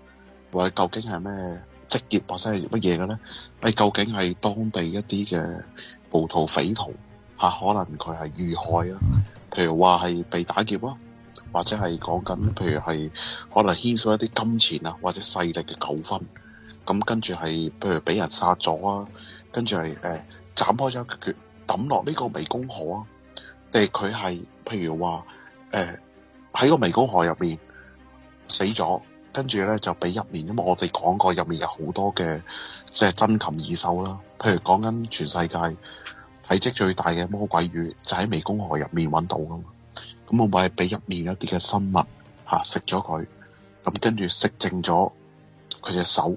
或者究竟係咩職業或者係乜嘢嘅咧？你究竟係當地一啲嘅暴徒匪徒吓、啊？可能佢係遇害啊，譬如話係被打劫啊，或者係講緊，譬如係可能牽涉一啲金錢啊或者勢力嘅糾紛，咁跟住係譬如俾人殺咗啊。跟住係誒，斬開咗一橛，抌落呢個湄公河啊！誒，佢係譬如話誒，喺、呃、個湄公河入面死咗，跟住咧就俾入面，因為我哋講過入面有好多嘅即係珍禽異獸啦。譬如講緊全世界體積最大嘅魔鬼魚，就喺、是、湄公河入面搵到噶嘛。咁我咪俾入面一啲嘅生物吓食咗佢，咁跟住食淨咗佢隻手。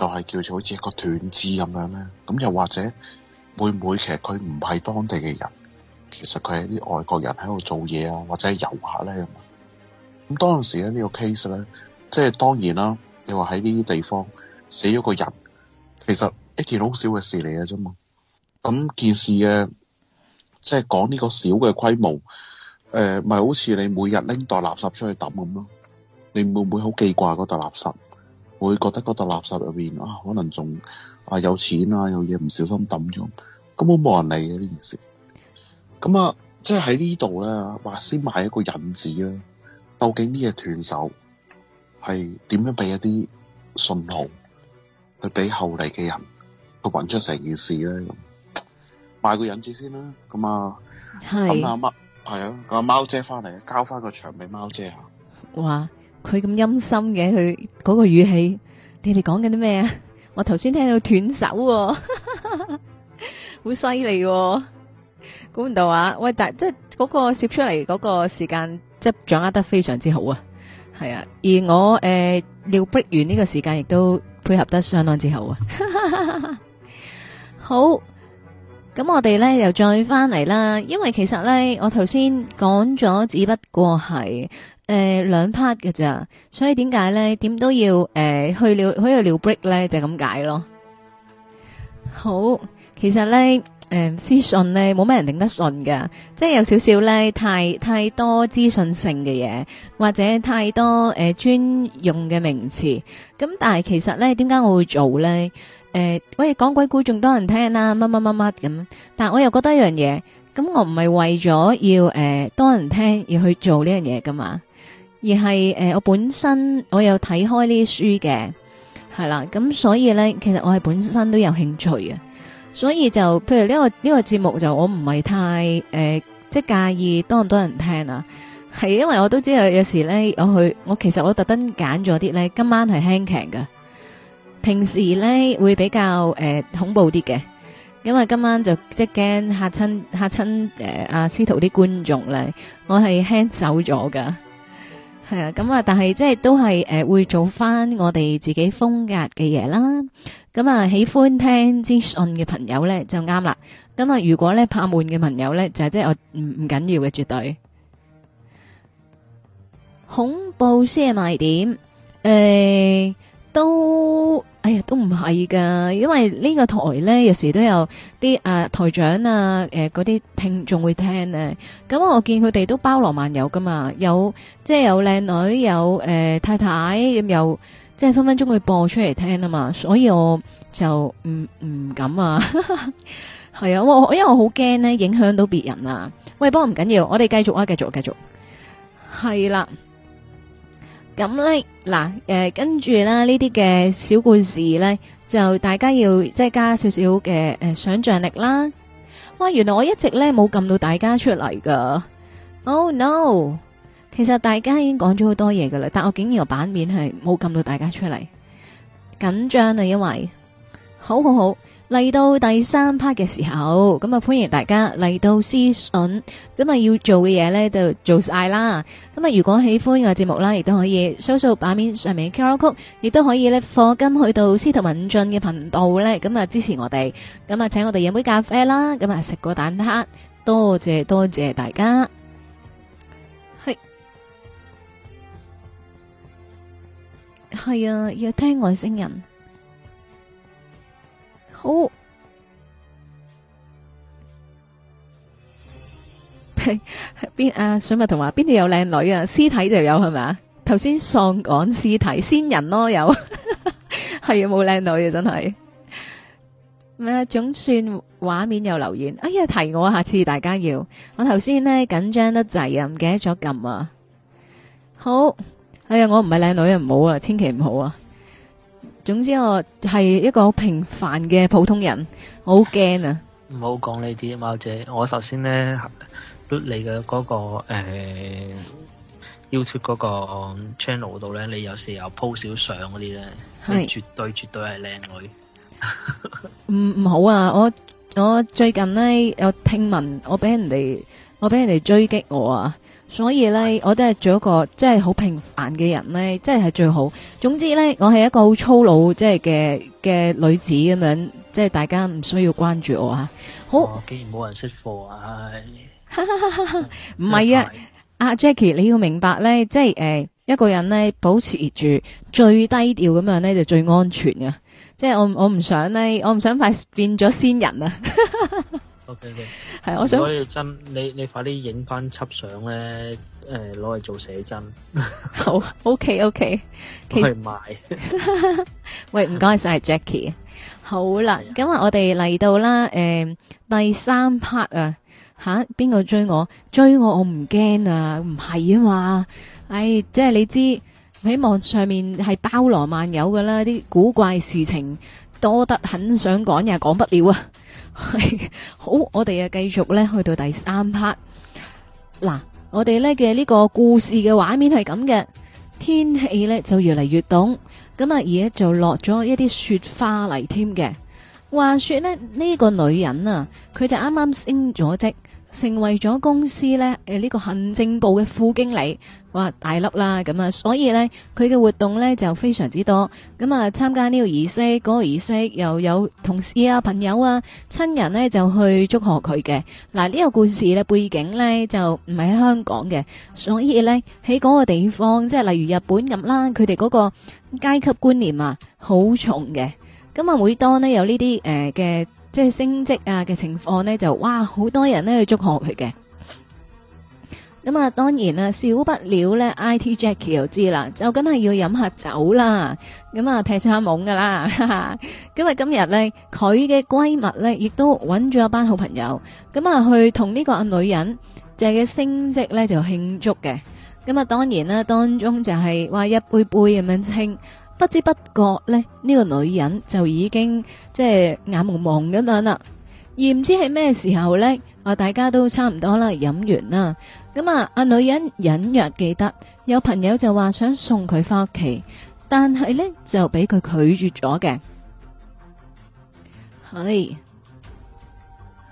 就係、是、叫做好似一個斷肢咁樣咧，咁又或者會唔會其實佢唔係當地嘅人，其實佢係啲外國人喺度做嘢啊，或者遊客咧咁。咁當時咧呢、這個 case 咧，即係當然啦，你話喺呢啲地方死咗個人，其實一件好少嘅事嚟嘅啫嘛。咁件事嘅，即係講呢個小嘅規模，誒、呃，咪好似你每日拎袋垃圾出去抌咁咯？你會唔會好記掛嗰袋垃圾？會覺得嗰笪垃圾入邊啊，可能仲啊有錢啊，有嘢唔小心抌咗，根本冇人理嘅呢件事。咁啊，即係喺呢度咧，話先買一個引子啦。究竟呢嘢斷手係點樣俾一啲信號，去俾後嚟嘅人去搵出成件事咧？咁買個引子先啦。咁啊，咁阿貓係啊，個貓、啊、姐翻嚟，交翻個場畀貓姐啊。哇！佢咁陰森嘅，佢嗰個語氣，你哋講緊啲咩啊？我頭先聽到斷手喎，好犀利，估唔到啊！喂，但即係嗰個攝出嚟嗰個時間，即係掌握得非常之好啊！係啊，而我誒廖碧媛呢個時間亦都配合得相當之好啊！好，咁我哋咧又再翻嚟啦，因為其實咧我頭先講咗，只不過係。誒，兩 part 嘅咋，所以點解咧？點都要誒去聊，去去聊 break 咧，就咁解咯。好，其實咧，誒屍訊咧冇咩人頂得順㗎，即係有少少咧太太多資訊性嘅嘢，或者太多誒專用嘅名詞。咁但係其實咧，點解我會做咧？誒，喂，講鬼故仲多人聽啊，乜乜乜乜咁。但我又覺得一樣嘢，咁我唔係為咗要誒多人聽而去做呢樣嘢噶嘛？而係誒、呃，我本身我有睇開呢啲書嘅，係啦，咁所以咧，其實我係本身都有興趣嘅，所以就譬如呢、呢個呢、呢個節目就我唔係太誒、呃，即係介意多唔多人聽啊，係因為我都知道有時咧，我去我其實我特登揀咗啲咧，今晚係輕劇嘅，平時咧會比較誒、呃、恐怖啲嘅，因為今晚就即驚嚇親嚇親阿、啊、司徒啲觀眾咧，我係輕手咗噶。係啊，咁啊，但係即係都係誒、呃，會做翻我哋自己風格嘅嘢啦。咁、嗯、啊，喜歡聽資訊嘅朋友咧就啱啦。咁、嗯、啊，如果咧怕悶嘅朋友咧就即係我唔唔緊要嘅，絕對恐怖先係賣點。誒？都，哎呀，都唔係噶，因為呢個台呢，有時都有啲誒、呃、台長啊，誒嗰啲聽眾會聽咧。咁我見佢哋都包羅萬有噶嘛，有即係有靚女，有誒、呃、太太，咁、嗯、有即係分分鐘會播出嚟聽啊嘛。所以我就唔唔敢啊，係 啊，我，因為我好驚呢影響到別人啊。喂，不過唔緊要，我哋繼續、啊、繼續啊，繼續，繼續，係啦。咁咧，嗱，誒跟住啦，呢啲嘅小故事咧，就大家要即係加少少嘅誒想象力啦。哇，原來我一直咧冇撳到大家出嚟噶。Oh no！其實大家已經講咗好多嘢噶啦，但我竟然個版面係冇撳到大家出嚟，緊張啊，因為好好好。嚟到第三 part 嘅時候，咁啊歡迎大家嚟到屍訊，咁啊要做嘅嘢咧就做晒啦。咁啊，如果喜歡我嘅節目啦，亦都可以搜索版面上面嘅 QR code，亦都可以咧課金去到司徒文進嘅頻道咧，咁啊支持我哋。咁啊，請我哋飲杯咖啡啦，咁啊食個蛋撻。多謝多謝大家。係係啊，要聽外星人。好邊，阿 水蜜桃話邊度有靚女啊？屍體就有係咪啊？頭先喪講屍體先人咯、哦、有，係啊冇靚女啊真係咩？ 總算畫面有留言，哎呀提我下次大家要我頭先呢緊張得滯啊，唔記得咗撳啊！好哎呀我唔係靚女啊，唔好啊，千祈唔好啊！總之我係一個好平凡嘅普通人，我好驚啊！唔好講呢啲啊貓姐，我首先咧你嘅嗰、嗰個誒、欸、YouTube 嗰個 channel 度咧，你有時有 po 小相嗰啲咧，絕對絕對係靚女。唔 唔好啊！我我最近咧有聽聞我俾人哋我俾人哋追擊我啊！所以咧，我都係做一個即係好平凡嘅人咧，即係係最好。總之咧，我係一個好粗魯即係嘅嘅女子咁樣，即係大家唔需要關注我吓。好，哦、竟然冇人識貨啊！唔係啊，阿 Jackie，你要明白咧，即係誒，一個人咧保持住最低調咁樣咧就最安全啊。即係我我唔想咧，我唔想，想快變咗先人啊！ 係，我想，你可以真，你你快啲影返輯相咧，誒，攞嚟做寫真。好，OK，OK。去賣。喂，唔該晒 Jacky。好啦，今日我哋嚟到啦，誒，第三 part 啊，吓，邊個追我？追我我唔驚啊，唔係啊嘛。唉，即係你知喺網上面係包羅萬有噶啦，啲古怪事情多得很，想講又講不了啊。係 好，我哋啊繼續咧，去到第三 part。嗱，我哋咧嘅呢個故事嘅畫面係咁嘅，天氣咧就越嚟越凍，咁啊而家就落咗一啲雪花嚟添嘅。話說咧，呢個女人啊，佢就啱啱升咗職。成為咗公司呢，誒呢、呢個行政部嘅副經理，哇，大粒啦咁啊！所以呢，佢嘅活動呢就非常之多，咁、嗯、啊參加呢個儀式嗰、嗰個儀式，又有同事啊、朋友啊、親人呢就去祝賀佢嘅。嗱、嗯、呢、呢個故事呢，背景呢就唔係喺香港嘅，所以呢，喺嗰個地方，即係例如日本咁啦，佢哋嗰個階級觀念啊好重嘅，咁、嗯、啊每當呢，有呢啲誒嘅。呃即係升職啊嘅情況呢，就哇好多人呢去祝賀佢嘅。咁啊，當然啦，少不了呢。IT Jacky 又知啦，就梗係要飲下酒啦。咁啊，劈下懵噶啦，哈哈，咁啊，今日呢，佢嘅閨蜜呢，亦都揾咗一班好朋友，咁啊去同呢個女人就係嘅升職呢，就慶祝嘅。咁啊，當然啦，當中就係哇一杯杯咁樣清。不知不覺呢呢，呢個女人就已經即係眼蒙蒙咁樣啦，而唔知係咩時候呢，啊大家都差唔多啦，飲完啦，咁啊阿女人隱約記得有朋友就話想送佢翻屋企，但係呢，就俾佢拒絕咗嘅。係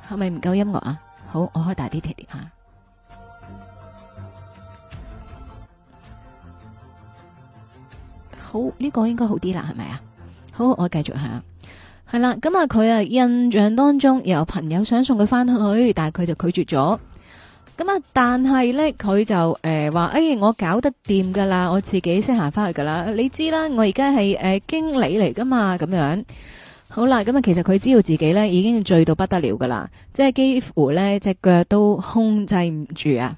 係咪唔夠音樂啊？好，我開大啲聽下。好呢、呢個應該好啲啦，係咪啊？好，我繼續下。係啦，咁啊，佢啊印象當中有朋友想送佢翻去，但係佢就拒絕咗。咁啊，但係呢，佢就誒話誒，我搞得掂噶啦，我自己先行翻去噶啦。你知啦，我而家係誒經理嚟噶嘛，咁樣。好啦，咁、嗯、啊，其實佢知道自己咧已經醉到不得了噶啦，即係幾乎呢隻腳都控制唔住啊。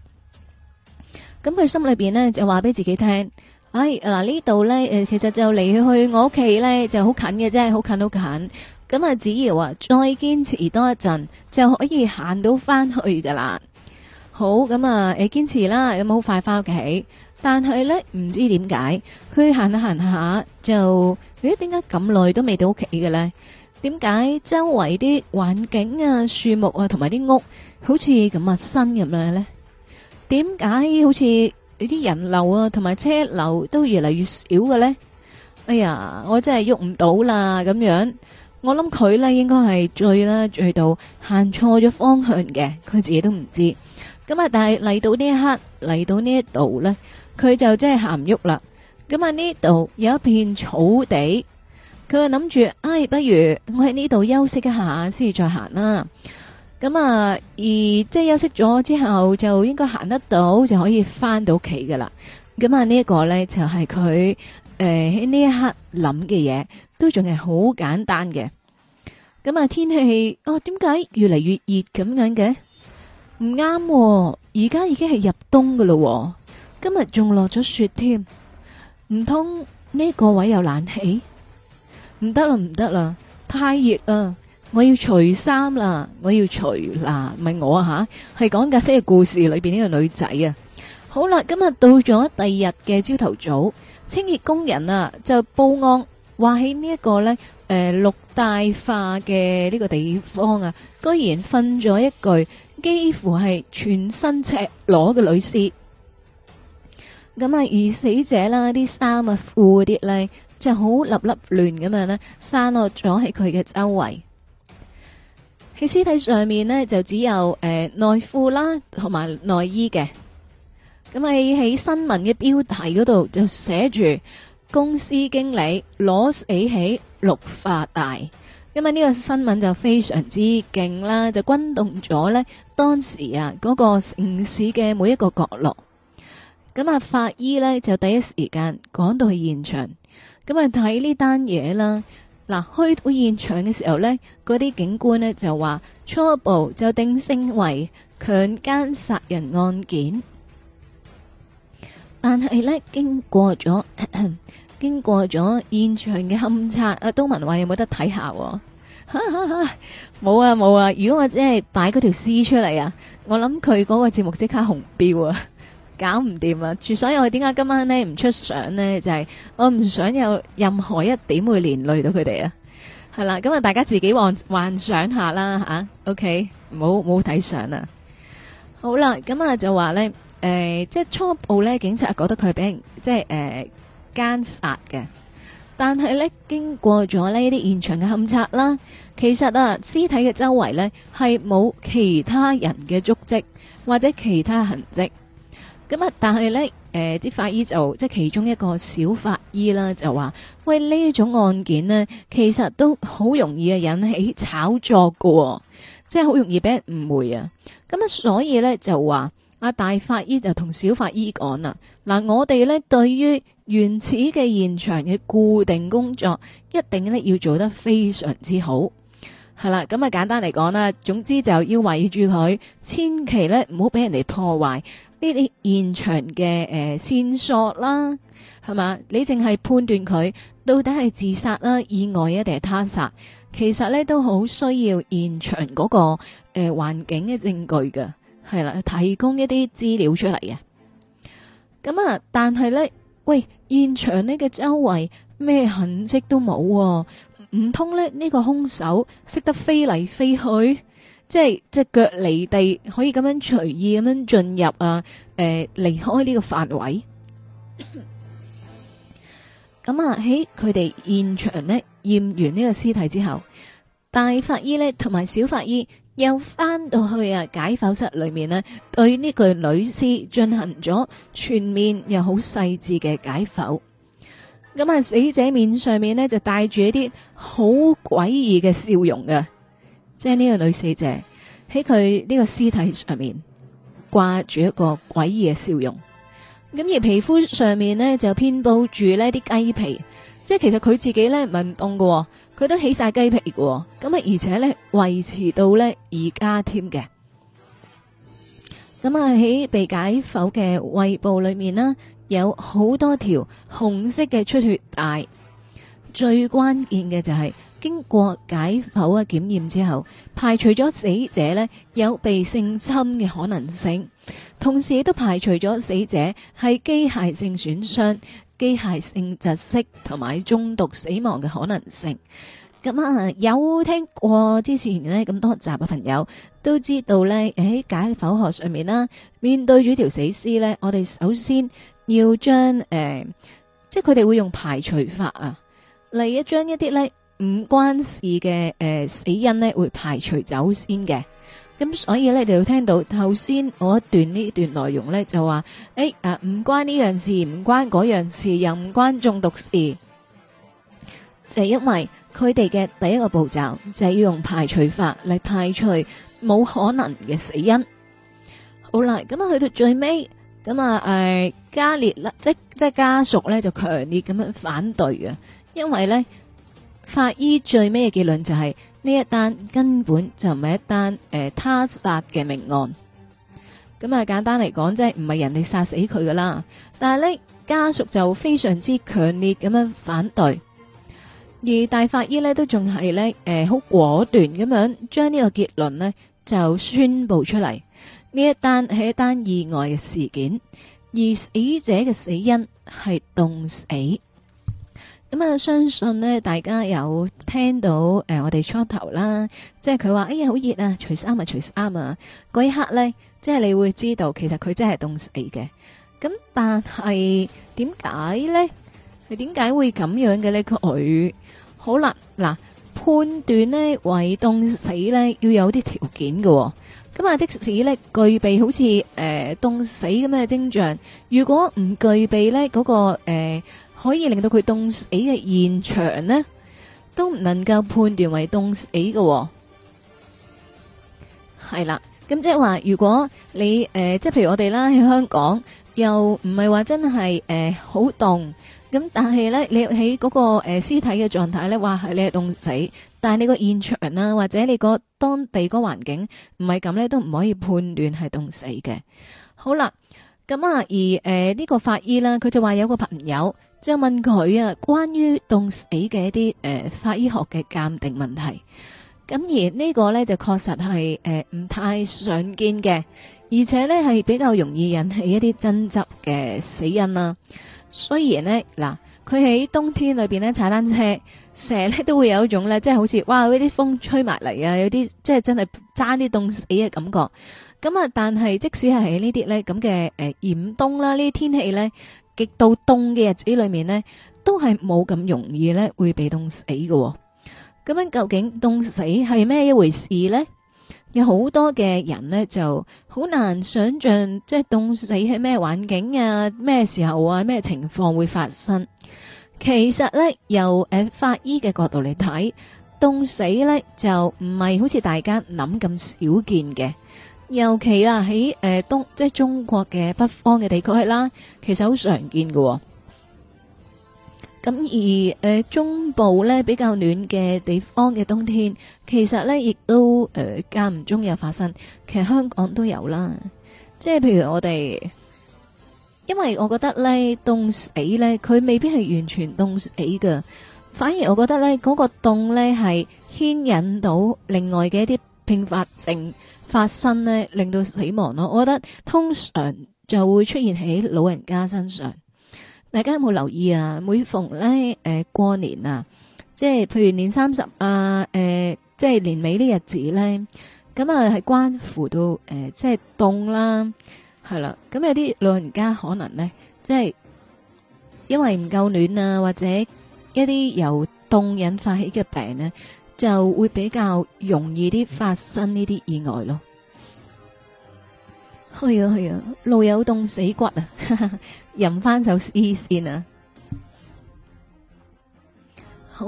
咁佢心裏邊呢，就話俾自己聽。哎，嗱、啊、呢度咧，誒，其實就離去我屋企咧，就好近嘅啫，好近好近。咁、嗯、啊，只要啊，再堅持多一陣，就可以行到翻去噶啦。好，咁、嗯、啊，誒、嗯，堅持啦，咁、嗯、好快翻屋企。但係咧，唔知點解，佢行下行下就，咦、哎，點解咁耐都未到屋企嘅咧？點解周圍啲環境啊、樹木啊同埋啲屋，好似咁啊新咁樣咧？點解好似？你啲人流啊，同埋車流都越嚟越少嘅呢。哎呀，我真係喐唔到啦，咁樣。我諗佢呢，應該係醉啦，醉到行錯咗方向嘅，佢自己都唔知。咁啊，但係嚟到呢一刻，嚟到呢一度呢，佢就真係行唔喐啦。咁啊，呢度有一片草地，佢就諗住，哎，不如我喺呢度休息一下才，先再行啦。咁啊，而即係休息咗之後，就應該行得到，就可以翻到屋企噶啦。咁啊，呢、這、一個呢就係佢誒喺呢一刻諗嘅嘢，都仲係好簡單嘅。咁啊，天氣哦，點解越嚟越熱咁樣嘅？唔啱、啊，而家已經係入冬噶喎、啊。今日仲落咗雪添，唔通呢個位有冷氣？唔得啦，唔得啦，太熱啦！我要除衫啦，我要除啦。唔係我啊，吓係講緊呢個故事裏邊呢個女仔啊。好啦，今日到咗第二日嘅朝頭早，清潔工人啊就報案話喺呢一個咧，誒綠化帶嘅呢個地方啊，居然瞓咗一具幾乎係全身赤裸嘅女屍。咁啊，而死者啦啲衫啊褲啲咧，就好粒粒亂咁樣咧，散落咗喺佢嘅周圍。佢屍體上面呢，就只有誒內褲啦，同埋內衣嘅。咁啊喺新聞嘅標題嗰度就寫住公司經理攞死起綠化帶。因為呢個新聞就非常之勁啦，就轟動咗呢當時啊嗰個城市嘅每一個角落。咁啊法醫呢，就第一時間趕到去現場，咁啊睇呢單嘢啦。嗱，開到現場嘅時候呢，嗰啲警官呢就話初步就定性為強奸殺人案件，但係呢，經過咗經過咗現場嘅勘察，阿東文話有冇得睇下？冇啊冇啊！如果我只係擺嗰條屍出嚟啊，我諗佢嗰個節目即刻紅標啊！搞唔掂啊！住所以我點解今晚咧，唔出相咧？就係我唔想有任何一點會連累到佢哋啊。係啦，咁啊，大家自己幻幻想下啦吓。OK，唔好唔好睇相啊。好啦，咁啊就話咧，誒，即係初步咧，警察覺得佢係俾人即係誒奸殺嘅。但係咧，經過咗咧啲現場嘅勘察啦，其實啊，屍體嘅周圍咧係冇其他人嘅足跡或者其他痕跡。咁啊！但係咧，誒，啲法醫就即係其中一個小法醫啦，就話：喂，呢種案件呢，其實都好容易啊引起炒作喎，即係好容易俾人誤會啊！咁啊，所以咧就話阿大法醫就同小法醫講啦：嗱，我哋咧對於原始嘅現場嘅固定工作，一定咧要做得非常之好，係啦。咁啊，簡單嚟講啦，總之就要圍住佢，千祈咧唔好俾人哋破壞。呢啲現場嘅，誒、呃、線索啦，係嘛？你淨係判斷佢到底係自殺啦、啊、意外啊，定係他殺？其實咧都好需要現場嗰、那個誒環、呃、境嘅證據㗎，係啦，提供一啲資料出嚟嘅。咁啊，但係咧，喂，現場圍、啊、呢嘅周圍咩痕跡都冇，唔通咧呢個兇手識得飛嚟飛去？即係隻腳離地，可以咁樣隨意咁樣進入啊！誒、呃，離開呢個範圍。咁啊，喺佢哋現場呢驗完呢個屍體之後，大法醫呢同埋小法醫又翻到去啊解剖室裏面呢，對呢具女屍進行咗全面又好細緻嘅解剖。咁啊，死者面上面呢，就帶住一啲好詭異嘅笑容㗎。即係呢個女死者喺佢呢個屍體上面掛住一個詭異嘅笑容，咁而皮膚上面呢，就遍佈住呢啲雞皮，即係其實佢自己呢，唔係唔凍嘅，佢都起晒雞皮嘅，咁啊而且呢，維持到呢而家添嘅，咁啊喺被解剖嘅胃部裏面啦，有好多條紅色嘅出血帶，最關鍵嘅就係。經過解剖嘅檢驗之後，排除咗死者呢有被性侵嘅可能性，同時亦都排除咗死者係機械性損傷、機械性窒息同埋中毒死亡嘅可能性。咁、嗯、啊、嗯，有聽過之前咁多集嘅朋友都知道呢喺、哎、解剖學上面啦，面對住條死屍呢，我哋首先要將誒、呃，即係佢哋會用排除法啊，嚟，一將一啲呢。唔關事嘅誒死因咧，會排除走先嘅。咁所以咧，就聽到頭先我一段呢段內容咧，就話：誒，啊，唔關呢樣事，唔關嗰樣事，又唔關中毒事。就因為佢哋嘅第一個步驟，就係要用排除法嚟排除冇可能嘅死因。好啦，咁啊去到最尾，咁啊誒，加列咧，即即係家屬咧，就強烈咁樣反對嘅，因為咧。法醫最尾嘅結論就係、是、呢一單根本就唔係一單誒、呃、他殺嘅命案，咁啊簡單嚟講，即係唔係人哋殺死佢噶啦。但係呢，家屬就非常之強烈咁樣反對，而大法醫呢，都仲係呢，誒、呃、好果斷咁樣將呢個結論呢就宣布出嚟，呢一單係一單意外嘅事件，而死者嘅死因係凍死。咁啊，相信咧，大家有聽到誒、呃，我哋初頭啦，即係佢話：哎呀，好熱啊，除衫啊，除衫啊！嗰一刻咧，即係你會知道，其實佢真係凍死嘅。咁但係點解咧？佢點解會咁樣嘅呢？佢好啦，嗱，判斷咧為凍死咧要有啲條件嘅、哦。咁啊，即使咧具備好似誒凍死咁嘅徵象，如果唔具備咧嗰、嗰個、呃可以令到佢凍死嘅現場呢，都唔能夠判斷為凍死嘅、哦。係啦，咁即係話，如果你誒、呃，即係譬如我哋啦，喺香港又唔係話真係誒好凍，咁但係咧你喺嗰、那個誒屍、呃、體嘅狀態咧，話係你係凍死，但係你個現場啦、啊，或者你個當地嗰個環境唔係咁咧，都唔可以判斷係凍死嘅。好啦，咁啊而誒呢、呃這個法醫啦，佢就話有個朋友。就問佢啊，關於凍死嘅一啲誒、呃、法醫學嘅鑑定問題。咁而呢個呢，就確實係誒唔太常見嘅，而且呢係比較容易引起一啲爭執嘅死因啦、啊。雖然呢，嗱，佢喺冬天裏面呢，踩單車，成日咧都會有一種呢，即係好似哇嗰啲風吹埋嚟啊，有啲即係真係爭啲凍死嘅感覺。咁啊，但係即使係喺呢啲呢咁嘅誒嚴冬啦，呢啲天氣呢。極到凍嘅日子裏面呢，都係冇咁容易呢會被凍死嘅。咁樣，究竟凍死係咩一回事呢？有好多嘅人呢，就好難想象，即係凍死喺咩環境啊、咩時候啊、咩情況會發生。其實呢，由誒法醫嘅角度嚟睇，凍死呢就唔係好似大家諗咁少見嘅。尤其啊，喺誒東即係中國嘅北方嘅地區啦，其實好常見㗎。咁而誒中部咧比較暖嘅地方嘅冬天，其實咧亦都誒間唔中有發生。其實香港都有啦，即係譬如我哋，因為我覺得咧凍死咧，佢未必係完全凍死㗎，反而我覺得咧嗰個凍咧係牽引到另外嘅一啲併發症。發生咧，令到死亡咯。我覺得通常就會出現喺老人家身上。大家有冇留意啊？每逢咧，誒、呃、過年啊，即係譬如年三十啊，誒、呃，即係年尾啲日子咧，咁啊係關乎到，誒、呃，即係凍啦、啊，係啦。咁有啲老人家可能咧，即係因為唔夠暖啊，或者一啲由凍引發起嘅病咧、啊。就會比較容易啲發生呢啲意外咯。係啊係啊，路有凍死骨啊，吟翻，首詩先啊。好，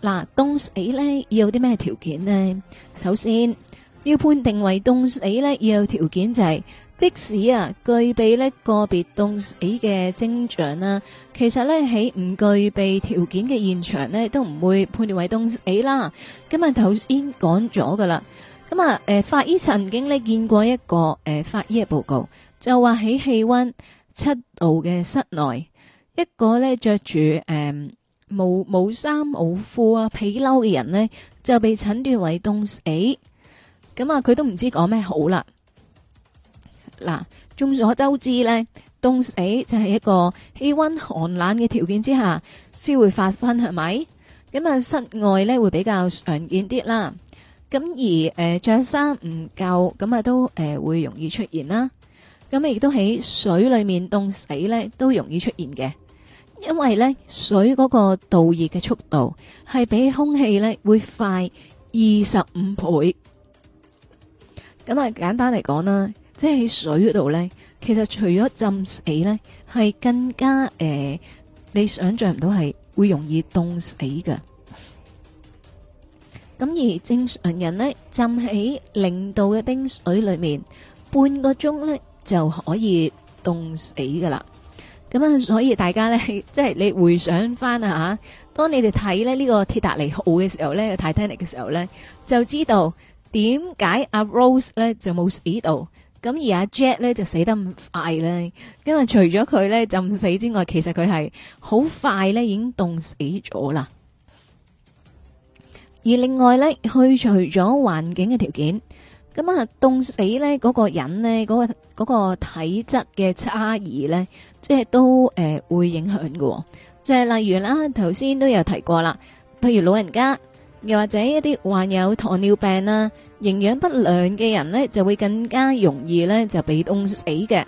嗱凍死咧要有啲咩條件呢？首先要判定為凍死咧要有條件就係。即使啊，具備呢個別凍死嘅徵象啦，其實呢喺唔具備條件嘅現場呢都唔會判斷為凍死啦。咁啊，頭先講咗噶啦。咁啊，誒，法醫曾經呢見過一個誒法醫嘅報告，就話喺氣溫七度嘅室內，一個呢着住誒冇冇衫冇褲啊皮褸嘅人呢就被診斷為凍死。咁啊，佢都唔知講咩好啦。嗱，眾所周知呢，凍死就係一個氣溫寒冷嘅條件之下先會發生，係咪？咁啊，室外呢會比較常見啲啦。咁而誒著衫唔夠，咁啊都誒會容易出現啦。咁亦都喺水裡面凍死呢都容易出現嘅。因為呢，水嗰個導熱嘅速度係比空氣呢會快二十五倍。咁啊，簡單嚟講啦。即係喺水嗰度咧，其實除咗浸死咧，係更加誒、呃，你想象唔到係會容易凍死噶。咁而正常人咧，浸喺零度嘅冰水裏面半個鐘咧，就可以凍死噶啦。咁啊，所以大家咧，即係你回想翻啊，吓，當你哋睇咧呢個鐵達尼號嘅時候咧，Titanic 嘅時候咧，就知道點解阿 Rose 咧就冇死到。咁而阿 Jack 咧就死得咁快咧，因為除咗佢咧浸死之外，其實佢係好快咧已經凍死咗啦。而另外咧，去除咗環境嘅條件，咁啊凍死咧嗰個人咧，嗰、嗰個嗰、嗰個體質嘅差異咧，即係都誒、呃、會影響嘅、哦。就係例如啦，頭先都有提過啦，譬如老人家。又或者一啲患有糖尿病啦、啊、營養不良嘅人呢，就會更加容易呢就被凍死嘅。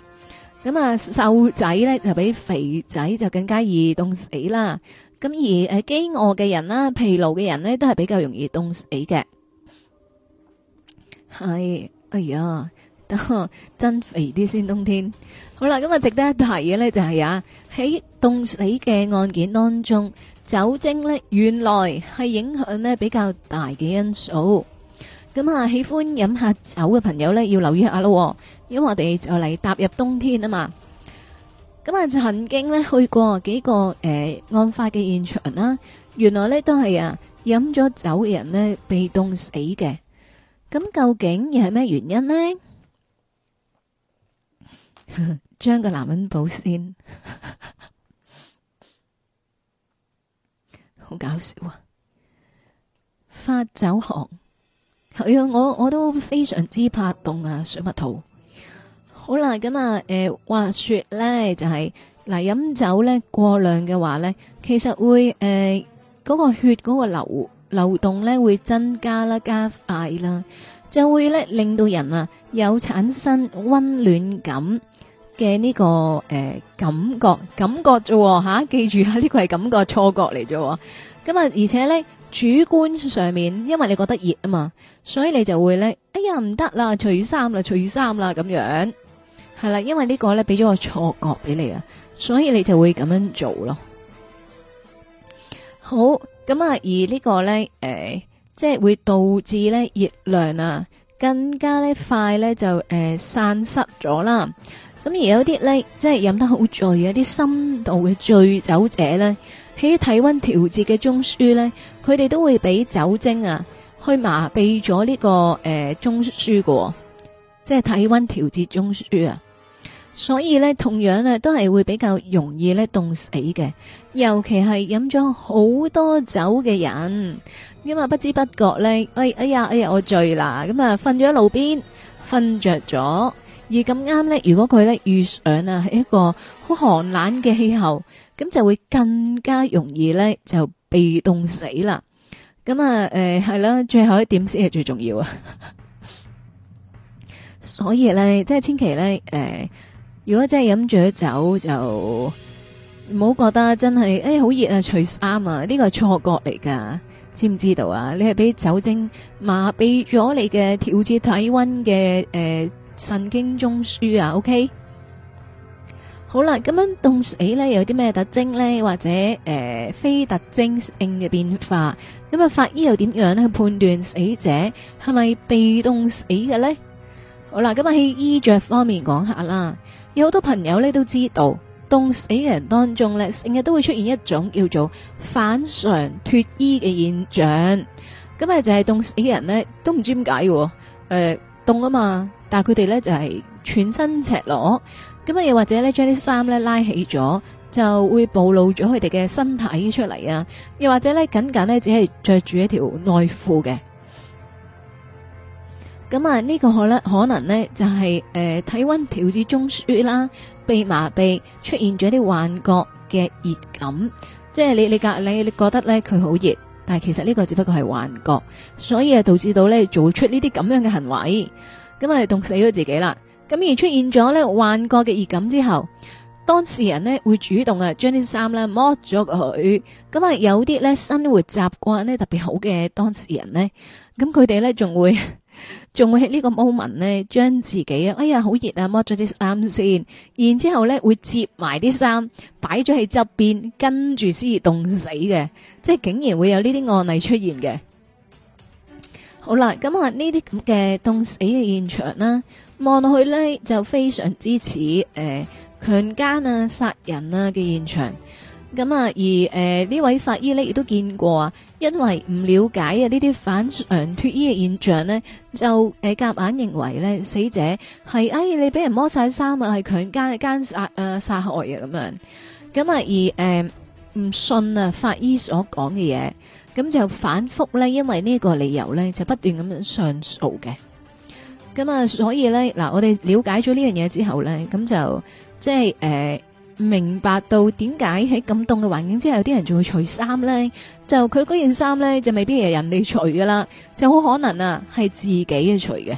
咁啊，瘦、呃、仔呢就比肥仔就更加易凍死啦。咁而誒，飢餓嘅人啦、啊、疲勞嘅人呢，都係比較容易凍死嘅。係，哎呀，得增肥啲先冬天。好啦，咁啊，值得一提嘅呢，就係、是、啊，喺凍死嘅案件當中。酒精呢，原來係影響呢比較大嘅因素。咁啊，喜歡飲下酒嘅朋友呢，要留意下咯。因為我哋就嚟踏入冬天啊嘛，咁啊曾經呢，去過幾個誒、呃、案發嘅現場啦，原來呢，都係啊飲咗酒嘅人呢，被凍死嘅。咁究竟又係咩原因呢？ 將個男人保鮮。 好搞笑啊！發酒寒，係啊，我我都非常之怕凍啊，水蜜桃。好啦，咁啊，誒、呃，話說呢就係、是、嗱，飲、呃、酒呢，過量嘅話呢，其實會誒嗰、呃那個血嗰個流流動呢會增加啦、加快啦，就會呢，令到人啊有產生溫暖感。嘅、這、呢個誒、呃、感覺感覺啫，吓、啊、記住啊！呢、這個係感覺錯覺嚟啫。咁啊，而且咧主觀上面，因為你覺得熱啊嘛，所以你就會咧哎呀唔得啦，除衫啦，除衫啦，咁樣係啦。因為這個呢個咧俾咗個錯覺俾你啊，所以你就會咁樣做咯。好咁啊，而這個呢個咧誒，即係會導致咧熱量啊，更加咧快咧就誒、呃、散失咗啦。咁而有啲咧，即係飲得好醉，有啲深度嘅醉酒者咧，喺體溫調節嘅中樞咧，佢哋都會俾酒精啊，去麻痹咗呢、這個誒、呃、中樞嘅，即係體溫調節中樞啊。所以咧，同樣咧都係會比較容易咧凍死嘅，尤其係飲咗好多酒嘅人，咁、嗯、啊不知不覺咧，哎哎呀哎呀，我醉啦，咁啊瞓咗喺路邊，瞓着咗。而咁啱咧，如果佢咧遇上啊，係一個好寒冷嘅氣候，咁就會更加容易咧就被凍死啦。咁啊，誒、呃、係啦，最後一點先係最重要啊。 所以咧，即係千祈咧，誒、呃，如果真係飲住酒，就唔好覺得真係誒好熱啊，除衫啊，呢、這個係錯覺嚟噶，知唔知道啊？你係俾酒精麻痹，痹咗你嘅調節體溫嘅誒。呃神經中樞啊，OK，好啦，咁樣凍死咧有啲咩特徵咧，或者誒、呃、非特徵性嘅變化，咁啊法醫又點樣去判斷死者係咪被凍死嘅咧？好啦，咁啊喺衣着方面講下啦，有好多朋友咧都知道凍死嘅人當中咧成日都會出現一種叫做反常脫衣嘅現象，咁啊就係凍死嘅人咧都唔知點解嘅，誒、呃。凍啊嘛，但係佢哋咧就係全身赤裸，咁啊又或者咧將啲衫咧拉起咗，就會暴露咗佢哋嘅身體出嚟啊，又或者咧僅僅咧只係着住一條內褲嘅，咁啊呢、這個可咧可能呢，就係誒體溫調節中樞啦，被麻痹出現咗啲幻覺嘅熱感，即係你你隔你你覺得咧佢好熱。但係其實呢個只不過係幻覺，所以啊導致到咧做出呢啲咁樣嘅行為，咁啊凍死咗自己啦。咁而出現咗咧幻覺嘅熱感之後，當事人咧會主動啊將啲衫咧剝咗佢，咁啊有啲咧生活習慣咧特別好嘅當事人咧，咁佢哋咧仲會。仲會喺呢個 moment 呢，將自己啊，哎呀好熱啊，剝咗啲衫先，然之後呢會摺埋啲衫，擺咗喺側邊，跟住先熱凍死嘅，即係竟然會有呢啲案例出現嘅。好啦，咁啊呢啲咁嘅凍死嘅現場啦，望落去呢就非常之似誒、呃、強奸啊、殺人啊嘅現場。咁啊，而誒呢、呃、位法醫咧亦都見過啊，因為唔了解啊呢啲反常脫衣嘅現象呢，就誒夾硬認為咧死者係哎你俾人摸晒衫啊，係強奸奸殺誒、呃、殺害啊咁樣，咁啊而誒唔、呃、信啊法醫所講嘅嘢，咁就反覆咧，因為呢個理由咧就不斷咁樣上訴嘅。咁啊，所以咧嗱，我哋了解咗呢樣嘢之後咧，咁就即係誒。呃明白到點解喺咁凍嘅環境之下，有啲人仲會除衫咧？就佢嗰件衫咧，就未必係人哋除噶啦，就好可能啊，係自己嘅除嘅。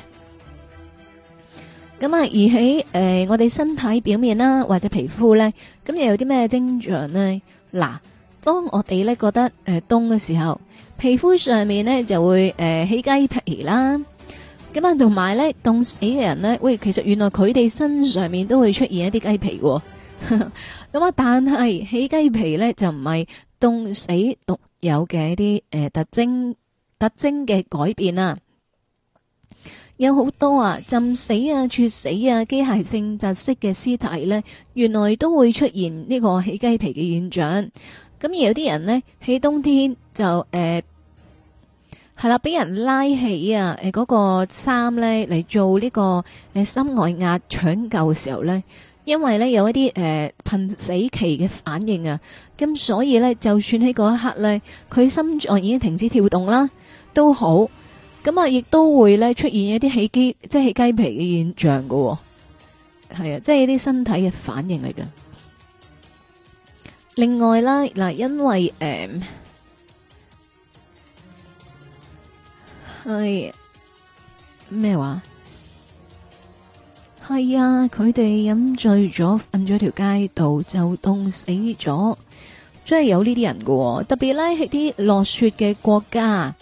咁啊，而喺誒、呃、我哋身體表面啦，或者皮膚咧，咁又有啲咩徵象咧？嗱，當我哋咧覺得誒凍嘅時候，皮膚上面咧就會誒、呃、起雞皮啦。咁啊，同埋咧凍死嘅人咧，喂，其實原來佢哋身上面都會出現一啲雞皮喎、啊。咁啊！但係起雞皮咧，就唔係凍死獨有嘅一啲誒特徵，特徵嘅改變啦。有好多啊，浸死啊、猝死啊、機械性窒息嘅屍體咧，原來都會出現呢個起雞皮嘅現象。咁而有啲人咧，喺冬天就誒係啦，俾人拉起啊誒嗰個衫咧嚟做呢個誒心外壓搶救嘅時候咧。因為咧，有一啲誒瀕死期嘅反應啊，咁所以咧，就算喺嗰一刻咧，佢心臟已經停止跳動啦，都好，咁啊亦都會咧出現一啲起雞即係起雞皮嘅現象噶喎，係啊，即係一啲身體嘅反應嚟嘅。另外啦，嗱，因為誒係咩話？係、哎、啊，佢哋飲醉咗，瞓咗條街道就凍死咗，真係有呢啲人噶、哦。特別咧，喺啲落雪嘅國家，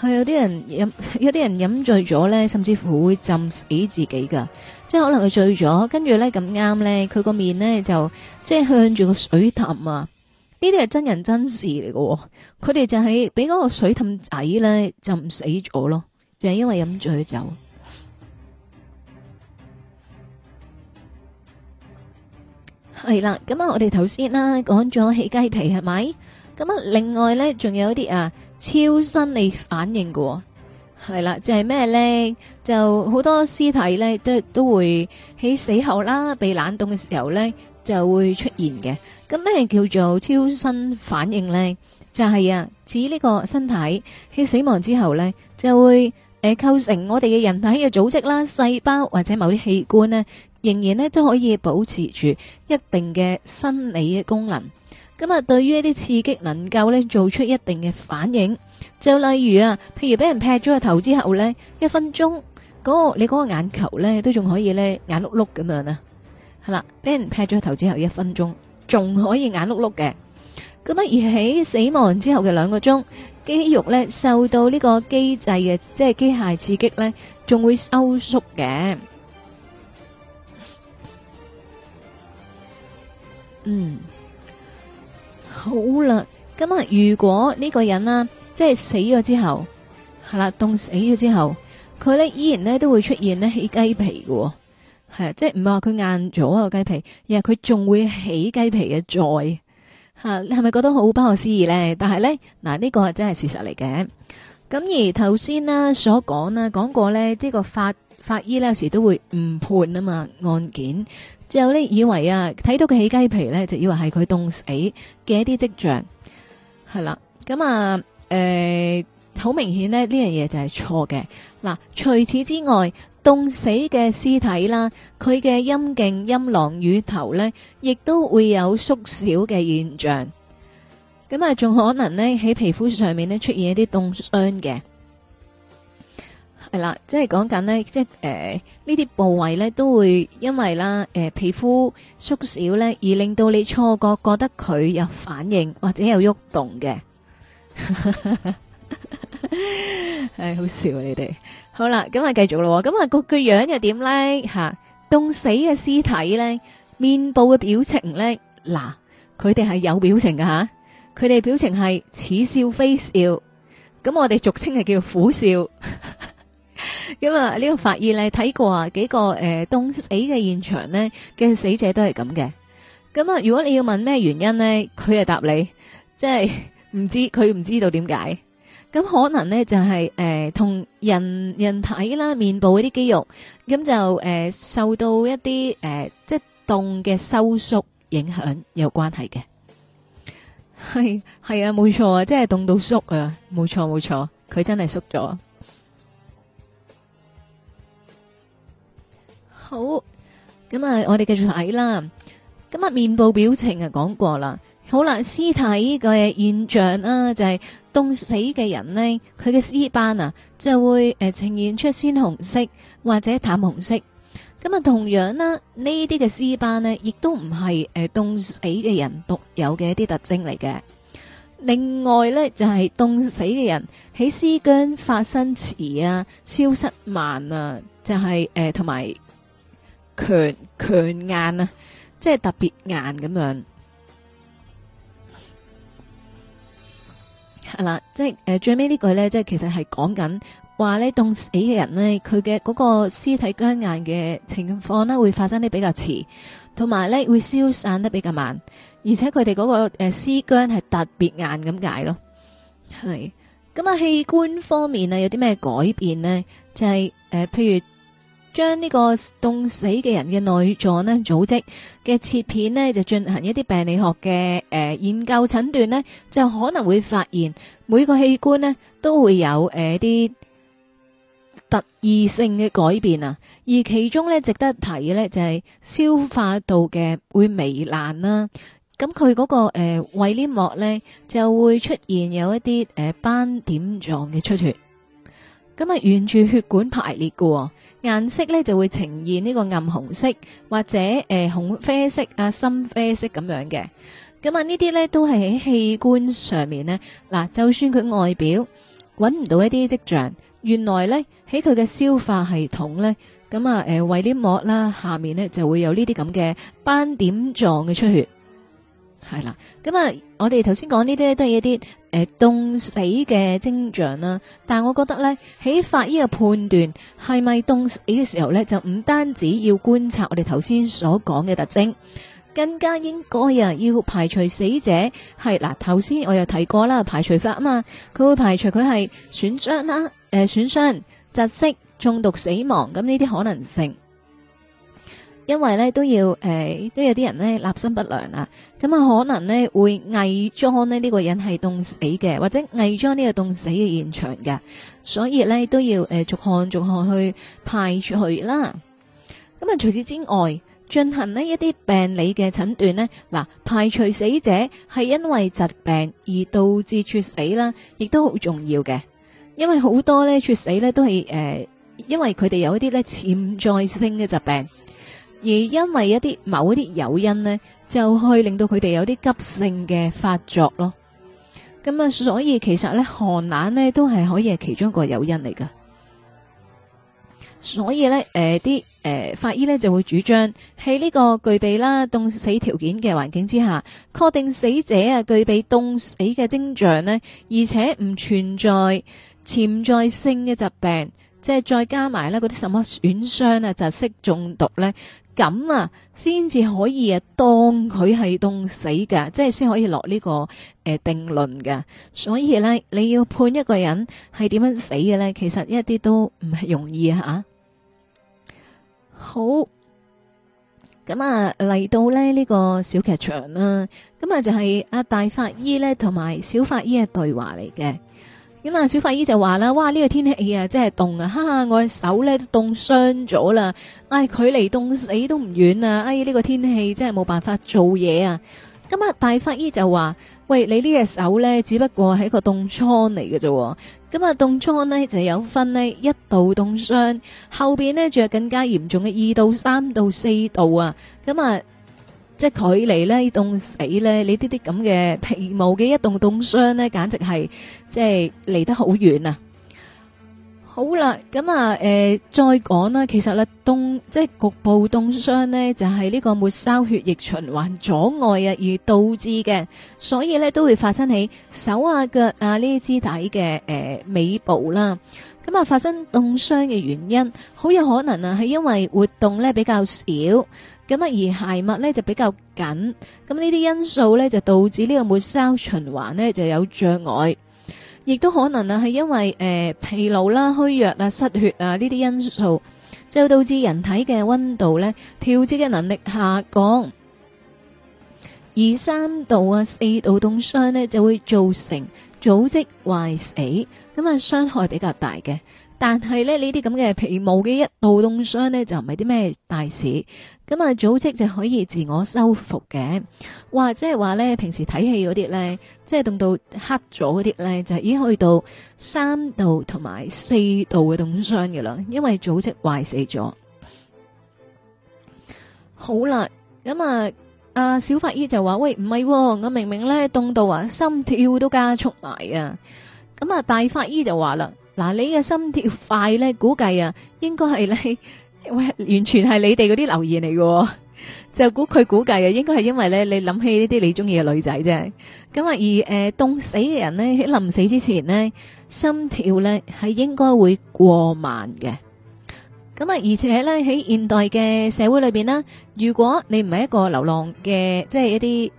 係有啲人飲，有啲人飲醉咗咧，甚至乎會浸死自己噶。即係可能佢醉咗，跟住咧咁啱咧，佢個面咧就即係向住個水凼啊。呢啲係真人真事嚟噶、哦，佢哋就係俾嗰個水凼仔咧浸死咗咯，就係因為飲醉酒。係啦，咁啊，我哋頭先啦講咗起雞皮係咪？咁啊，另外咧仲有一啲啊超生嘅反應嘅，係啦就係咩咧？就好多屍體咧都都會喺死後啦被冷凍嘅時候咧就會出現嘅。咁咩叫做超生反應咧？就係啊，指呢個身體喺死亡之後咧就會誒構成我哋嘅人體嘅組織啦、細胞或者某啲器官咧。仍然咧都可以保持住一定嘅生理嘅功能，咁啊對於一啲刺激能夠咧做出一定嘅反應，就例如啊，譬如俾人劈咗個頭之後呢，一分鐘嗰、嗰個你嗰個眼球咧都仲可以咧眼碌碌咁樣啊，係啦，俾人劈咗個頭之後一分鐘仲可以眼碌碌嘅，咁啊而喺死亡之後嘅兩個鐘，肌肉咧受到呢個機制嘅即係機械刺激咧，仲會收縮嘅。嗯，好啦，咁啊，如果呢個人啦，即係死咗之後，係啦凍死咗之後，佢咧依然咧都會出現咧起雞皮嘅、哦，係啊，即係唔係話佢硬咗個雞皮，而係佢仲會起雞皮嘅再吓，你係咪覺得好不可思議咧？但係咧嗱，呢、啊這個係真係事實嚟嘅。咁而頭先啦所講啦講過咧，呢個法。法醫呢有時都會誤判啊嘛案件，之後呢，以為啊睇到佢起雞皮呢，就以為係佢凍死嘅一啲跡象，係啦，咁啊誒好、呃、明顯呢，呢樣嘢就係錯嘅。嗱，除此之外，凍死嘅屍體啦，佢嘅陰莖、陰囊、乳頭呢，亦都會有縮小嘅現象。咁啊，仲可能呢，喺皮膚上面呢，出現一啲凍傷嘅。係啦，即係講緊咧，即係誒呢啲部位咧都會因為啦誒、呃、皮膚縮小咧，而令到你錯覺覺得佢有反應或者有喐動嘅。誒、 哎，好笑、啊、你哋。好啦，咁啊繼續咯。咁啊個個樣又點咧？吓？凍、啊、死嘅屍體咧，面部嘅表情咧，嗱，佢哋係有表情㗎吓，佢、啊、哋表情係似笑非笑，咁我哋俗稱係叫苦笑。 咁、嗯、啊，這個、呢個發現咧，睇過啊幾個誒凍、呃、死嘅現場咧，嘅死者都係咁嘅。咁、嗯、啊，如果你要問咩原因咧，佢就答你，即係唔知，佢唔知道點解。咁、嗯、可能咧就係、是、誒、呃、同人人體啦、面部嗰啲肌肉，咁、嗯、就誒、呃、受到一啲誒、呃、即係凍嘅收縮影響有關係嘅。係係啊，冇錯啊，即係凍到縮啊，冇錯冇錯，佢真係縮咗。好咁啊！我哋繼續睇啦。咁啊，面部表情就啊，講過啦。好啦，屍體嘅現象啦，就係凍死嘅人呢，佢嘅屍斑啊，就會誒呈現出鮮紅色或者淡紅色。咁啊，同樣啦、啊，呢啲嘅屍斑呢，亦都唔係誒凍死嘅人獨有嘅一啲特徵嚟嘅。另外呢，就係凍死嘅人喺屍僵發生遲啊，消失慢啊，就係誒同埋。呃強強硬啊，即係特別硬咁樣，係啦，即係誒、呃、最尾呢句呢，即係其實係講緊話呢，凍死嘅人呢，佢嘅嗰個屍體僵硬嘅情況呢，會發生得比較遲，同埋呢會消散得比較慢，而且佢哋嗰個誒屍、呃、僵係特別硬咁解咯，係咁啊，器官方面啊有啲咩改變呢？就係、是、誒、呃、譬如。將呢個凍死嘅人嘅內臟咧，組織嘅切片呢就進行一啲病理學嘅誒、呃、研究診斷呢就可能會發現每個器官呢都會有誒啲、呃、特異性嘅改變啊。而其中呢，值得一提嘅呢就係消化道嘅會糜爛啦。咁佢嗰個誒胃黏膜呢，就會出現有一啲誒、呃、斑點狀嘅出血，咁啊沿住血管排列嘅。顏色咧就會呈現呢個暗紅色或者誒紅啡色啊深啡色咁樣嘅，咁啊呢啲咧都係喺器官上面咧，嗱就算佢外表搵唔到一啲跡象，原來咧喺佢嘅消化系統咧，咁啊誒胃黏膜啦下面咧就會有呢啲咁嘅斑點狀嘅出血，係啦，咁啊我哋頭先講呢啲都係一啲。誒凍死嘅徵象啦，但係我覺得咧，喺法醫嘅判斷係咪凍死嘅時候咧，就唔單止要觀察我哋頭先所講嘅特徵，更加應該啊要排除死者，係嗱，頭先我又提過啦，排除法啊嘛，佢會排除佢係損傷啦，誒、呃、損傷窒息中毒死亡咁呢啲可能性。因為咧都要誒、呃，都有啲人咧，立心不良啦。咁啊，可能咧會偽裝呢呢、呢個人係凍死嘅，或者偽裝呢個凍死嘅現場嘅。所以咧都要誒，逐項逐項去排除啦。咁啊，除此之、之外，進行呢一啲病理嘅診斷咧，嗱、呃，排除死者係因為疾病而導致猝死啦，亦都好重要嘅。因為好多咧猝死咧都係誒、呃，因為佢哋有一啲咧潛在性嘅疾病。而因為一啲某一啲誘因呢，就去令到佢哋有啲急性嘅發作咯。咁啊，所以其實呢，寒冷呢都係可以係其中一個誘因嚟噶。所以呢啲誒、呃呃、法醫呢就會主張喺呢個具備啦凍死條件嘅環境之下，確定死者啊具備凍死嘅徵象呢，而且唔存在潛在性嘅疾病，即、就、係、是、再加埋呢嗰啲什麼損傷啊、窒、就、息、是、中毒呢。咁啊，先至可以啊，當佢係凍死嘅，即係先可以落呢、這個誒、呃、定論嘅。所以咧，你要判一個人係點樣死嘅咧，其實一啲都唔係容易啊。好，咁啊嚟到咧呢、這個小劇場啦、啊，咁啊就係、是、阿、啊、大法醫咧同埋小法醫嘅對話嚟嘅。咁、嗯、啊，小法醫就話啦：，哇，呢、這個天氣啊，真係凍啊，哈、啊，我嘅手咧都凍傷咗啦。唉、哎，距離凍死都唔遠啊！唉、哎，呢、這個天氣真係冇辦法做嘢啊。咁、嗯、啊，大法醫就話：，喂，你呢隻手咧，只不過係一個凍瘡嚟嘅啫。咁啊，凍瘡咧就有分呢一度凍傷，後邊咧仲有更加嚴重嘅二度、三度、四度啊。咁、嗯、啊。嗯即係佢離呢凍死咧，你啲啲咁嘅皮毛嘅一凍凍傷呢簡直係即係離得好遠啊！好啦，咁啊，誒、呃，再講啦，其實啦，凍即係局部凍傷呢就係、是、呢個末梢血液循環阻礙啊而導致嘅，所以呢都會發生喺手啊、腳啊、腳啊呢啲肢體嘅誒尾部啦。咁啊，發生凍傷嘅原因，好有可能啊，係因為活動呢比較少。咁啊，而鞋襪呢就比較緊，咁呢啲因素呢就導致呢個末梢循環呢就有障礙，亦都可能啊係因為誒、呃、疲勞啦、虛弱啊、失血啊呢啲因素，就導致人體嘅溫度呢、調節嘅能力下降，而三度啊、四度凍傷呢，就會造成組織壞死，咁啊，傷害比較大嘅。但係咧，呢啲咁嘅皮毛嘅一度凍傷呢，就唔係啲咩大事，咁啊組織就可以自我修復嘅。哇，即係話呢，平時睇戲嗰啲呢，即係凍到黑咗嗰啲呢，就已經去到三度同埋四度嘅凍傷嘅啦，因為組織壞死咗。好啦，咁啊，阿小法醫就話：喂，唔係喎，我明明呢，凍到啊心跳都加速埋啊！咁啊，大法醫就話啦。嗱，你嘅心跳快咧，估計啊，應該係你喂，完全係你哋嗰啲留言嚟嘅，就估佢估計啊，應該係因為咧，你諗起呢啲你中意嘅女仔啫。咁啊，而誒凍死嘅人咧，喺臨死之前咧，心跳咧係應該會過慢嘅。咁啊，而且咧喺現代嘅社會裏邊啦，如果你唔係一個流浪嘅，即係一啲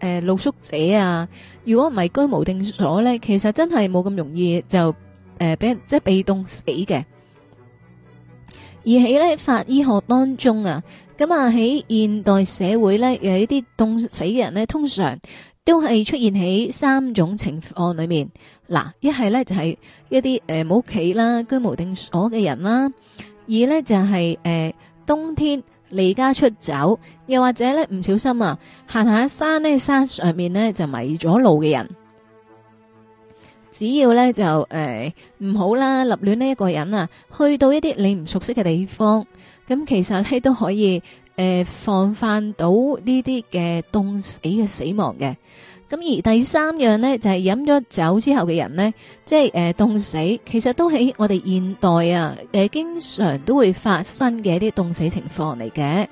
誒露宿者啊，如果唔係居無定所咧，其實真係冇咁容易就。誒、呃，俾，即係被凍死嘅。而喺呢法醫學當中啊，咁啊喺現代社會呢，有一啲凍死嘅人呢，通常都係出現喺三種情況裏面。嗱，一係呢，就係、是、一啲誒冇屋企啦、居無定所嘅人啦；二呢，就係、是、誒、呃、冬天離家出走，又或者呢，唔小心啊行下山呢，山上面呢，就迷咗路嘅人。只要咧就誒唔好啦，立亂呢一個人啊，去到一啲你唔熟悉嘅地方，咁其實咧都可以誒、呃、防範到呢啲嘅凍死嘅死亡嘅。咁而第三樣呢，就係飲咗酒之後嘅人呢，即係誒凍死，其實都喺我哋現代啊誒、呃、經常都會發生嘅一啲凍死情況嚟嘅。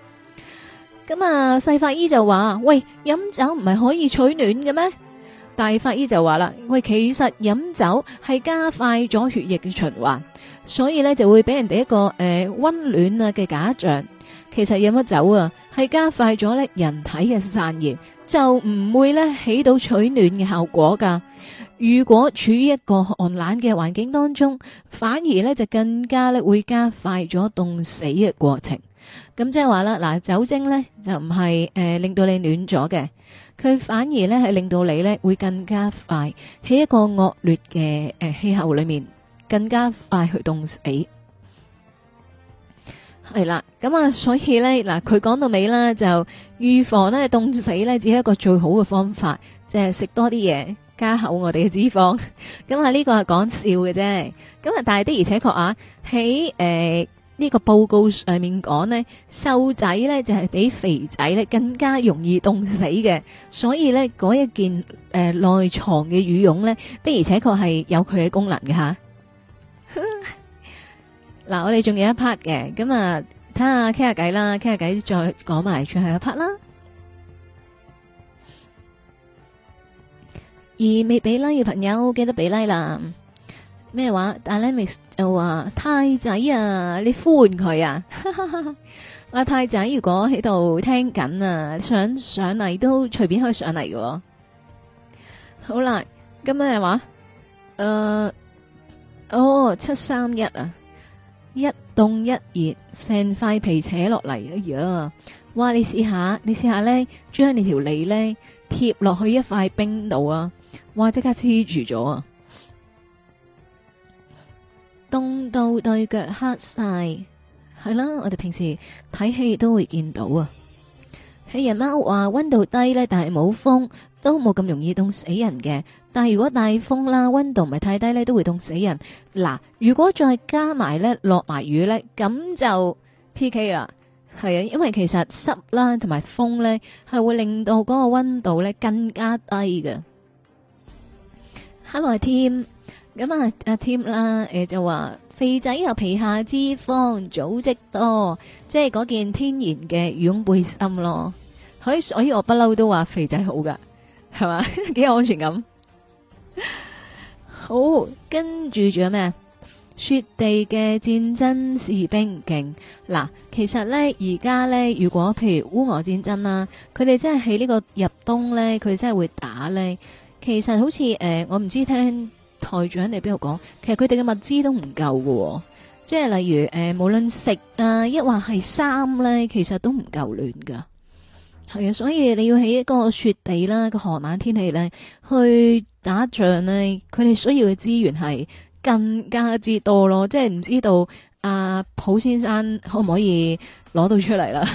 咁啊，細法醫就話：喂，飲酒唔係可以取暖嘅咩？大法醫就話啦：喂，其實飲酒係加快咗血液嘅循環，所以咧就會俾人哋一個誒溫、呃、暖啊嘅假象。其實飲咗酒啊，係加快咗咧人體嘅散熱，就唔會咧起到取暖嘅效果噶。如果處於一個寒冷嘅環境當中，反而咧就更加咧會加快咗凍死嘅過程。咁即係話啦，嗱、呃、酒精咧就唔係誒令到你暖咗嘅。佢反而咧係令到你咧會更加快喺一個惡劣嘅誒氣候裏面更加快去凍死。係啦，咁啊，所以咧嗱，佢講到尾啦就預防咧凍死咧，只係一個最好嘅方法，即係食多啲嘢加厚我哋嘅脂肪。咁啊，呢個係講笑嘅啫。咁啊，但係的而且確啊，喺誒。呢個報告上面講呢，瘦仔呢就係比肥仔呢更加容易凍死嘅，所以呢嗰一件誒內藏嘅羽絨呢，的而且確係有佢嘅功能嘅吓。嗱，我哋仲有一 part 嘅，咁啊，睇下傾下偈啦，傾下偈再講埋最後一 part 啦。而未俾 like 嘅朋友記得俾 like 啦。咩話？阿 Alex 又話太仔啊，你呼喚佢啊！阿 太仔如果喺度聽緊啊，想上嚟都隨便可以上嚟喎、哦！好啦，今日話，誒、呃，哦，七三一啊，一凍一熱，成塊皮扯落嚟啊！呀，哇，你試下，你試下咧，將你條脷咧貼落去一塊冰度啊！哇，即刻黐住咗啊！凍到對腳黑曬，係啦，我哋平時睇戲都會見到啊。喺人貓話溫度低呢，但係冇風都冇咁容易凍死人嘅。但係如果大風啦，溫度唔係太低呢，都會凍死人。嗱，如果再加埋呢，落埋雨呢，咁就 PK 啦。係啊，因為其實濕啦同埋風呢，係會令到嗰個溫度呢更加低嘅。Hello 天。咁、嗯、啊，阿 Tim 啦、啊，誒就話肥仔又皮下脂肪組織多，即係嗰件天然嘅羽絨背心咯。可以，所以我不嬲都話肥仔好噶，係嘛，幾 有安全感。 好，跟住仲有咩？雪地嘅戰爭士兵勁嗱，其實咧而家咧，如果譬如烏俄戰爭啦、啊，佢哋真係喺呢個入冬咧，佢真係會打咧。其實好似誒、呃，我唔知聽。台長喺你邊度講？其實佢哋嘅物資都唔夠嘅、哦，即係例如誒、呃，無論食啊，抑或係衫咧，其實都唔夠暖嘅。係啊，所以你要喺一個雪地啦，個寒冷天氣咧，去打仗咧、啊，佢哋需要嘅資源係更加之多咯。即係唔知道阿、啊、普先生可唔可以攞到出嚟啦？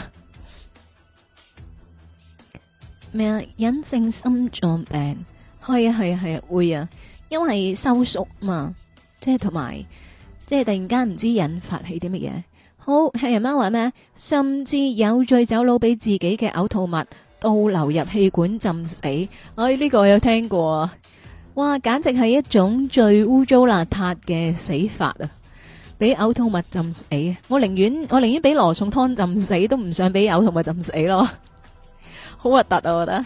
咩啊？隱性心臟病，係啊係啊係啊，會啊！因為收縮嘛，即係同埋，即係突然間唔知引發起啲乜嘢。好，係人媽話咩？甚至有醉酒佬俾自己嘅嘔吐物倒流入氣管浸死。哎這個，我呢個有聽過、啊，哇，簡直係一種最污糟邋遢嘅死法啊！俾嘔吐物浸死，我寧願我寧願俾羅宋湯浸死，都唔想俾嘔吐物浸死咯。好核突啊，我覺得。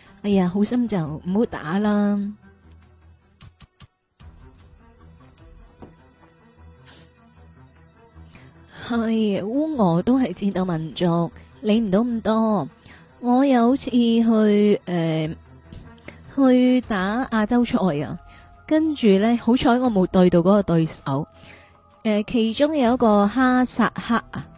哎呀，好心就唔好打啦。係烏俄都係戰鬥民族，理唔到咁多。我有次去誒，去打亞洲賽啊，跟住咧好彩我冇對到嗰個對手。誒，其中有一個哈薩克啊。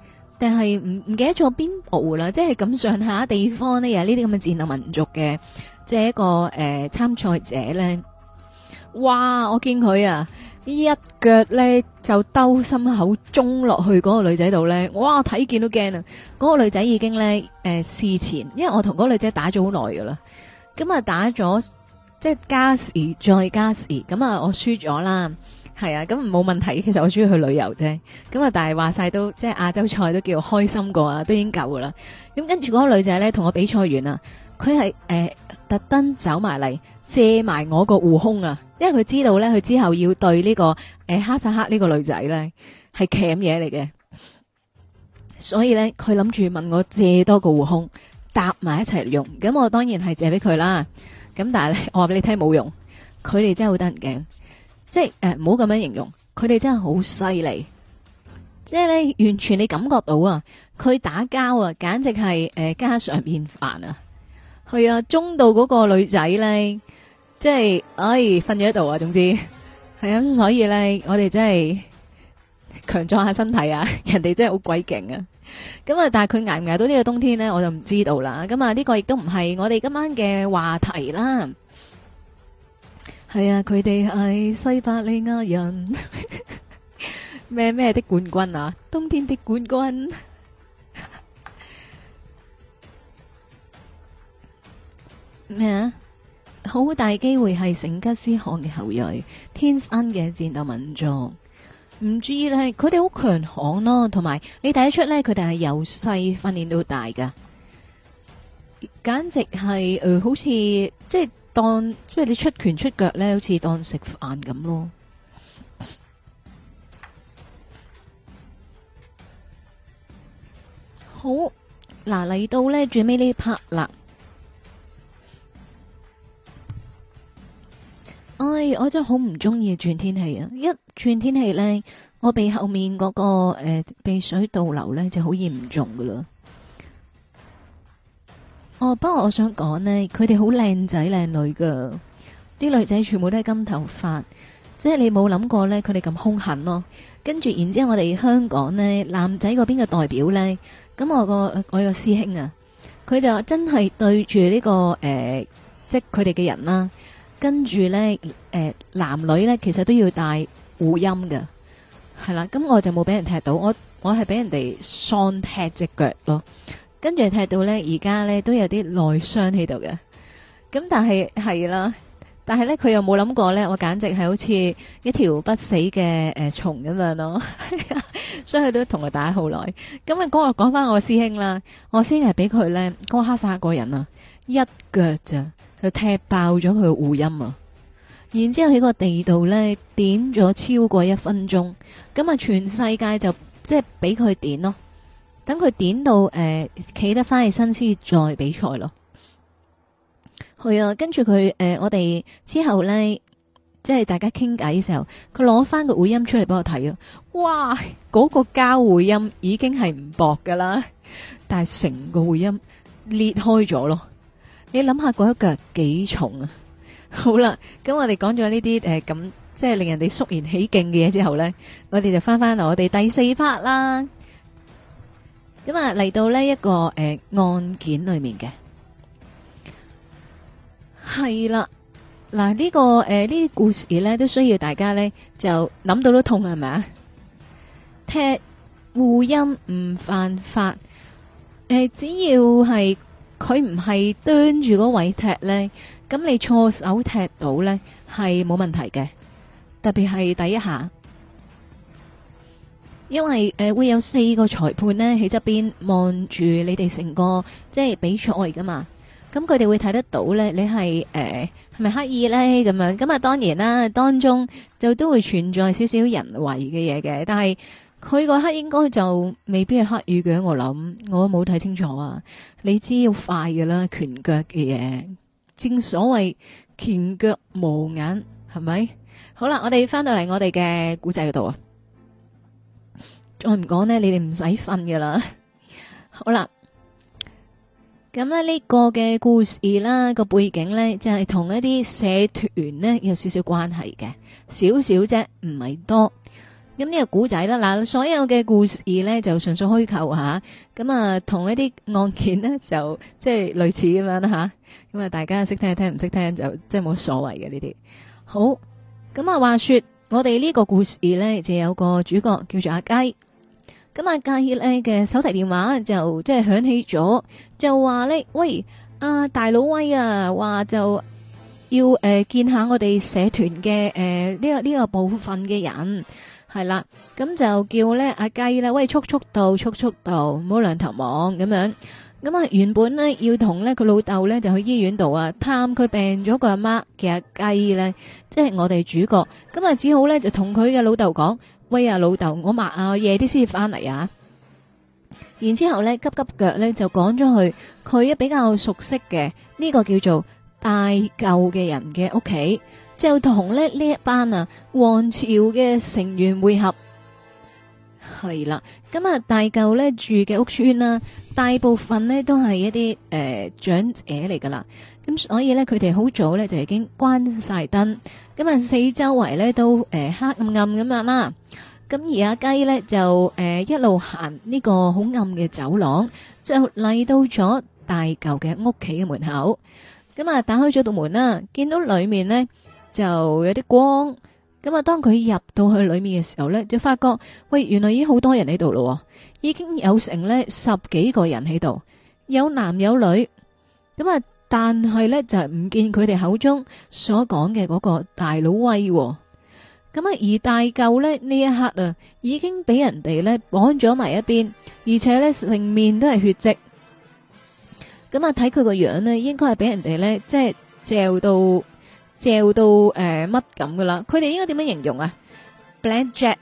但係唔唔記得咗邊度啦，即係咁上下地方呢，有呢啲咁嘅戰鬥民族嘅，即係一個誒參賽者咧。哇！我見佢啊，呢一腳咧就兜心口中落去嗰個女仔度咧。哇！睇見都驚啊！嗰個女仔已經咧，誒事前，因為我同嗰個女仔打咗好耐噶啦，咁啊打咗即係加時再加時，咁啊我輸咗啦。係啊，咁冇問題。其實我中意去旅遊啫，咁啊，但係話晒都即係亞洲賽都叫做開心過啊，都已經夠噶啦。咁跟住嗰個女仔咧，同我比賽完啦，佢係誒特登走埋嚟借埋我個護胸啊，因為佢知道咧，佢之後要對呢個誒哈薩克呢個女仔咧係鉗嘢嚟嘅，所以咧佢諗住問我借多個護胸搭埋一齊用。咁我當然係借俾佢啦。咁但係咧，我話俾你聽冇用，佢哋真係好得人驚。即係誒，唔好咁樣形容，佢哋真係好犀利。即係咧，完全你感覺到啊，佢打交啊，簡直係誒家常便飯啊。係啊，中度嗰個女仔咧，即係唉，瞓咗喺度啊。總之係啊，所以咧，我哋真係強壯下身體啊。人哋真係好鬼勁啊。咁啊，但係佢挨唔挨到呢個冬天咧，我就唔知道啦。咁啊，呢個亦都唔係我哋今晚嘅話題啦。係啊，佢哋係西伯利亞人，咩 咩的冠軍啊？冬天的冠軍咩 啊？好大機會係成吉思汗嘅後裔，天生嘅戰鬥民族。唔注意咧，佢哋好強悍咯，同埋你睇得出呢佢哋係由細訓練到大噶，簡直係誒、呃，好似即係。當即係你出拳出腳咧，好似當食飯咁咯。好，嗱嚟到咧最尾呢 part 啦。哎，我真係好唔中意轉天氣啊！一轉天氣咧，我鼻後面嗰、那個誒、呃、鼻水倒流咧就好嚴重噶啦。哦，不過我想講呢，佢哋好靚仔靚女噶，啲女仔全部都係金頭髮，即係你冇諗過呢，佢哋咁凶狠咯。跟住然之後，我哋香港呢，男仔嗰邊嘅代表呢，咁我個我個師兄啊，佢就真係對住呢、這個誒、呃，即係佢哋嘅人啦、啊。跟住呢，誒、呃，男女呢其實都要帶護陰噶，係啦。咁我就冇俾人踢到，我我係俾人哋雙踢隻腳咯。跟住踢到咧，而家咧都有啲內傷喺度嘅。咁但係係啦，但係咧佢又冇諗過咧，我簡直係好似一條不死嘅誒蟲咁樣咯。 所以都同佢打好耐。咁、那、啊、個，我講翻我師兄啦，我師兄係俾佢咧，哥黑殺個人啊，一腳咋就踢爆咗佢護音啊！然之後喺個地度咧點咗超過一分鐘，咁啊全世界就即係俾佢點咯。等佢點到誒，企得翻起身先再比賽咯。係啊，跟住佢誒，我哋之後咧，即係大家傾偈嘅時候，佢攞翻個回，回音出嚟俾我睇啊！哇，嗰、嗰個交回音已經係唔薄噶啦，但係成個回音裂開咗咯。你諗下嗰一腳幾重啊？好啦，咁我哋講咗呢啲誒，咁、呃、即係令人哋肅然起敬嘅嘢之後咧，我哋就翻翻我哋第四 part 啦。咁啊，嚟到呢一個誒、呃、案件裏面嘅，係啦，嗱、這、呢個誒呢啲故事咧，都需要大家咧就諗到都痛係咪啊？踢護陰唔犯法，誒、呃、只要係佢唔係端住個位踢咧，咁你錯手踢到咧係冇問題嘅，特別係第一下。因為誒、呃、會有四個裁判咧喺側邊望住你哋成個即係比賽㗎噶嘛，咁佢哋會睇得到咧,你係誒係咪刻意咧咁樣？咁啊當然啦,當中就都會存在少少人為嘅嘢嘅,但係佢嗰刻應該就未必係刻意嘅,我諗我都冇睇清楚啊。你知要快噶啦,拳腳嘅嘢,正所謂拳腳無眼,係咪?好啦,我哋翻到嚟我哋嘅古仔嗰度啊。再唔講呢，你哋唔使瞓噶啦。好啦，咁咧呢個嘅故事啦，個背景呢，就係同一啲社團呢，有少少關係嘅，少少啫，唔係多。咁呢個古仔啦，嗱，所有嘅故事呢，就純粹虛構吓，咁啊，同一啲案件呢，就即係類似咁樣啦吓，咁啊，大家識聽聽唔識聽就即係冇所謂嘅呢啲。好，咁啊，話說我哋呢個故事呢，就有個主角叫做阿雞。咁啊！雞呢嘅手提電話就即係響起咗，就話呢：「喂，阿、啊、大佬威啊，話就要誒、呃、見下我哋社團嘅誒呢個呢、這個部分嘅人，係啦，咁、嗯、就叫呢阿雞、啊、呢喂，速速度，速速度，唔好兩頭忙咁樣。咁、嗯、啊，原本呢要同呢佢老豆呢就去醫院度啊探佢病咗個阿媽嘅阿雞呢，即係我哋主角，咁、嗯、啊，只好呢就同佢嘅老豆講。喂啊，老豆，我媽啊，夜啲先返嚟啊。然之後呢，急急腳呢，就趕咗去佢一比較熟悉嘅呢、這個叫做大舊嘅人嘅屋企，就同呢一班啊王朝嘅成員會合。係啦，咁啊大舊住嘅屋村啦，大部分呢都係一啲誒、呃、長者嚟噶啦。咁所以咧，佢哋好早咧就已經關晒燈，咁啊四周圍咧都誒黑暗暗咁樣啦。咁而阿雞咧就誒一路行呢個好暗嘅走廊，就嚟到咗大舊嘅屋企嘅門口。咁啊打開咗道門啦，見到裏面咧就有啲光。咁啊當佢入到去裏面嘅時候咧，就發覺喂，原來已經好多人喺度咯，已經有成咧十幾個人喺度，有男有女。咁啊～但係咧，就係、是、唔見佢哋口中所講嘅嗰個大佬威，咁啊，而大舊咧呢一刻啊，已經俾人哋咧綁咗埋一邊，而且咧成面都係血跡，咁啊睇佢個樣咧，應該係俾人哋咧即係掟到掟到誒乜咁噶啦，佢、呃、哋應該點樣形容啊？Black Jack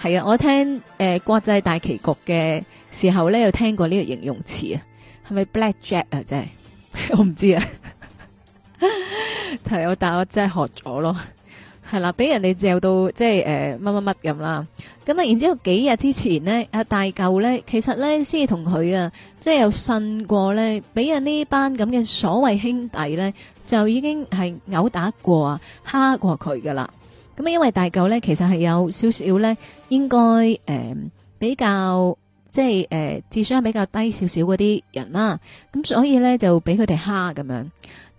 係啊，我聽誒、呃、國際大棋局嘅時候咧，有聽過呢個形容詞啊，係咪 Black Jack 啊，真係？我唔知啊。 但打，係我但係我真係學咗咯， 係啦，俾人哋嚼到即係誒乜乜乜咁啦，咁啊然之後幾日之前呢，阿大舊咧其實咧先至同佢啊，即係有呻過咧，俾人呢班咁嘅所謂兄弟咧就已經係毆打過啊，蝦過佢噶啦，咁啊因為大舊咧其實係有少少咧應該誒、呃、比較。即係誒、呃，智商比較低少少嗰啲人啦、啊，咁所以咧就俾佢哋蝦咁樣。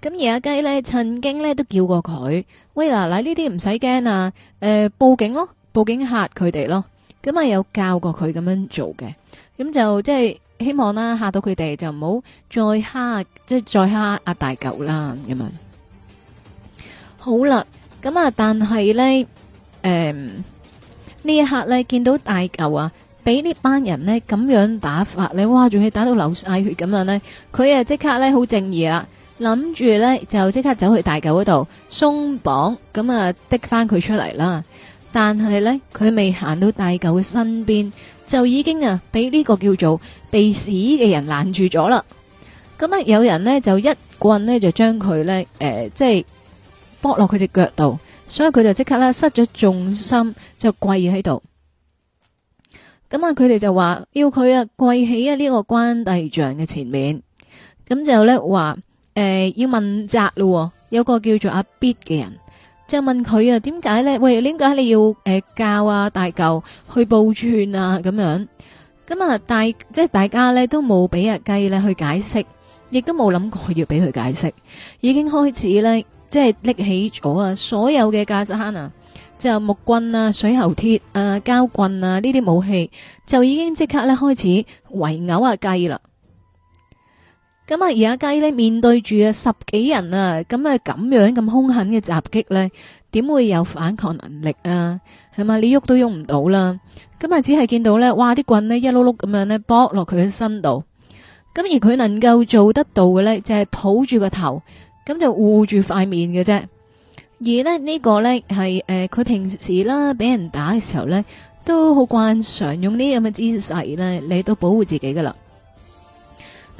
咁而阿雞咧，曾經咧都叫過佢，喂嗱嗱呢啲唔使驚啊，誒、呃、報警咯，報警吓佢哋咯，咁啊有教過佢咁樣做嘅，咁就即係希望啦，吓到佢哋就唔好再蝦，即係再蝦阿大狗啦咁樣。好啦，咁啊但係咧誒呢、呃、一刻咧見到大狗啊！俾呢班人呢咁樣打法，你哇仲要打到流晒血咁樣呢？佢啊即刻咧好正義啦，諗住呢就即刻走去大狗嗰度鬆綁，咁啊滴翻佢出嚟啦。但係呢，佢未行到大狗嘅身邊，就已經啊俾呢個叫做鼻屎嘅人攔住咗啦。咁啊有人呢就一棍呢就將佢呢，誒、呃、即係搏落佢隻腳度，所以佢就即刻咧失咗重心，就跪喺度。咁啊！佢哋就話要佢啊跪喺啊呢個關帝像嘅前面，咁就咧話誒要問責咯。有個叫做阿 bit 嘅人就問佢啊，點解咧？喂，點解你要誒、呃、教啊大舊去報串啊咁樣？咁啊大即係大家咧都冇俾阿雞咧去解釋，亦都冇諗過要俾佢解釋，已經開始咧即係拎起咗啊所有嘅架生啊！就木棍啊、水喉鐵、啊、膠棍啊呢啲武器，就已經即刻咧開始圍毆阿雞啦。咁啊雞，而阿雞咧面對住啊十幾人啊，咁啊咁樣咁兇狠嘅襲擊呢，點會有反抗能力啊？係嘛，你喐都喐唔到啦。咁啊，只係見到呢，哇！啲棍呢一碌碌咁樣呢，剝落佢嘅身度。咁而佢能夠做得到嘅呢，就係抱住個頭，咁就護住塊面嘅啫。而呢呢個呢，係誒，佢平時啦，俾人打嘅時候呢，都好慣常用呢啲咁嘅姿勢呢嚟到保護自己噶啦。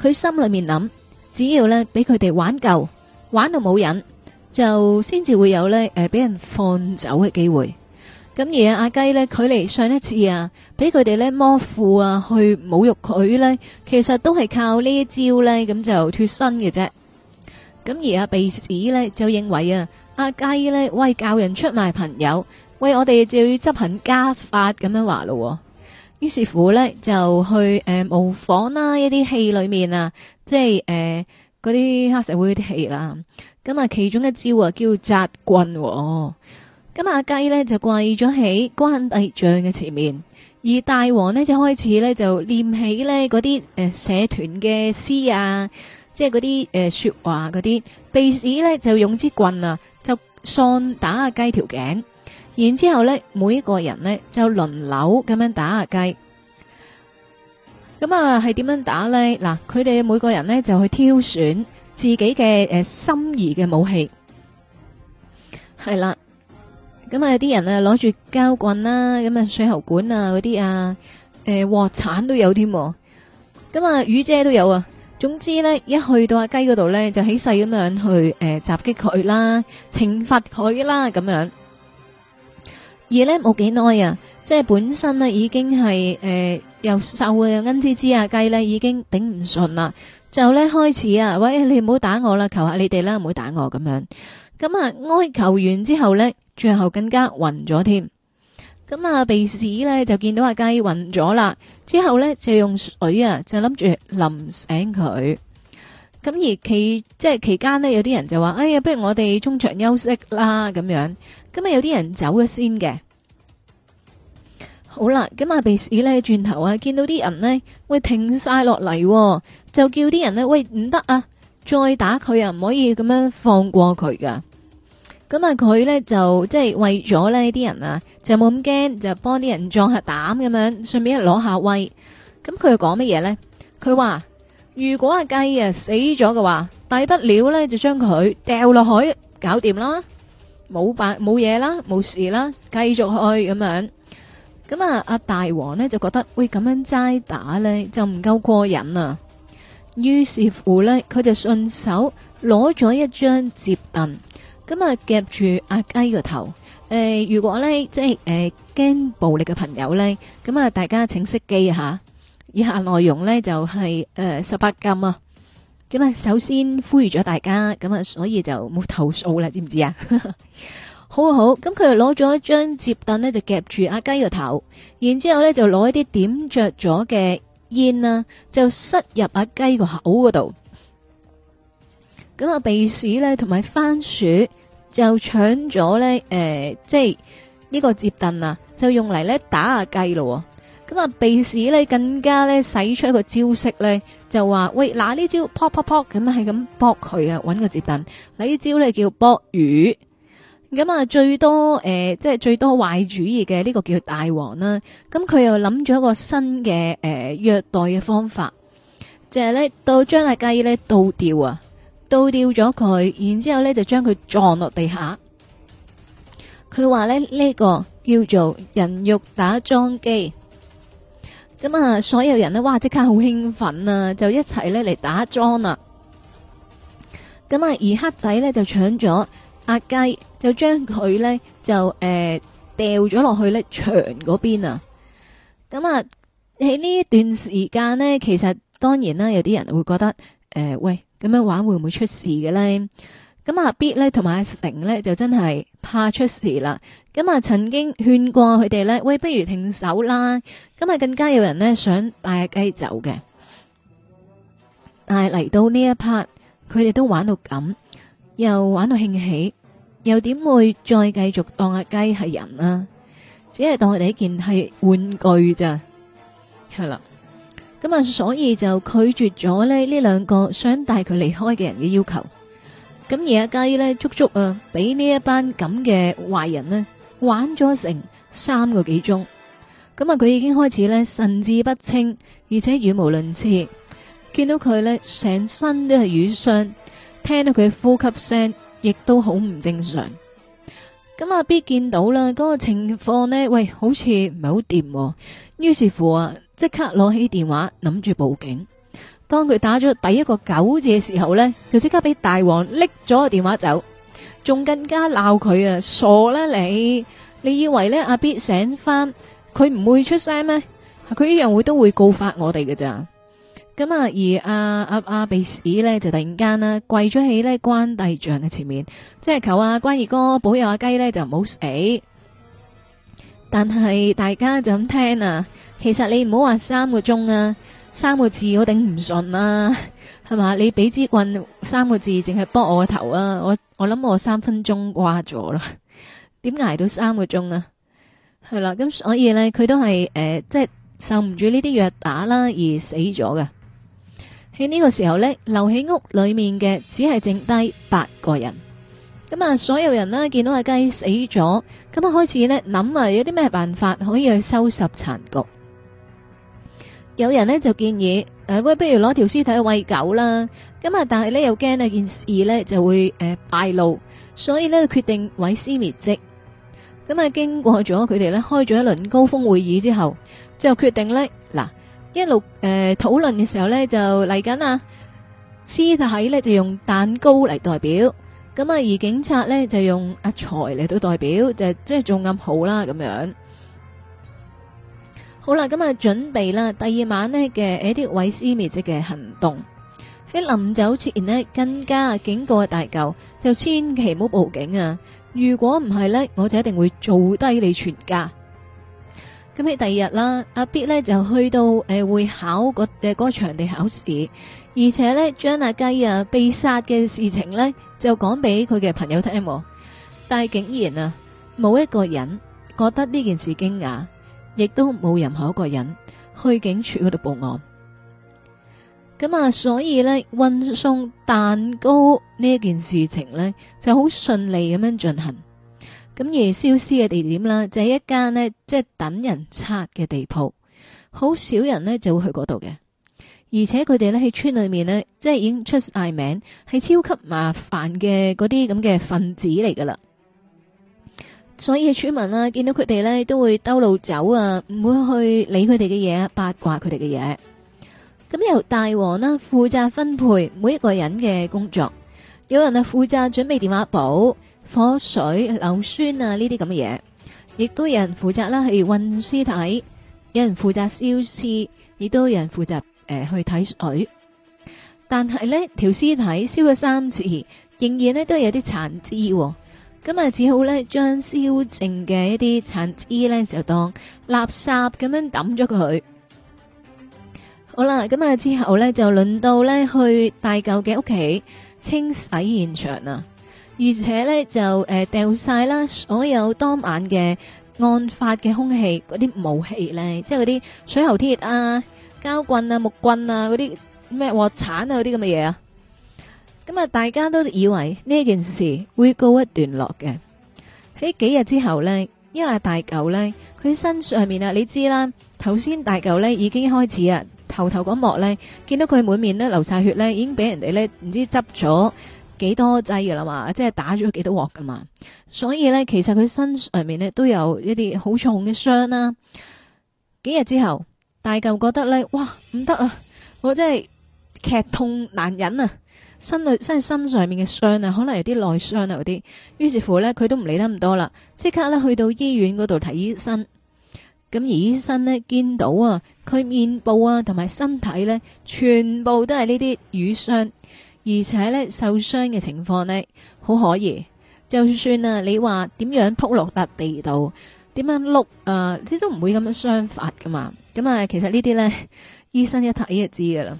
佢心裏面諗，只要呢俾佢哋玩夠，玩到冇癮，就先至會有呢誒俾人放走嘅機會。咁而阿雞呢，距離上一次啊，俾佢哋呢摸褲啊去侮辱佢呢，其實都係靠呢一招呢，咁就脫身嘅啫。咁而阿鼻屎呢，就認為啊。阿雞呢，喂，教人出賣朋友，喂我哋就要執行家法咁樣話咯、哦。於是乎呢，就去誒、呃、模仿啦一啲戲裏面啊，即係誒嗰啲黑社會啲戲啦。咁、嗯、啊其中一招啊叫扎棍、哦。咁、嗯、阿雞呢，就跪咗喺關帝像嘅前面，而大王呢，就開始呢，就念起呢嗰啲誒社團嘅詩啊。即係嗰啲誒說話嗰啲鼻屎咧，就用支棍啊，就喪打下、啊、雞條頸，然之後咧，每一個人呢，就輪流咁樣打下、啊、雞。咁啊，係點樣打咧？嗱、啊，佢哋每個人呢，就去挑選自己嘅誒、啊、心儀嘅武器，係啦。咁啊，有啲人啊攞住膠棍啦，咁啊水喉管啊嗰啲啊，誒鑊鏟都有添。咁啊，雨遮都有啊。啊總之咧，一去到阿雞嗰度咧，就起勢咁樣去誒襲擊佢啦，懲罰佢啦，咁樣而呢，冇幾耐啊，即係本身呢已經係誒、呃、又瘦啊又恩滋滋啊，雞咧已經頂唔順啦，就咧開始啊，喂，你唔好打我啦，求下你哋啦，唔好打我咁樣，咁啊哀求完之後咧，最後更加暈咗添。咁啊！鼻屎咧就見到阿雞暈咗啦，之後咧就用水啊，就諗住淋醒佢。咁而其即係期間呢有啲人就話：哎呀，不如我哋中場休息啦咁樣。咁啊，有啲人走咗先嘅。好啦，咁啊，鼻屎咧轉頭啊，見到啲人呢，喂停晒落嚟，就叫啲人呢：「喂唔得啊，再打佢啊，唔可以咁樣放過佢噶。咁啊！佢呢就即係為咗呢啲人啊，就冇咁驚，就幫啲人壯下膽咁樣，順便攞下威。咁佢又講乜嘢呢？佢話如果阿雞啊死咗嘅話，大不了呢就將佢掉落海，搞掂啦，冇辦冇嘢啦，冇事啦，繼續去咁樣。咁啊，阿大王呢就覺得喂，咁樣齋打呢就唔夠過癮啊。於是乎呢，佢就順手攞咗一張摺凳。咁啊，夾住阿雞個頭。誒、呃，如果咧即係誒驚暴力嘅朋友咧，咁啊大家請熄機吓。以下內容咧就係誒十八禁啊。咁、呃、啊，首先呼籲咗大家，咁啊，所以就冇投訴啦，知唔知啊？ 好，好好。咁佢又攞咗一張摺凳咧，就夾住阿雞個頭。然之後咧就攞一啲點着咗嘅煙啦，就塞入阿雞個口嗰度。咁啊！鼻屎咧，同埋番薯就搶咗咧。誒、呃，即係呢個接凳啊，就用嚟咧打下雞咯。咁啊，鼻屎咧更加咧使出一個招式咧，就話喂，嗱呢招撲撲撲咁係咁撲佢啊，搵個摺凳。呢招咧叫撲魚。咁啊，最多誒，即、呃、係、就是、最多壞主意嘅呢個叫大王啦。咁佢又諗咗一個新嘅誒、呃、虐待嘅方法，就係、是、咧到將阿雞咧倒掉啊！倒掉咗佢，然之後呢就將佢撞落地下。佢話呢呢、呢個叫做人肉打樁機。咁啊，所有人呢，哇即刻好興奮啊，就一齊呢嚟打樁啦。咁啊，而黑仔呢就搶咗阿雞，就將佢呢就誒掉咗落去呢牆嗰邊啊。咁啊喺呢段時間呢，其實當然啦，有啲人會覺得誒、呃、喂。咁樣玩會唔會出事嘅呢？咁阿 B 咧同埋阿成咧就真係怕出事啦。咁啊，曾經勸過佢哋咧，喂，不如停手啦。咁啊，更加有人咧想帶阿雞走嘅。但係嚟到呢一 part，佢哋都玩到咁，又玩到興起，又點會再繼續當阿雞係人啊？只係當佢哋一件係玩具咋，係啦。咁啊，所以就拒絕咗呢呢兩個想帶佢離開嘅人嘅要求。咁而阿雞呢，足足啊，俾呢一班咁嘅壞人呢，玩咗成三個幾鐘。咁啊，佢已經開始咧神志不清，而且語無倫次。見到佢呢，成身都係瘀傷，聽到佢呼吸聲，亦都好唔正常。咁啊，B 見到啦，嗰個情況呢，喂，好似唔係好掂喎。於是乎啊。即刻攞起電話諗住報警，當佢打咗第一個九字嘅時候呢，就即刻俾大王拎咗個電話走，仲更加鬧佢啊！傻啦你，你以為呢？阿 B 醒翻，佢唔會出聲咩？佢一樣會都會告發我哋㗎咋？咁啊，而阿阿阿貝斯呢，就突然間啦跪咗喺呢關帝像嘅前面，即係求阿、啊、關二哥保佑阿雞呢，就唔好死。但係大家就咁聽啊！其實你唔好話三個鐘啊，三個字我頂唔順啦，係嘛？你俾支棍三個字淨係幫我個頭啊！我我諗我三分鐘瓜咗啦，點挨到三個鐘啊？係啦，咁所以呢，佢都係誒、呃，即係受唔住呢啲虐打啦，而死咗嘅。喺呢個時候呢，留喺屋裏面嘅只係剩低八個人。咁、嗯、啊、嗯，所有人呢見到阿雞死咗，咁、嗯、啊開始呢，諗啊，有啲咩辦法可以去收拾殘局。有人呢就建議，誒、呃，喂，不如攞條屍體去喂狗啦。咁啊，但係呢，又驚呢件事呢就會誒敗、呃、露，所以呢決定毀屍滅迹。咁啊，經過咗佢哋呢開咗一輪高峰會議之後，之後決定呢嗱一路誒討論嘅時候呢，就嚟緊啊，屍體呢就用蛋糕嚟代表，咁啊而警察呢，就用阿財嚟到代表，就即係、就是、做暗號啦咁樣。好啦，咁啊，準備啦，第二晚呢嘅一啲毀屍滅跡嘅行動，喺臨走之前呢，更加警告阿大舅，就千祈唔好報警啊！如果唔係呢，我就一定會做低你全家。咁喺第二日啦，阿必呢就去到誒會考個誒嗰個場地考試，而且呢將阿雞啊被殺嘅事情呢就講俾佢嘅朋友聽。但係竟然啊冇一個人覺得呢件事驚訝。亦都冇任何一個人去警署嗰度報案，咁啊，所以呢，運送蛋糕呢件事情呢，就好順利咁樣進行。咁而消屍嘅地點啦，就係一間呢，即係等人拆嘅地舖，好少人呢就會去嗰度嘅，而且佢哋呢喺村裏面呢，即係已經出晒名，係超級麻煩嘅嗰啲咁嘅分子嚟噶啦。所以村民啦，見到佢哋咧，都會兜路走啊，唔會去理佢哋嘅嘢，八卦佢哋嘅嘢。咁由大王啦負責分配每一個人嘅工作，有人啊負責準備電話簿、火水、硫酸啊呢啲咁嘅嘢，亦都有人負責啦去運屍體，有人負責燒屍，亦都有人負責誒、呃、去睇水。但係呢條屍體燒咗三次，仍然咧都有啲殘肢。咁啊，只好咧將燒剩嘅一啲殘衣咧就當垃圾咁樣抌咗佢。好啦，咁啊之後咧就輪到咧去大舅嘅屋企清洗現場啊，而且咧就誒掉晒啦所有當晚嘅案發嘅兇器嗰啲武器咧，即係嗰啲水喉鐵啊、膠棍啊、木棍啊、嗰啲咩鑊鏟啊嗰啲咁嘅嘢啊。咁啊！大家都以為呢件事會告一段落嘅。喺幾日之後呢，因為大舊呢，佢身上面啊，你知啦，頭先大舊呢已經開始啊，頭頭嗰幕呢，見到佢滿面呢流晒血呢，已經俾人哋呢唔知執咗幾多劑噶啦嘛，即係打咗幾多鑊噶嘛。所以呢，其實佢身上面呢都有一啲好重嘅傷啦。幾日之後，大舊覺得呢：「哇，唔得啊！我真係劇痛難忍啊！身內即係身上面嘅傷啊，可能有啲內傷啊嗰啲，於是乎呢，佢都唔理得咁多啦，即刻呢去到醫院嗰度睇醫生。咁而醫生呢，見到啊，佢面部啊同埋身體呢，全部都係呢啲瘀傷，而且呢，受傷嘅情況呢，好可疑。就算啊，你話點樣扑落笪地度，點樣碌啊，你都唔會咁樣傷法噶嘛。咁啊，其實呢啲呢，醫生一睇就知噶啦。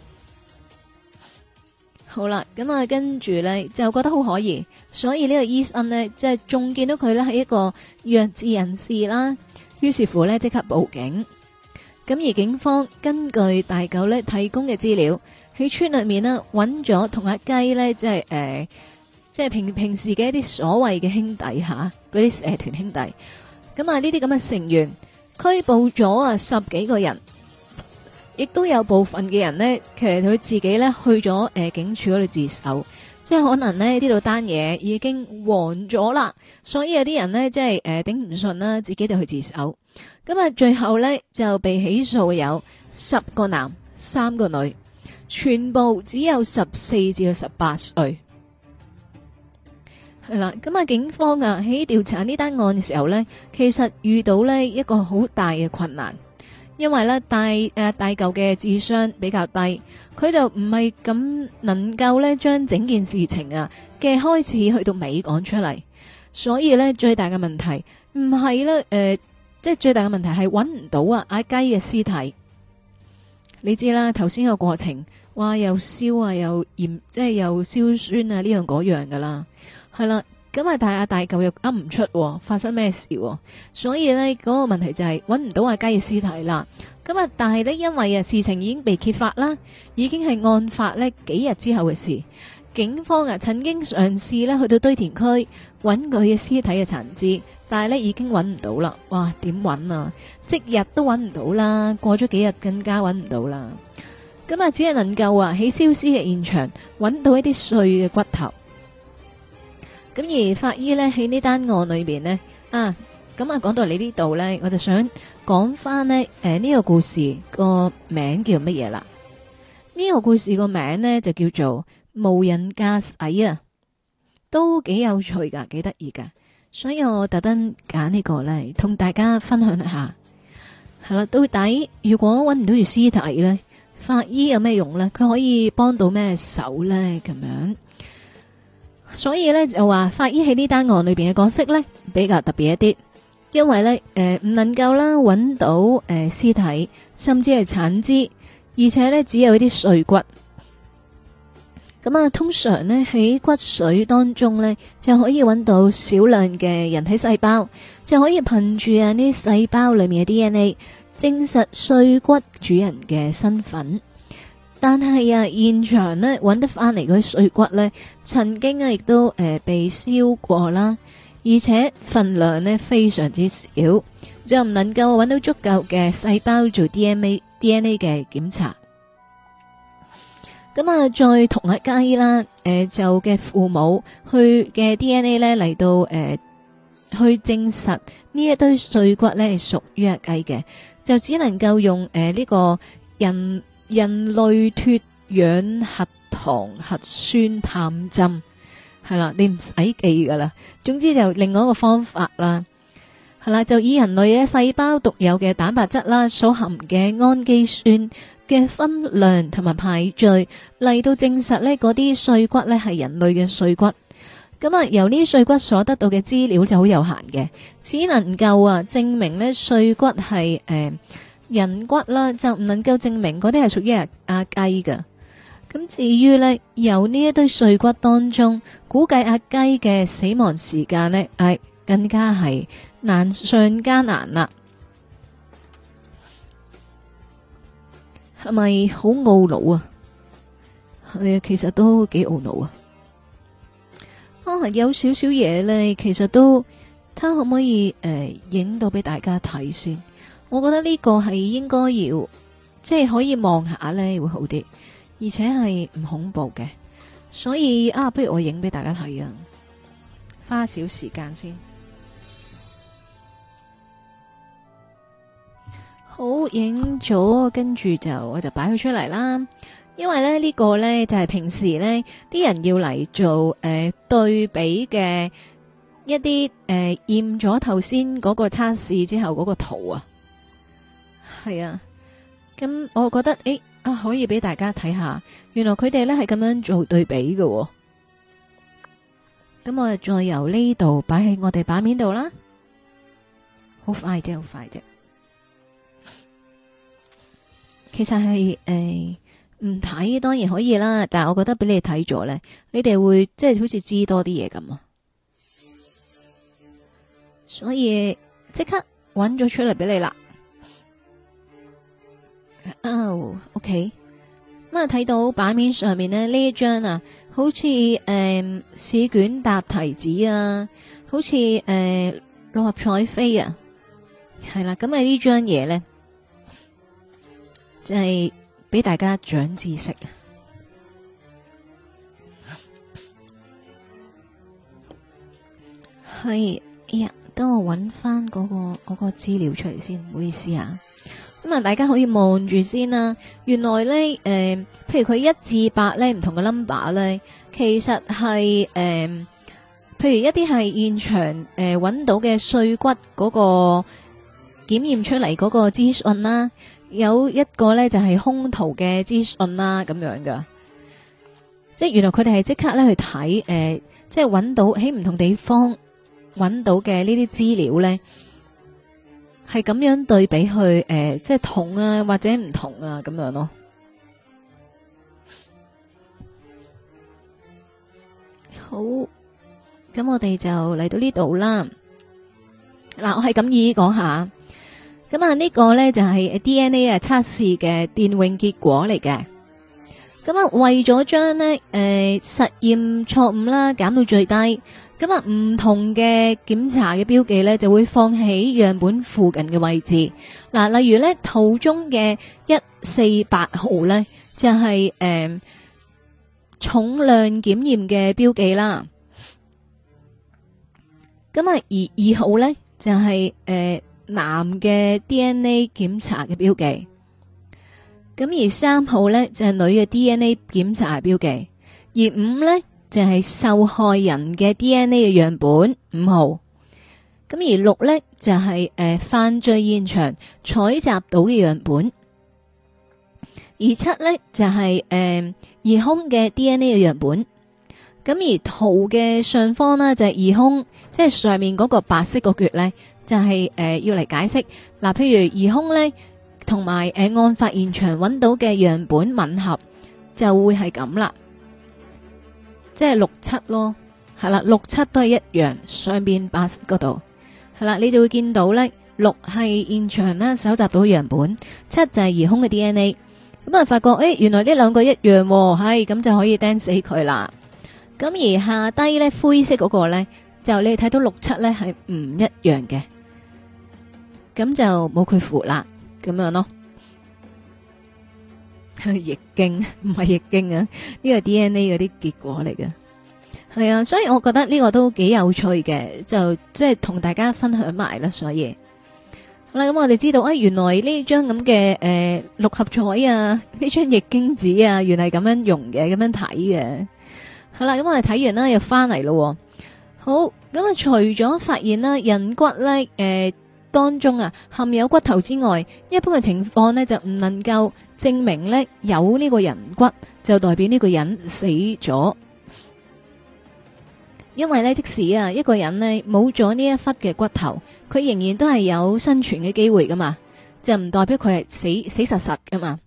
好啦，咁啊，跟住咧，就覺得好可疑，所以呢個醫生咧，即係仲見到佢咧，係一個弱智人士啦，於是乎咧，即刻報警。咁而警方根據大狗咧，提供嘅資料，喺村裏面咧，揾咗同阿雞咧，即係誒，即係、呃、平平時嘅一啲所謂嘅兄弟吓，嗰、啊、啲社團兄弟。咁啊呢啲咁嘅成員拘捕咗啊十幾個人。亦都有部分嘅人呢，其實佢自己呢去咗誒、呃、警署嗰度自首，即係可能呢呢度單嘢已經黃咗啦，所以有啲人呢，即係誒頂唔順啦，自己就去自首。咁啊，最後呢，就被起訴有十個男三個女，全部只有十四至十八歲。係啦，咁啊，警方啊喺調查呢單案嘅時候呢，其實遇到呢一個好大嘅困難。因為咧大，誒、呃、大舊嘅智商比較低，佢就唔係咁能夠咧將整件事情啊嘅開始去到尾講出嚟，所以咧最大嘅問題唔係咧誒，即係最大嘅問題係搵唔到啊阿雞嘅屍體。你知啦，頭先個過程話又燒啊又鹽，即係又硝酸啊呢樣嗰樣噶啦，係啦。咁啊，但係阿大狗又噏唔出，發生咩事？所以呢嗰個問題就係揾唔到阿雞嘅屍體啦。咁啊，但係呢，因為啊，事情已經被揭發啦，已經係案發呢幾日之後嘅事。警方啊，曾經嘗試呢去到堆填區揾過佢嘅屍體嘅殘肢，但係呢已經揾唔到啦。哇，點揾啊？即日都揾唔到啦，過咗幾日更加揾唔到啦。咁啊，只係能夠啊，喺消屍嘅現場揾到一啲碎嘅骨頭。咁而法醫呢，喺呢單案裏邊呢，啊，咁啊講到你呢度呢，我就想講翻呢誒呢、呃，這個故事個名叫乜嘢啦？呢、這個故事個名呢，就叫做無人加矮啊，都幾有趣噶，幾得意噶，所以我特登揀呢個呢，同大家分享一下。係啦，到底如果搵唔到住屍體呢，法醫有咩用呢？佢可以幫到咩手呢？咁樣？所以咧就話法醫喺呢單案裏邊嘅角色呢，比較特別一啲，因為呢誒唔、呃、能夠啦揾到誒屍、呃、體，甚至係殘肢，而且呢只有一啲碎骨。咁啊，通常呢喺骨髓當中呢，就可以揾到少量嘅人體細胞，就可以憑住啊呢細胞裏面嘅 DNA 證實碎骨主人嘅身份。但係啊，現場呢揾得翻嚟嗰啲碎骨呢，曾經啊亦都誒、呃、被燒過啦，而且份量呢非常之少，就唔能夠揾到足夠嘅細胞做 D N A D N A 嘅檢查。咁啊，再同一隻雞啦，誒、呃、就嘅父母去嘅 D N A 呢嚟到誒、呃、去證實呢一堆碎骨呢係屬於阿雞嘅，就只能夠用誒呢、呃、這個人。人類脫氧核糖核酸探針，係啦，你唔使記噶啦。總之就另外一個方法啦，係啦，就以人類嘅細胞獨有嘅蛋白質啦，所含嘅氨基酸嘅分量同埋排序嚟到證實呢嗰啲碎骨呢係人類嘅碎骨。咁啊，由呢啲碎骨所得到嘅資料就好有限嘅，只能夠啊證明呢碎骨係誒。呃人骨啦，就唔能夠證明嗰啲係屬於阿雞嘅。咁至於呢，由呢一堆碎骨當中，估計阿雞嘅死亡時間呢，係、哎、更加係難上加難啦。係咪好懊惱啊？係啊，其實都幾懊惱啊。啊，有少少嘢呢，其實都，睇可唔可以誒影、呃、到俾大家睇先。我覺得呢個係應該要即係、就是、可以望下咧，會好啲，而且係唔恐怖嘅。所以啊，不如我影俾大家睇啊，花少時間先。好，影咗，跟住就我就擺佢出嚟啦。因為咧呢、這個呢，就係、是、平時呢啲人要嚟做誒、呃、對比嘅一啲誒驗咗頭先嗰個測試之後嗰個圖啊。係啊，咁我覺得誒、哎、啊，可以俾大家睇下，原來佢哋咧係咁樣做對比嘅，哦。咁我再由呢度擺喺我哋版面度啦，好快啫，好快啫。 其實係誒，唔、哎、睇當然可以啦，但係我覺得俾你睇咗咧，你哋會即係、就是、好似知多啲嘢咁啊。所以即刻揾咗出嚟俾你啦。哦、oh，OK，咁啊睇到版面上面咧，呢一張啊，好似誒試卷答題紙啊，好似誒、嗯、六合彩飛啊，係啦，咁啊呢張嘢咧就係、是、俾大家長知識。係，哎呀、那個，等我搵返嗰個嗰個資料出嚟先，唔好意思啊。咁啊！大家可以望住先啦。原來咧，誒、呃，譬如佢一至八咧唔同嘅 number 咧，其實係誒、呃，譬如一啲係現場誒揾、呃、到嘅碎骨嗰個檢驗出嚟嗰個資訊啦，有一個咧就係兇徒嘅資訊啦，咁樣噶。即係原來佢哋係即刻咧去睇，誒、呃，即係揾到喺唔同地方揾到嘅呢啲資料咧。係咁樣對比去誒，即係同啊，或者唔同啊，咁樣咯。好，咁我哋就嚟到呢度啦。嗱，我係咁意講下，咁啊呢個呢就係 DNA 啊測試嘅電泳結果嚟嘅。咁啊為咗將呢誒實驗錯誤啦減到最低。咁啊，唔同嘅檢查嘅標記咧，就會放喺樣本附近嘅位置。嗱，例如呢圖中嘅一四八號呢，就係、是、誒、呃、重量檢驗嘅標記啦。咁啊，而二號呢，就係、是、誒、呃、男嘅 DNA 檢查嘅標記。咁而三號呢，就係、是、女嘅 DNA 檢查嘅標記。而五呢，就係、是、受害人嘅 DNA 嘅樣本五號，咁而六呢，就係、是、誒、呃、犯罪現場採集到嘅樣本，而七呢，就係誒疑凶嘅 DNA 嘅樣本，咁而圖嘅上方呢，就係疑凶，即、就、係、是、上面嗰個白色個月呢，就係誒要嚟解釋嗱、呃，譬如疑凶呢，同埋誒案發現場揾到嘅樣本吻合，就會係咁啦。即係六七咯，係啦，六七都係一樣，上邊白嗰度，係啦，你就會見到呢，六係現場呢搜集到樣本，七就係疑凶嘅 DNA，咁啊發覺，誒、欸，原來呢兩個一樣，哦，係，咁就可以釘死佢啦。咁而下低呢灰色嗰個呢，就你哋睇到六七呢係唔一樣嘅，咁就冇佢符啦，咁樣咯。易 經唔係易經啊，呢個 DNA 嗰啲結果嚟嘅。係啊，所以我覺得呢個都幾有趣嘅，就即係同大家分享埋啦。所以好啦，咁我哋知道啊，原來呢張咁嘅誒六合彩啊，呢張易經紙啊，原來咁樣用嘅，咁樣睇嘅。好啦，咁我哋睇完啦，又翻嚟咯。好，咁啊，我除咗發現啦，人骨咧，誒、呃。當中啊，含有骨頭之外，一般嘅情況呢，就唔能夠證明呢，有呢個人骨就代表呢個人死咗，因為呢，即使啊，一個人呢冇咗呢一忽嘅骨頭，佢仍然都係有生存嘅機會噶嘛，就唔代表佢係死死實實噶嘛。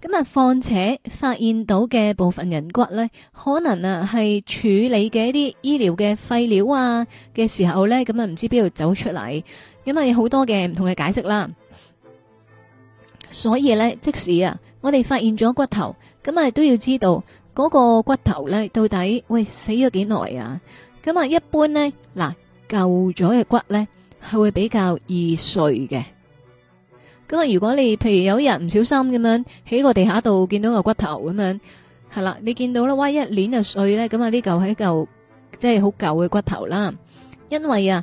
咁啊，況且發現到嘅部分人骨呢，可能啊係處理嘅一啲醫療嘅廢料啊嘅時候呢，咁啊唔知邊度走出嚟。咁啊，有好多嘅唔同嘅解釋啦。所以咧，即使啊，我哋發現咗骨頭，咁啊都要知道嗰個骨頭咧到底喂死咗幾耐啊。咁啊，一般咧嗱舊咗嘅骨咧係會比較易碎嘅。咁啊，如果你譬如有一日唔小心咁樣喺個地下度見到個骨頭咁樣，係啦，你見到啦，哇，一年就碎咧。咁啊，呢嚿係一嚿即係好舊嘅骨頭啦。因為啊。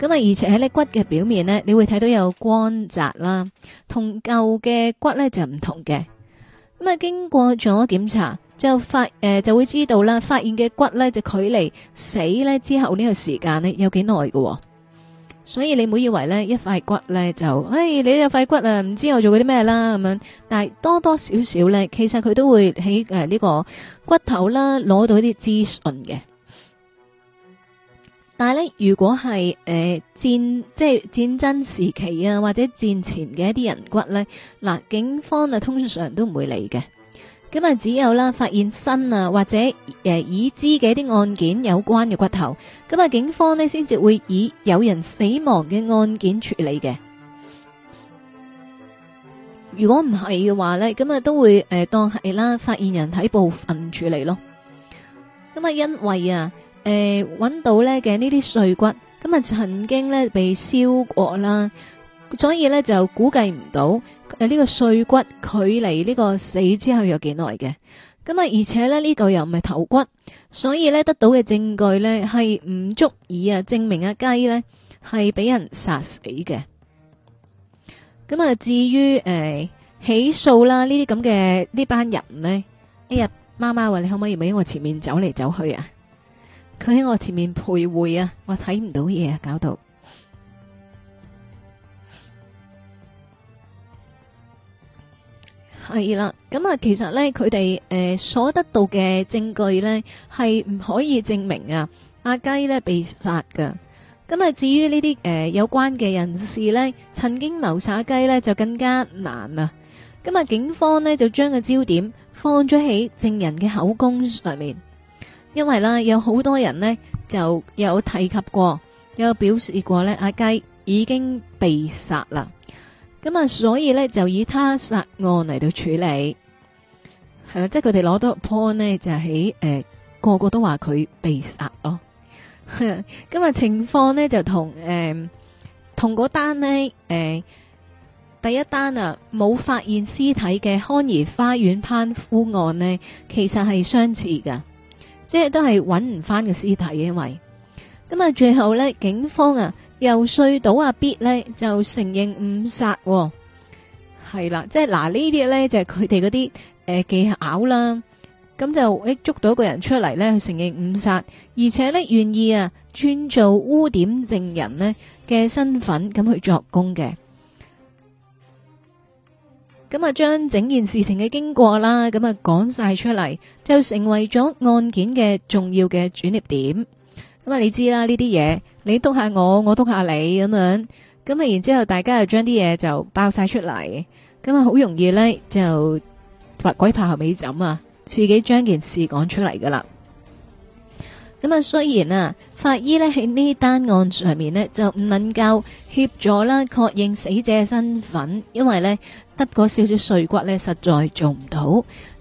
咁啊，而且喺你骨嘅表面呢，你會睇到有光澤啦，同舊嘅骨咧就唔同嘅。咁啊，經過咗檢查就發誒、呃，就會知道啦，發現嘅骨咧就距離死咧之後呢個時間呢有幾耐嘅。所以你唔好以為呢一塊骨咧就，誒、哎，你呢塊骨啊，唔知我做過啲咩啦咁樣。但係多多少少咧，其實佢都會喺誒呢個骨頭啦攞到一啲資訊嘅。但係咧，如果係誒、呃、戰即係戰爭時期啊，或者戰前嘅一啲人骨呢，嗱警方啊通常都唔會理嘅。咁啊，只有啦發現新啊或者誒、呃、已知嘅一啲案件有關嘅骨頭，咁啊警方呢，先至會以有人死亡嘅案件處理嘅。如果唔係嘅話呢，咁啊都會誒、呃、當係啦發現人體部分處理咯。咁啊，因為啊。誒、哎，揾到咧嘅呢啲碎骨，咁啊曾經咧被燒過啦，所以咧就估計唔到誒呢個碎骨佢離呢個死之後有幾耐嘅。咁啊，而且咧呢個又唔係頭骨，所以咧得到嘅證據咧係唔足以啊證明阿雞咧係俾人殺死嘅。咁啊，至於誒、哎、起訴啦呢啲咁嘅呢班人呢，哎呀媽媽話你可唔可以唔喺我前面走嚟走去啊？佢喺我前面徘徊啊，我睇唔到嘢啊，搞到係啦。咁啊，其實呢，佢哋誒所得到嘅證據呢，係唔可以證明啊阿雞呢被殺噶。咁啊，至於呢啲誒有關嘅人士呢，曾經謀殺雞呢，就更加難啦。咁啊，警方呢，就將個焦點放咗喺證人嘅口供上面。因為咧，有好多人呢就有提及過，有表示過呢，阿雞已經被殺啦。咁啊，所以呢，就以他殺案嚟到處理，係啊，即係佢哋攞到 point 咧就喺誒、呃、個個都話佢被殺咯。咁啊，情況呢，就同誒同嗰單呢，誒、呃、第一單啊冇發現屍體嘅康怡花園烹夫案呢，其實係相似噶。即係都係揾唔翻個屍體，因為咁啊，最後咧警方啊又說到阿 B 咧就承認誤殺，哦，係啦，即係嗱呢啲咧就係佢哋嗰啲誒技巧啦，咁就一捉到一個人出嚟，咧，佢承認誤殺，而且咧願意啊專做污點證人呢嘅身份咁去作供嘅。咁啊，將整件事情嘅經過啦，咁啊，講晒出嚟，就成為咗案件嘅重要嘅轉捩點。咁啊，你知啦，呢啲嘢你督下我，我督下你咁樣，咁啊，然之後大家又將啲嘢就爆晒出嚟，咁啊，好容易呢，就或鬼拍後尾枕啊，自己將件事講出嚟㗎喇。咁啊，雖然啊，法醫呢喺呢單案上面呢，就唔能夠協助啦，確認死者嘅身份，因為呢。得嗰少少碎骨呢，實在做唔到。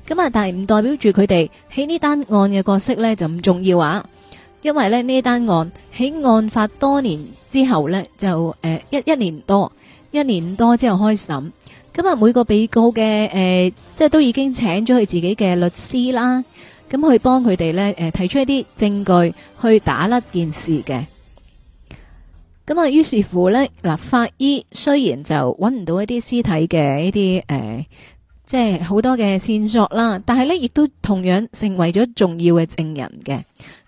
咁啊，但係唔代表住佢哋喺呢單案嘅角色呢就唔重要啊。因為呢單案喺案發多年之後呢，就誒一一年多一年多之後開審。咁啊，每個被告嘅誒，即係都已經請咗佢自己嘅律師啦，咁去幫佢哋呢誒提出一啲證據去打甩件事嘅。咁啊，於是乎呢嗱，法醫雖然就搵唔到一啲屍體嘅一啲誒，即係好多嘅線索啦，但係呢亦都同樣成為咗重要嘅證人嘅。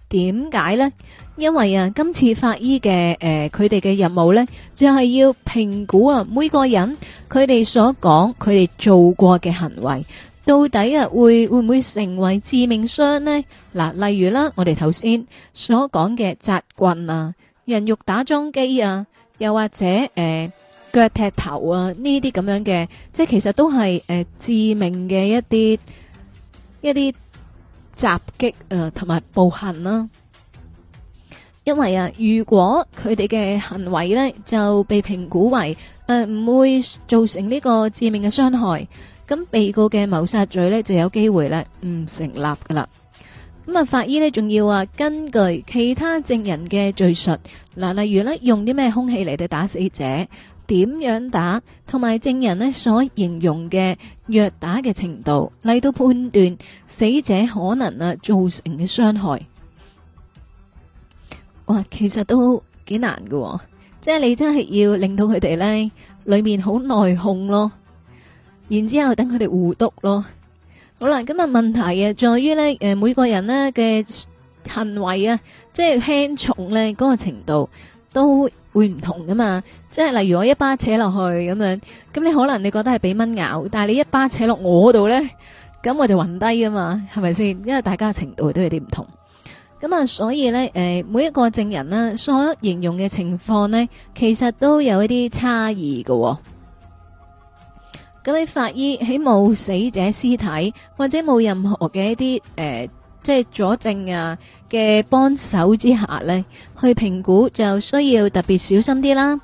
點解呢？因為啊，今次法醫嘅誒，佢哋嘅任務呢，就係要評估啊，每個人佢哋所講佢哋做過嘅行為，到底啊會會唔會成為致命傷呢？嗱、呃，例如啦，我哋頭先所講嘅扎棍啊。人肉打樁機啊，又或者誒腳、呃、踢頭啊呢啲咁樣嘅，即係其實都係誒、呃、致命嘅一啲一啲襲擊誒同埋暴行啦、啊。因為啊，如果佢哋嘅行為呢就被評估為誒唔、呃、會造成呢個致命嘅傷害，咁被告嘅謀殺罪呢就有機會咧唔成立噶啦。咁啊，法醫咧仲要啊，根據其他證人嘅敘述，嗱，例如咧用啲咩兇器嚟到打死者，點樣打，同埋證人咧所形容嘅虐打嘅程度嚟到判斷死者可能啊造成嘅傷害。哇，其實都幾難㗎，即係你真係要令到佢哋咧裏面好內訌咯，然之後等佢哋互篤咯。好啦，咁啊，問題啊，在於咧，誒，每個人呢嘅行為啊，即係輕重咧，嗰個程度都會唔同噶嘛。即係例如我一巴扯落去咁樣，咁你可能你覺得係俾蚊咬，但係你一巴扯落我度咧，咁我就暈低噶嘛，係咪先？因為大家嘅程度都有啲唔同。咁啊，所以咧，誒，每一個證人啦，所形容嘅情況呢，其實都有一啲差異噶喎。咁位法醫喺冇死者屍體或者冇任何嘅一啲誒，即係佐證啊嘅幫手之下咧，去評估就需要特別小心啲啦。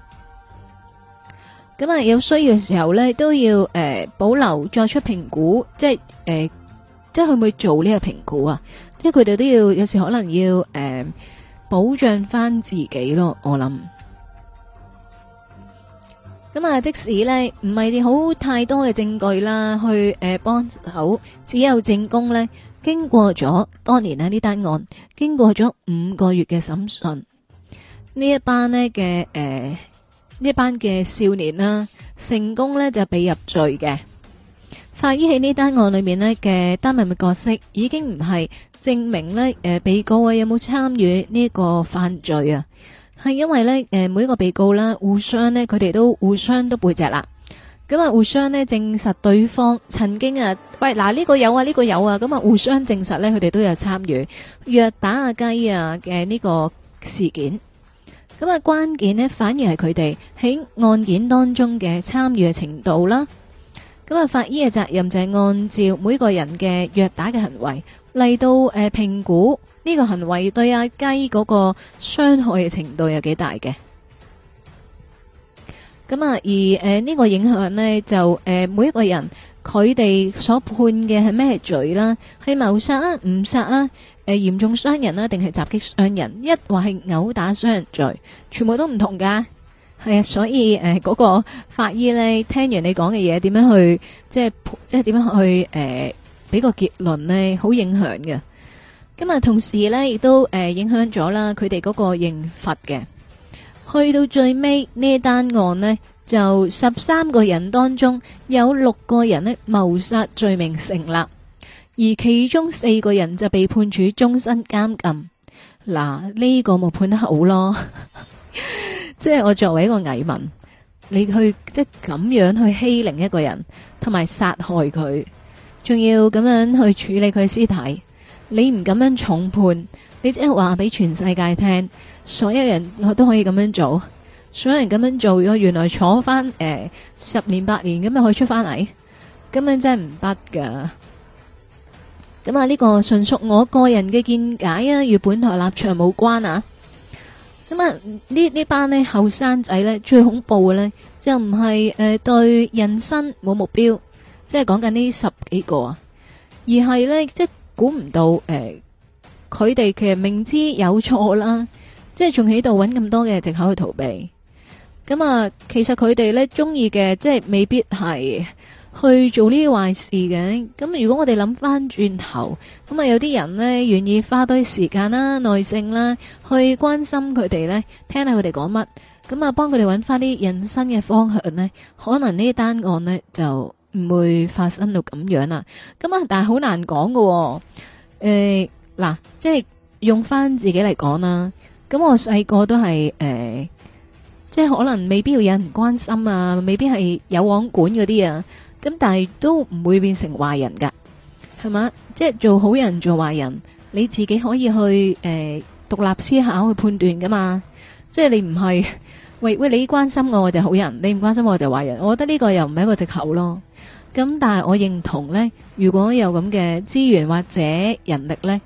咁啊，有需要嘅時候咧，都要誒保留作出評估，即係誒，即係可唔可以做呢個評估啊？即係佢哋都要有時可能要誒保障翻自己咯，我諗。咁啊，即使呢，唔係好太多嘅證據啦，去誒幫口，只有證供呢，經過咗多年啊呢單案，經過咗五個月嘅審訊，呢一班咧嘅誒呢、呃、一班嘅少年啦、啊，成功呢就被入罪嘅。法醫喺呢單案裏面咧嘅擔任嘅角色，已經唔係證明誒、呃、被告位有冇參與呢個犯罪啊？係因為咧，誒，每一個被告啦，互相呢，佢哋都互相都背脊啦，咁啊，互相呢，證實對方曾經啊，喂，嗱，呢個有啊，呢個有啊，咁啊，互相證實呢，佢哋都有參與虐打啊雞啊嘅呢個事件。咁啊，關鍵呢，反而係佢哋喺案件當中嘅參與嘅程度啦。咁啊，法醫嘅責任就係按照每個人嘅虐打嘅行為嚟到誒評估。呢、這個行為對阿雞嗰個傷害嘅程度有幾大嘅？咁啊，而誒呢、呃這個影響呢，就誒、呃、每一個人佢哋所判嘅係咩罪啦？係謀殺啊、誤殺啊、誒、呃、嚴重傷人啦、啊，定係襲擊傷人？一或係毆打傷人罪，全部都唔同噶。係啊，所以誒嗰、呃那個法醫呢，聽完你講嘅嘢，點樣去即係即係點樣去誒俾、呃、個結論咧？好影響嘅。咁啊，同時咧，亦都誒、呃、影響咗啦，佢哋嗰個刑罰嘅。去到最尾呢單案呢，就十三個人當中有六個人呢，謀殺罪名成立，而其中四個人就被判處終身監禁。嗱，呢、呢個冇判得好咯， 即係我作為一個蟻民，你去即係咁樣去欺凌一個人，同埋殺害佢，仲要咁樣去處理佢屍體。你唔咁樣重判，你即刻話俾全世界聽，所有人我都可以咁樣做，所有人咁樣做如果，原來坐翻誒十年八年咁樣可以出翻嚟，咁樣真係唔得噶。咁啊，呢個純屬我個人嘅見解啊，與本台立場冇關啊。咁啊，呢呢班呢後生仔呢，最恐怖嘅呢，就唔係誒對人生冇目標，即係講緊呢十幾個啊，而係呢。即估唔到，誒、呃，佢哋其實明知有錯啦，即係仲喺度揾咁多嘅借口去逃避。咁啊，其實佢哋呢中意嘅，即係未必係去做呢啲壞事嘅。咁如果我哋諗翻轉頭，咁啊有啲人呢願意花多啲時間啦、耐性啦，去關心佢哋呢，聽下佢哋講乜，咁啊幫佢哋揾翻啲人生嘅方向呢，可能呢單案呢就。唔會發生到咁樣啊，咁啊，但係好難講噶。哦，誒、呃，嗱，即係用翻自己嚟講啦，咁我細個都係誒、呃，即係可能未必要有人關心啊，未必係有網管嗰啲啊，咁但係都唔會變成壞人噶，係嘛？即係做好人做壞人，你自己可以去誒、呃、獨立思考去判斷噶嘛，即係你唔係喂，喂，你關心我我就好人，你唔關心我就壞人，我覺得呢個又唔係一個借口咯。咁但係我認同呢，如果有咁嘅資源或者人力呢，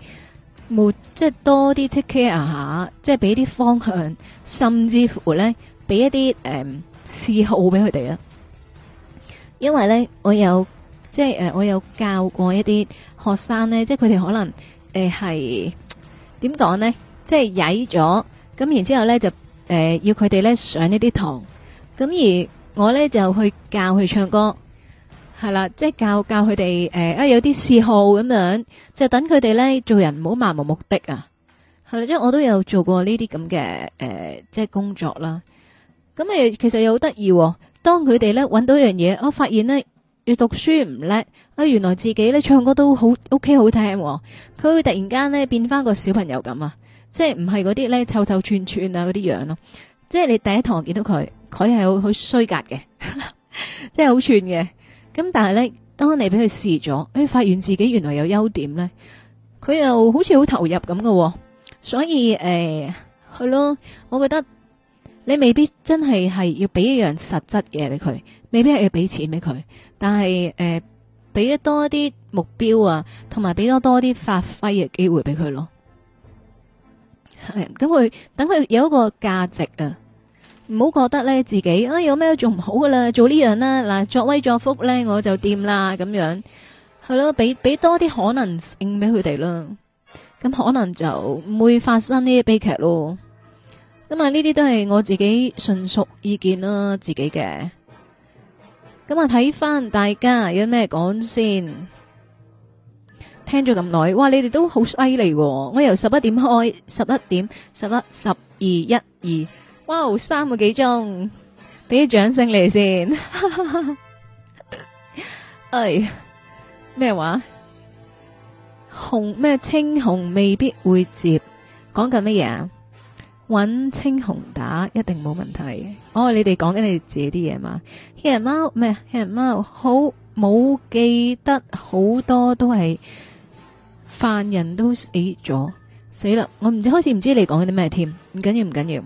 冇即係多啲 take care 下，即係俾啲方向，甚至乎呢，俾一啲誒嗜好俾佢哋啊。因為呢，我有即係、呃、我有教過一啲學生、呃、呢，即係佢哋可能誒係點講呢即係曳咗咁，然後之後呢就誒、呃、要佢哋呢上呢啲堂，咁而我呢，就去教佢唱歌。係啦，即係教教佢哋誒，有啲嗜好咁樣，就等佢哋咧做人唔好漫無目的啊。係啦，即係我都有做過呢啲咁嘅誒，即係工作啦。咁誒，其實又好得意。當佢哋咧搵到樣嘢，我發現咧，要讀書唔叻啊，原來自己咧唱歌都好 ok 好聽，哦。佢會突然間咧變翻個小朋友咁啊，即係唔係嗰啲咧臭臭串串啊嗰啲樣咯。即係你第一堂我見到佢，佢係好好衰格嘅， 即係好串嘅。咁但係咧，當你俾佢試咗，誒，發現自己原來有優點咧，佢又好似好投入咁嘅，哦，所以誒，係、呃、咯，我覺得你未必真係係要俾一樣實質嘢俾佢，未必係要俾錢俾佢，但係誒，俾、得、多啲目標啊，同埋俾多多啲發揮嘅機會俾佢咯，係，咁佢等佢有一個價值啊。唔好覺得咧自己啊有咩做唔好噶啦，做呢樣啦，嗱作威作福咧我就掂啦咁樣，係咯，俾俾多啲可能性俾佢哋咯，咁可能就唔會發生呢啲悲劇咯。咁啊呢啲都係我自己純屬意見啦，自己嘅。咁啊睇翻大家有咩講先，聽咗咁耐，哇，你哋都好犀利喎！我由十一點開，十一點十一十二一二。11, 12, 12, 12, 哇，三個幾鐘，俾啲掌聲嚟先。 哎，咩話紅咩青紅未必會接，講緊乜嘢啊？搵青紅打一定冇問題。Okay. 哦，你哋講緊你自己啲嘢嘛？黑人貓咩？黑人貓好冇，記得好多都係犯人都死咗死啦。我唔開始唔知你講緊啲咩添，唔緊要，唔緊要。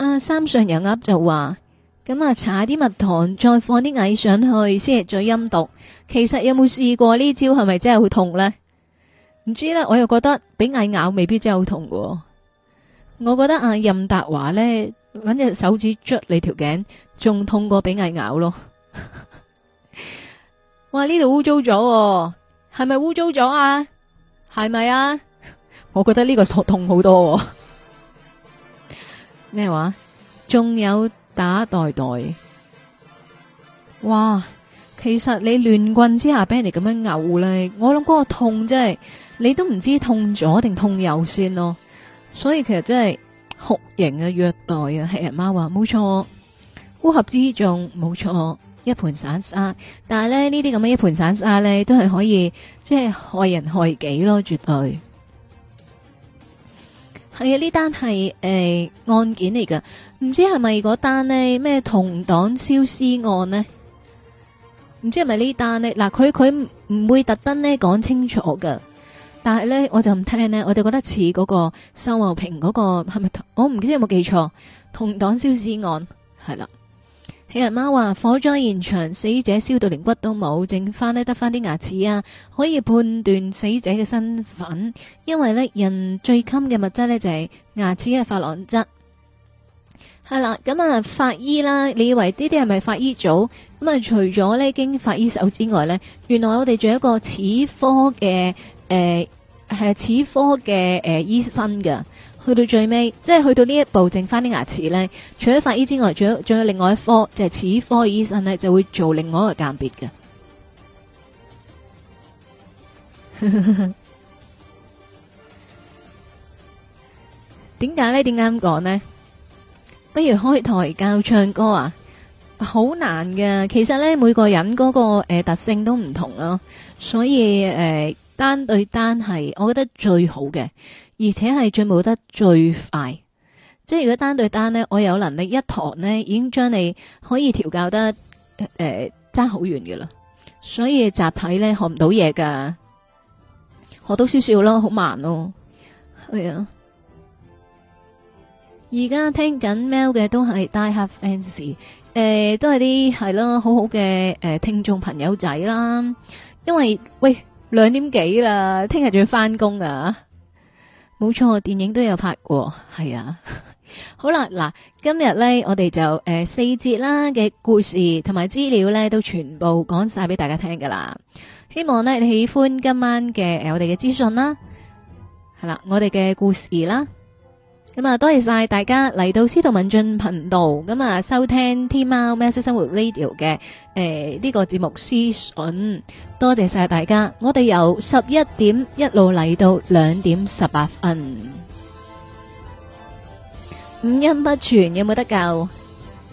啊！三上油鴨就話：咁、嗯、啊，搽啲蜜糖，再放啲蟻上去先係最陰毒。其實有冇試過呢招？係咪真係好痛呢？唔知啦，我又覺得俾蟻咬未必真係好痛喎。我覺得阿、啊、任達華呢，搵隻手指捽你條頸，仲痛過俾蟻咬咯。 哇！呢度污糟咗，係咪污糟咗啊？係咪啊，啊？我覺得呢個痛好多、啊。咩話？仲有打袋袋？哇！其實你亂棍之下俾人哋咁樣毆，咧，我諗嗰個痛真係你都唔知痛左定痛右先咯。所以其實真係酷刑啊、虐待啊，黑人貓話冇錯，烏合之眾冇錯，一盤散沙。但係咧呢啲咁嘅一盤散沙咧，都係可以即係害人害己咯，絕對。係呢單係誒案件嚟噶唔知係咪嗰單咧咩同黨消失案呢？唔知係咪呢單呢？嗱，佢佢唔會特登咧講清楚噶，但係咧我就唔聽咧，我就覺得似嗰個收和平嗰、嗰個係咪？我唔知有冇記錯，同黨消失案係啦。是的喜人媽話：火災現場死者燒到連骨都冇，剩翻呢得翻啲牙齒啊，可以判斷死者嘅身份，因為呢人最襟嘅物質呢，就係牙齒嘅珐琅質。係啦，咁啊法醫啦，你以為呢啲係咪法醫組？咁啊除咗呢經法醫手之外呢，原來我哋仲有一個齒科嘅誒係齒科嘅誒、呃呃、醫生噶。去到最尾，即係去到呢一步，剩翻啲牙齒咧，除咗法醫之外，仲有仲有另外一科，就係、是、齒科醫生咧，就會做另外一個鑑別嘅。點解咧？點解咁講呢？不如開台教唱歌啊，好難嘅。其實咧，每個人嗰、那個誒、呃、特性都唔同咯，所以誒、呃、單對單係我覺得最好嘅。而且係進步得最快，即係如果單對單咧，我有能力一堂咧，已經將你可以調教得誒差好遠嘅啦。所以集體呢學唔到嘢噶，學到少少咯，好慢咯。係、呃、啊，而家聽緊 mail 嘅都係 die hard fans，誒都係啲係咯好好嘅誒聽眾朋友仔啦。因為喂兩點幾啦，聽日仲要翻工啊。冇錯，電影都有拍過，係啊，好啦，嗱，今日呢，我哋就誒四節啦嘅故事同埋資料呢都全部講晒俾大家聽噶啦，希望呢，你喜歡今晚嘅誒我哋嘅資訊啦，係啦，我哋嘅故事啦，咁啊多謝晒大家嚟到司徒文進頻道，咁啊收聽天喵喵式生活 Radio 嘅誒呢個節目屍訊。多謝晒大家，我哋由十一點一路嚟到兩點十八分，五音不全有冇得救？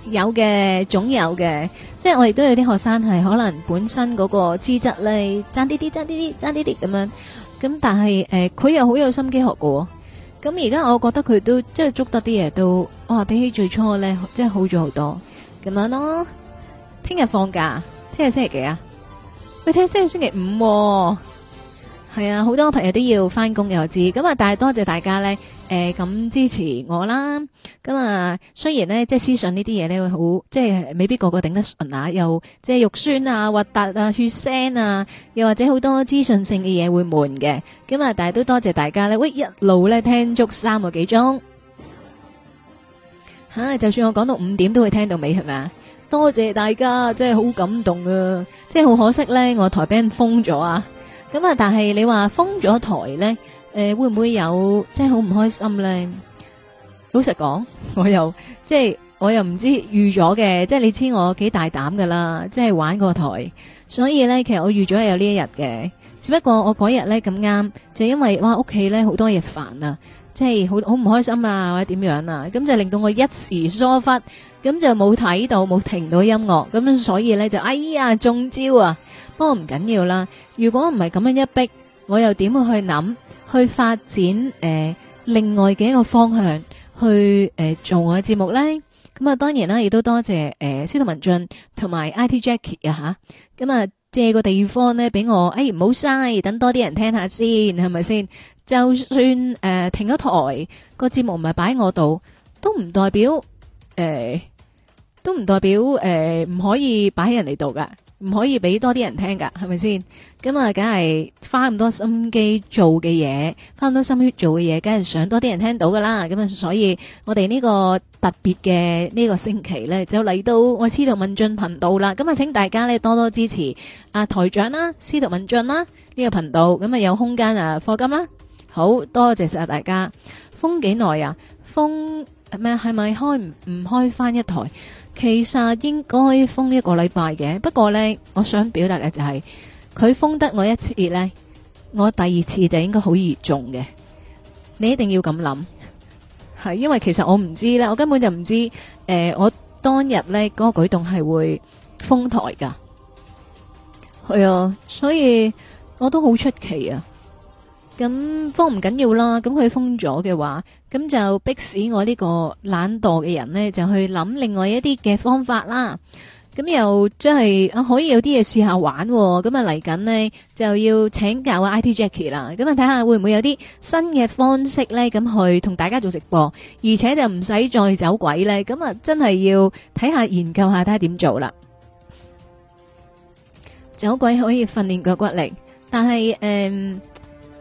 有嘅，總有嘅，即係我亦都有啲學生係可能本身嗰個資質咧，差啲啲，差啲啲，差啲啲咁樣。咁但係誒，佢又好有心機學嘅。咁而家我覺得佢都即係捉得啲嘢，都哇比起最初咧，即係好咗好多咁樣咯。聽日放假，聽日星期幾啊？聽、哎、即係星期五，哦，係啊，好多朋友都要翻工又知，咁啊，但係多謝大家咧，誒、呃、咁支持我啦。咁啊，雖然咧即係屍訊呢啲嘢咧會好，即係未必個個頂得順啊，又即係肉酸啊、核突啊、血腥啊，又或者好多資訊性嘅嘢會悶嘅。咁啊，但係都多謝大家咧，喂，一路咧聽足三個幾鐘，吓、啊，就算我講到五點都會聽到尾，係咪啊？多謝大家，真係好感動啊！即係好可惜呢，我台俾人封咗啊！咁啊，但係你話封咗台呢，誒，會唔會有即係好唔開心呢？老實講，我又即係我又唔知預咗嘅，即係你知我幾大膽噶啦，即係玩個台，所以呢，其實我預咗係有呢一日嘅，只不過我嗰日呢咁啱，就因為哇屋企呢好多嘢煩啊，即係好好唔開心啊或者點樣啊，咁就令到我一時疏忽。咁就冇睇到，冇停到音樂，咁所以呢，就哎呀中招啊！不過唔緊要啦，如果唔係咁樣一逼，我又點會去諗去發展誒、呃、另外嘅一個方向去誒、呃、做我嘅節目呢？咁啊當然啦，亦都多謝誒司徒文進同埋 IT Jackie 啊吓，咁啊借個地方呢俾我，哎唔好嘥，等多啲人聽下先，係咪先？就算誒、呃、停咗台個節目唔係擺我度，都唔代表。誒，都唔代表誒唔可以擺喺人哋度噶，唔可以俾多啲人聽噶，係咪先？咁、嗯、啊，梗係花咁多心機做嘅嘢，花咁多心血做嘅嘢，梗係想多啲人聽到噶啦。咁、嗯、啊，所以我哋呢個特別嘅呢個星期呢，就嚟到我司徒文進頻道啦。咁、嗯、啊，請大家呢，多多支持啊台長啦，司徒文進啦呢、這個頻道。咁、嗯、啊，有空間啊，課金啦，好多謝晒大家封幾耐啊？封。係咪係咪開唔開翻一台？其實應該封一個禮拜嘅。不過呢，我想表達嘅就係、是、佢封得我一次呢，我第二次就應該好嚴重嘅。你一定要咁諗，係因為其實我唔知呢，我根本就唔知誒、呃，我當日呢嗰、那個舉動係會封台噶。係啊，所以我都好出奇啊！咁封唔緊要啦，咁佢封咗嘅話，咁就逼使我呢個懶惰嘅人咧，就去諗另外一啲嘅方法啦。咁又即係可以有啲嘢試下玩，咁啊嚟緊咧就要請教啊 IT Jackie 啦。咁啊睇下會唔會有啲新嘅方式咧，咁去同大家做直播，而且就唔使再走鬼咧。咁啊真係要睇下研究下睇下點做啦。走鬼可以訓練腳骨力，但係誒。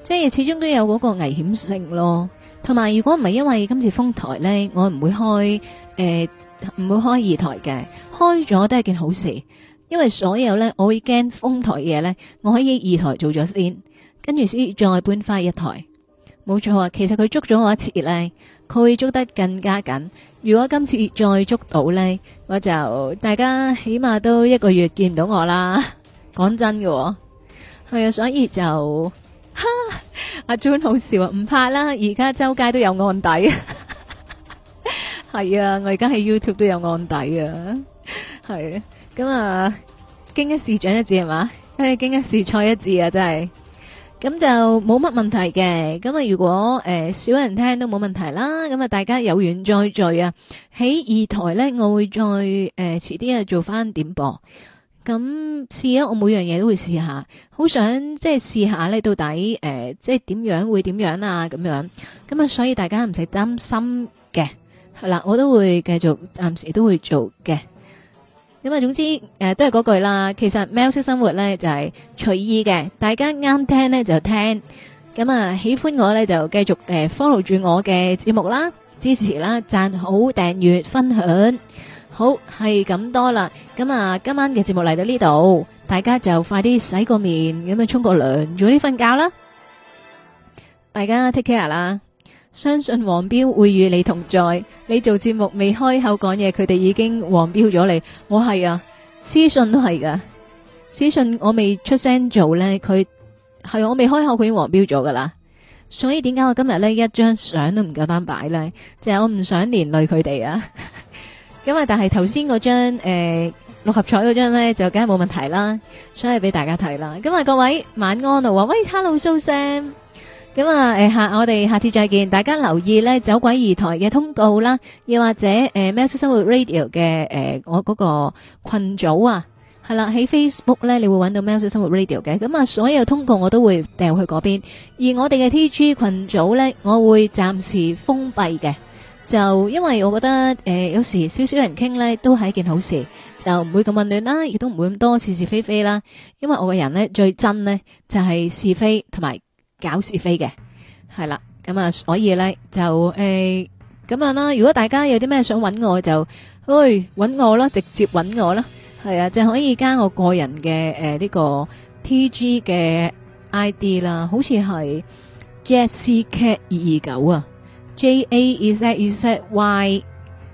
即係始終都有嗰個危險性咯，同埋如果唔係因為今次封台呢，我唔會開誒，唔、呃、唔會開二台嘅。開咗都係件好事，因為所有呢，我會驚封台嘅嘢呢，我可以二台做咗先，跟住先再搬翻一台。冇錯啊，其實佢捉咗我一次呢，佢會捉得更加緊。如果今次再捉到呢，我就大家起碼都一個月見唔到我啦。講真嘅，係啊，所以就。哈！阿 Joan 好笑啊，唔怕啦，而家周街都有案底，係啊，我而家喺 YouTube 都有案底啊，係啊，咁啊，經一事長一智係嘛，唉，經一事菜一智啊，真係，咁就冇乜問題嘅，咁啊，如果誒少、呃、人聽都冇問題啦，咁啊，大家有緣再聚啊，喺二台咧我會再誒遲啲啊做翻點播。咁試啊！我每樣嘢都會試下，好想即係試下咧，到底誒、呃，即係點樣會點樣啊？咁樣咁啊，所以大家唔使擔心嘅，係啦，我都會繼續暫時都會做嘅。咁啊，總之誒、呃，都係嗰句啦。其實喵式生活咧就係、是、隨意嘅，大家啱聽呢就聽。咁啊，喜歡我咧就繼續誒 follow 住我嘅節目啦，支持啦，讚好、訂閱、分享。好係，咁多啦，咁啊，今晚嘅節目嚟到呢度，大家就快啲洗個面，咁樣沖個涼，早啲瞓覺啦。大家 take care 啦，相信黃標會與你同在。你做節目未開口講嘢，佢哋已經黃標咗你。我係啊，私信都係噶，私信我未出聲做呢，佢係我未開口佢已經黃標咗噶啦。所以點解我今日呢一張相都唔夠膽擺呢？就係、是、我唔想連累佢哋啊。 咁、嗯、啊！但係頭先嗰張誒六合彩嗰張咧，就梗係冇問題啦，所以俾大家睇啦。咁、嗯、啊，各位晚安啊！喂，Hello Susan、so。咁、嗯、啊，誒、嗯、下我哋下次再見。大家留意咧，走鬼二台嘅通告啦，又或者誒喵式生活 Radio 嘅誒、呃，我嗰個群組啊，係啦，喺 Facebook 咧，你會揾到喵式生活 Radio 嘅。咁、嗯、啊、嗯，所有通告我都會掉去嗰邊，而我哋嘅 T G 群組咧，我會暫時封閉嘅。就因為我覺得誒、呃、有時少少人傾咧都係一件好事，就唔會咁混亂啦，亦都唔會咁多是是非非啦。因為我個人咧最憎咧就係、是、是非同埋搞是非嘅，係啦。咁啊，所以咧就誒咁啊啦。如果大家有啲咩想搵我就，喂，搵我啦，直接搵我啦。係啊，就可以加我個人嘅誒呢個 T G 嘅 I D 啦，好似係 Jazzycat 二二九啊。J A Z Z Y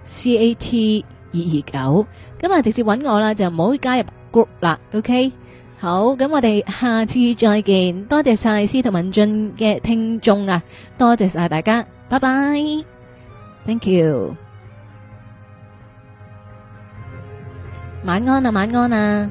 C A T 二二九，咁啊直接揾我啦，就唔好加入 group 啦，OK？好，咁我哋下次再見，多謝晒司徒文進嘅聽眾啊，多謝晒大家，拜拜，Thank you，晚安啊，晚安啊。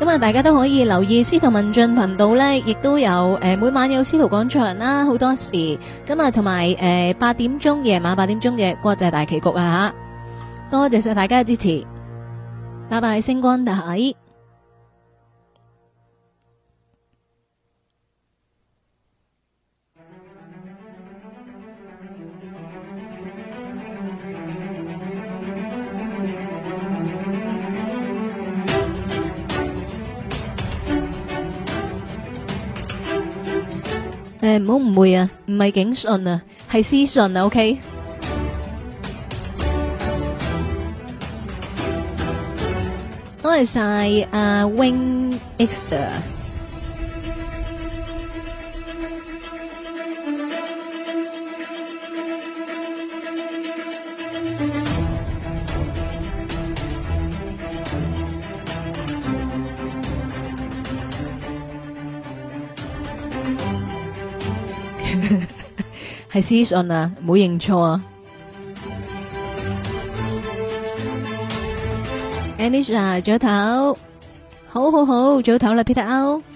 咁啊！大家都可以留意司徒文進頻道咧，亦都有誒、呃，每晚有司徒廣場啦，好多時咁啊，同埋誒，八、呃、點鐘夜晚八點鐘嘅國際大棋局啊，多謝晒大家嘅支持，拜拜，星光大海。誒，唔好誤會啊，唔係警訊啊，係屍訊啊，OK。多謝晒阿 Wing Extra。私信啊，唔好認錯啊。Anisha 早唞，好好好，早唞啦，Peter 歐。